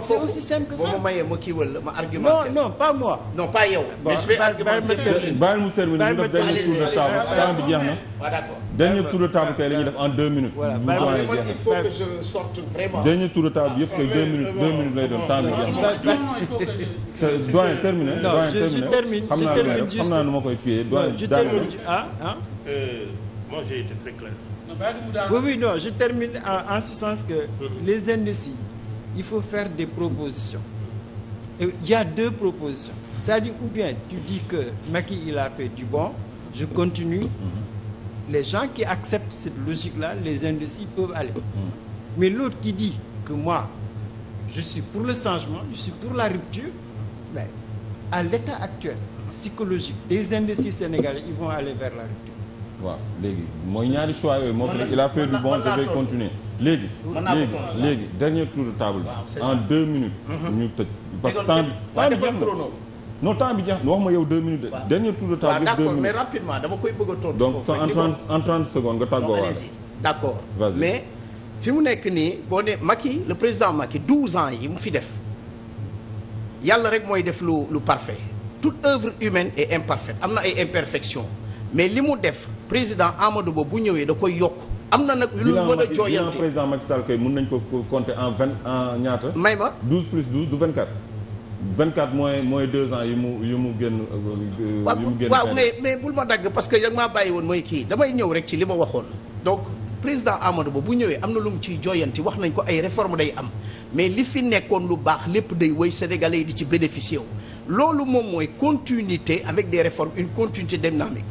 C'est aussi simple que ça. Non, non, pas moi. Non, pas yo. Bon, mais je vais argumenter. Baal mu terminer, ñu def benn tour de table. Temps bi jeex waaw ah, d'accord dernier tour de table tey la ñuy def en deux minutes. voilà il faut que je sorte vraiment. dernier tour de table yëpp kay ah, deux minutes deux minutes lay doon temps bi jeex na. doyen terminé. doyen terminé xam naa leeral xam naa nu ma koy kiiyee. doyen termine ah ah. Euh, moi j'ai été très clair. oui oui non je termine en ce sens que les indices yi il faut faire des propositions. Et il y a deux propositions. C'est-à-dire ou bien tu dis que Macky il a fait du bon, je continue. Mm-hmm. les gens qui acceptent cette logique-là, les indécis peuvent aller. Mm. Mais l'autre qui dit que moi, je suis pour le changement, je suis pour la rupture, ben, à l'état actuel, psychologique, des indécis sénégalais, ils vont aller vers la rupture. waaw léegi mooy ñaari choix yooyu moo fi ne il a fait du bon je vais continuer léegi léegi léegi dernier tour de table en deux minutes mm-hmm. ñu tëj parce que temps bi temps bi jeex non temps bi jeex wax ma yow deux minutes. waaw dernier tour de table. waaw d'accord mais rapidement dama koy bëgg a tontu. donc en trente en trente secondes nga tàggoo waale. d'accord mais fi mu nekk nii boo ne Macky le président Macky douze ans yi mu fi def yàlla rek mooy def lu lu parfait toute œuvre humaine est imparfaite am na ay imperfections mais li mu def président Amadou Ba bu ñëwee da koy yokk. am na nag lu mën a jooyanti président Macky Sall kay mën nañ ko compter en vingt en ñaata. may ma douze plus douze du vingt quatre. 24 mooy mooy 2 ans yu mu yu mu génn. Euh, euh, mu génn waaw mais mais bul ma dagg parce que yag ma bàyyi woon mooy kii damay ñëw rek ci li ma waxoon. donc président Amadou Ba bu ñëwee am na lu mu ciy jooyanti wax nañ ko ay réforme day am mais li fi nekkoon lu baax lépp day woy sénégalais yi di ci bénéficier wu. loolu moom mooy continuité avec des réformes une continuité dynamique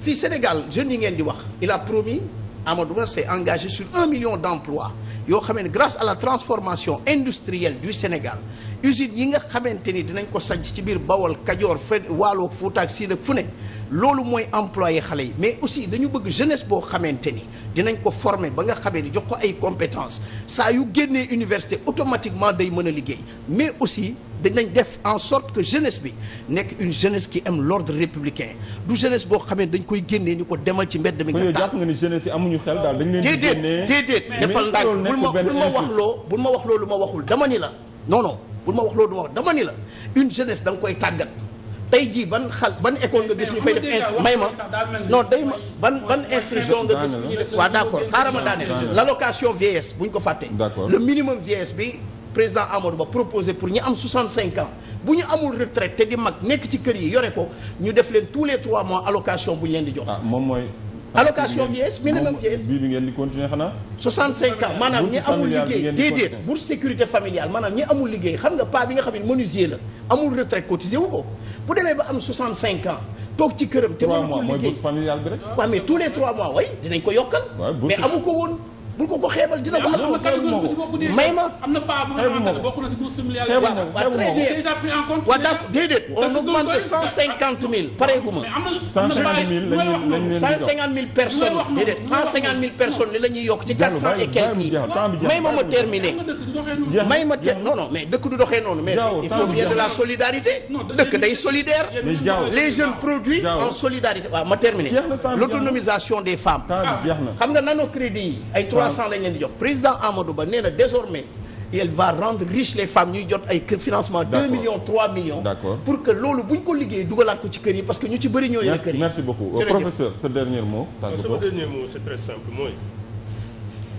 fii Sénégal jeunes yi ngeen di wax il a promis Amadou Ba s'est engagé sur un million d'emplois yoo xam ne à la transformation industrielle du Sénégal. usines yi nga xamante ni dinañ ko sanc ci biir Bawol Kajoor Fed Waalo Fuuta ak Siin ak fu ne loolu mooy employé xale yi mais aussi dañu bëgg jeunesse boo xamante ni dinañ ko former ba nga xamee ni jox ko ay compétences saa yu génnee université automatiquement day mën a liggéey mais aussi dinañ def en sorte que jeunesse bi nekk une jeunesse ki aime l'ordre républicain du jeunesse boo xamee dañ koy génnee ni ko demal ci mbedd mi nga jàpp nga ni jeunesse yi amuñu xel daal dañ leen di génnee déedéet déedéet defal ndànk loo bul ma wax loo lu waxul dama la non bul ma wax loolu ma wax dama ni la une jeunesse da nga koy tàggat tey jii ban xal ban école nga gis ñu fay def instru may ma non day ma ban ban instruction nga gis ñu def waaw d' accord xaaral ma daane l' allocation vieillesse bu ñu bi président Amadou Ba proposé pour ñi am 65 ans bu ñu amul retraite te di mag nekk ci kër yi yore ko ñu def leen tous les trois mois allocation bu ñu leen di jox ah, moom mooy allocation vieillesse minimum vieillesse bii bi ngeen di continuer xanaa 65 ans maanaam ñi amul liggéey déedéet bourse sécurité familiale maanaam ñi amul liggéey xam nga pas bi nga xam ne menuisier la amul retraite cotisé wu ko bu demee ba am 65 ans toog ci këram te mënatul liggéey waaw mais tous les trois mois way dinañ ko yokkal mais amu ko woon bul ko ko xeebal dina ko am may ma am na paa bu nga xamante ne bokk na si bourse très bien déjà pris en on augmente cent cinquante mille pareegu ma cent cinquante mille personnes ni la yokk ci quatre cent et yi may ma ma terminer may ma ter non non mais dëkk du doxee noonu mais il faut bien de la solidarité dëkk day solidaire les jeunes produits en solidarité waaw ma terminer l'autonomisation des femmes xam nga nano yi ay trois 300 lañ leen di jox président Amadou Ba nee na désormais il va rendre riche les femmes ñuy jot ay kër financement 2 millions 3 millions pour que loolu bu ñu ko liggéey dugalaat ko ci kër yi parce que ñu ci bëri ñoo yore kër yi merci beaucoup professeur ce dernier mot sama dernier mot c'est très simple mooy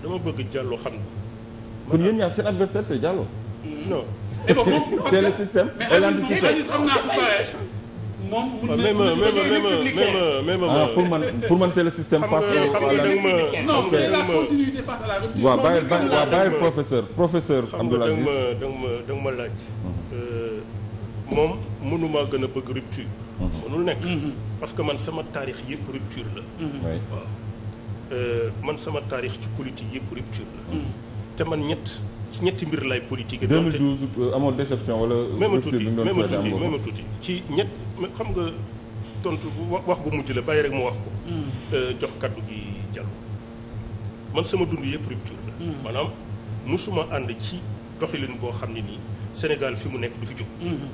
dama bëgg Diallo xam ne kon yéen ñaar seen adversaire c'est Diallo non c'est le système et l'antisystème moom mun ah, même pour man pour la c'est le système face non c'est la la rupture. waaw bàyyi waaw bàyyi professeur professeur Abdoul Aziz xam nga da ma da ma laaj. Euh, moom mënuma gën a bëgg rupture. Mhm. mënul nekk. Mhm. parce que man sama taarix yëpp rupture la. Mhm. waaw euh, man sama taarix ci politique yëpp rupture la. te man ñett. ci ñetti mbir lay politique. donte 2012 euh, amoon déception wala. même tuuti même tuuti même tuuti ci ñett mais xam nga tontu wax bu mujj la bàyyi rek mu wax ko. Hmm. Euh, jox kaddu gi Diallo man sama dund yëpp rupture la. Hmm. maanaam musuma ànd ci doxalin boo xam ne nii Sénégal fi mu nekk du fi jóg. Hmm.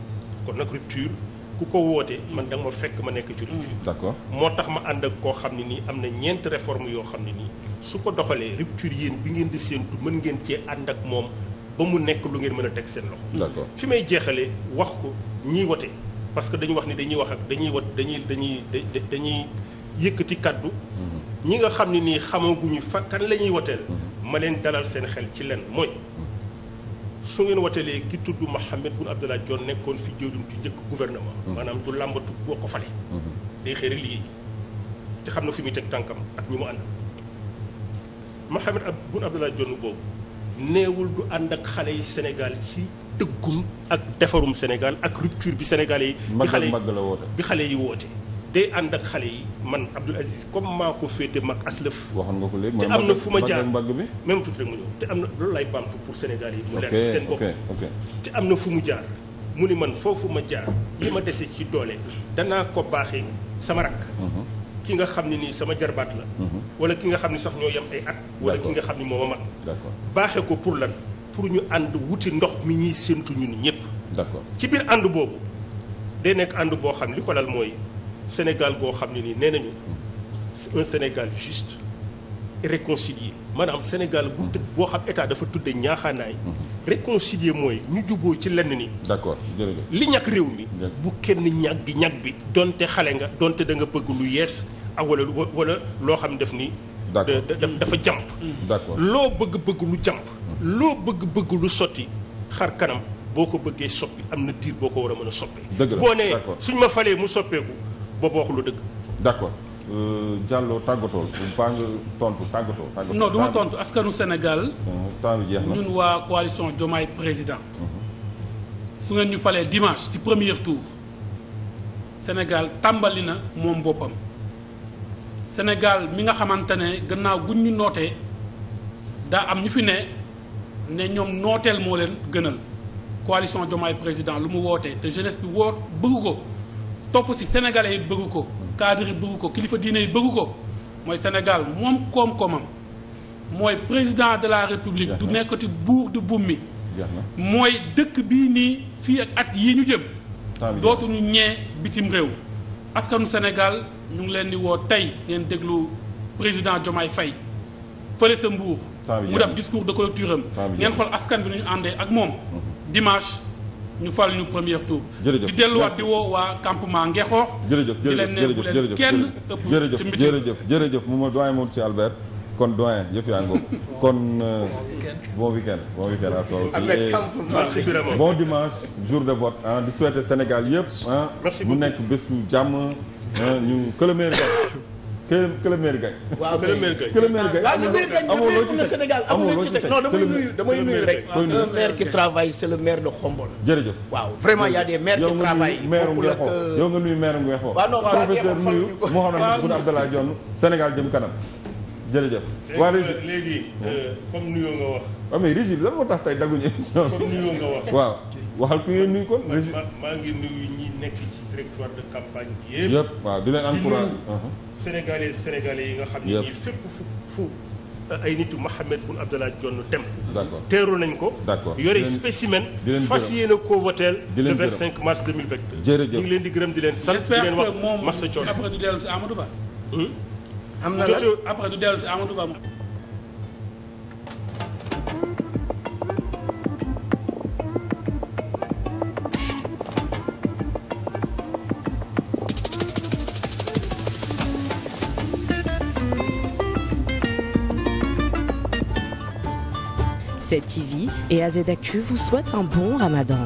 kon nag rupture ku ko woote. man da ma fekk ma nekk ci rupture. d'accord moo tax ma ànd ak koo xam ne nii am na ñeent réforme yoo xam ne nii su ko doxalee rupture yéen bi ngeen di séentu mën ngeen cee ànd ak moom ba mu nekk lu ngeen mën a teg seen loxo. d'accord fi may jeexalee wax ko ñiy wote. parce que dañu wax ni dañuy wax ak dañuy wat dañuy dañuy dañuy yëkkati kàddu mhm. ñi nga xam ne nii xamaguñu fa kan la ñuy mhm. ma leen dalal seen xel ci leen mooy mhm. su ngeen woteelee ki tudd Mahammed Boun Abdallah Dionne nekkoon fi jëwriñ ci njëkk gouvernement maanaam du làmbatu boo ko fale day xëy rek liggéey te xam na fi muy teg tànkam ak ñi mu ànd Mahammed Boun Abdallah Dionne boobu neewul du ànd ak xale yi Sénégal ci tëggum ak defarum Sénégal ak rupture bi sénégalais yi. bi xale bi xale yi woote. day ànd ak xale yi man Abdoul Aziz comme maa ko féete mag aslëf waxoon nga ko léegi te am na fu ma jaar même tuuti rek ma ñëw te am na loolu lay bamtu pour Sénégal yi mu leer seen te am na fu mu jaar mu ni man foofu ma jaar li ma dese ci doole danaa ko baaxee sama rak mhm. ki nga xam ne nii sama jarbaat la mhm. wala ki nga xam ne sax ñoo yem ay at wala ki nga xam ne moom a mag baaxee ko pour lan pour ñu ànd wuti ndox mi ñuy séntu ñun ñëpp. d'accord ci biir ànd boobu day nekk ànd boo xam li ko lal mooy Sénégal boo xam ne nii nee nañu un Sénégal juste et réconcilié maanaam Sénégal bu boo xam état dafa tudde ñaaxaanaay. Mhm. réconcilié mooy ñu juboo ci lenn ni d'accord jërëjëf li ñàkk réew mi. bu kenn ñàgg ñag bi. donte xale nga donte da nga bëgg lu yees ak wala wala loo xam def ni. dafa jàmp. d'accord loo bëgg bëgg lu jàmp. loo bëgg-bëgg lu sotti xar kanam boo ko bëggee soppi am na diir boo ko war a mën a soppee. dëgg boo nee suñ ma falee mu soppeeku boobu wax lu dëgg. d'accord euh, Diallo tàggatoo faa nga tontu tàggatoo. tàggatoo non du ma tontu askanu Sénégal. temps bi jeex na ñun waa coalition Diomaye président. su ngeen ñu falee dimanche ci premier tour. Sénégal tàmbali na moom boppam. Sénégal mi nga xamante ne gannaaw gu ñu nootee daa am ñu fi ne. ne ñoom nooteel moo leen gënal coalition jomaay président lu mu wootee te jeunesse bi woo bëgg ko topp si sénégalais yi bëgg ko cadre yi ko kilifa diine yi bëgg ko mooy Sénégal moom koom-koomam mooy président de la république du nekkati buur du buum mi mooy dëkk bii nii fii ak at yii ñu jëm dootuñu ñee bitim réew askanu Sénégal ñu ngi leen di woo tey ngeen déglu président Diomaye Faye fële sa mbuur mu def discours de clôture ngeen xool askan bi nu ñu àndee ak moom mhm. dimanche ñu fal ñu premier tour di delluwaat di woo waa campement Ngexoox jërëjëf di leen ne jërëjëf jërëjëf mu ma doyen moom si Albert kon doyen yëf yaa ngoog kon euh, bon week-end bon week-end à aussi et bon dimanche jour de vote di souhaiter Sénégal yëpp ah mu nekk bésu jàmm ñu que que que le maire gagne. waaw que le maire gagne que le maire gagne. amoo loo ci teg amoo loo ci teg Sénégal amoo ci teg non damay nuyu damay nuyu rek. un maire qui travaille c'est le maire de Khombole. jërëjëf waaw vraiment y a des maires qui travaillent. Euh, yow nga nuyu maire Nguekho waaw non waaw professeur nuyu Mouhamed Boun Abdallah Dionne Sénégal jëm kanam jërëjëf. waa Régis léegi euh, comme nuyoo nga wax. waaw ah, mais Régis lan moo tax tey daguñu émission comme nuyoo nga wax waaw. waxal ku ngeen nuyu kon. maa ngi nuyu ñi nekk ci directoire de campagne bi waaw di leen encouragé uh-huh. sénégalais sénégalais yi nga xam ne nii fépp fu fu euh, ay nitu Mahammed Boun Abdallah Dionne dem. d'accord teeru nañ ko. d'accord yore spécimen. di leen fas yéene ko voteel. di leen le 25 mars 2022. jërëjëf ñu ngi leen di gërëm di leen sant. di leen wax Massa Thion. après du dellu si Amadou Ba. Hmm? am na la après du dellu si Amadou Ba. cette TV et AZActu vous souhaite un bon ramadan.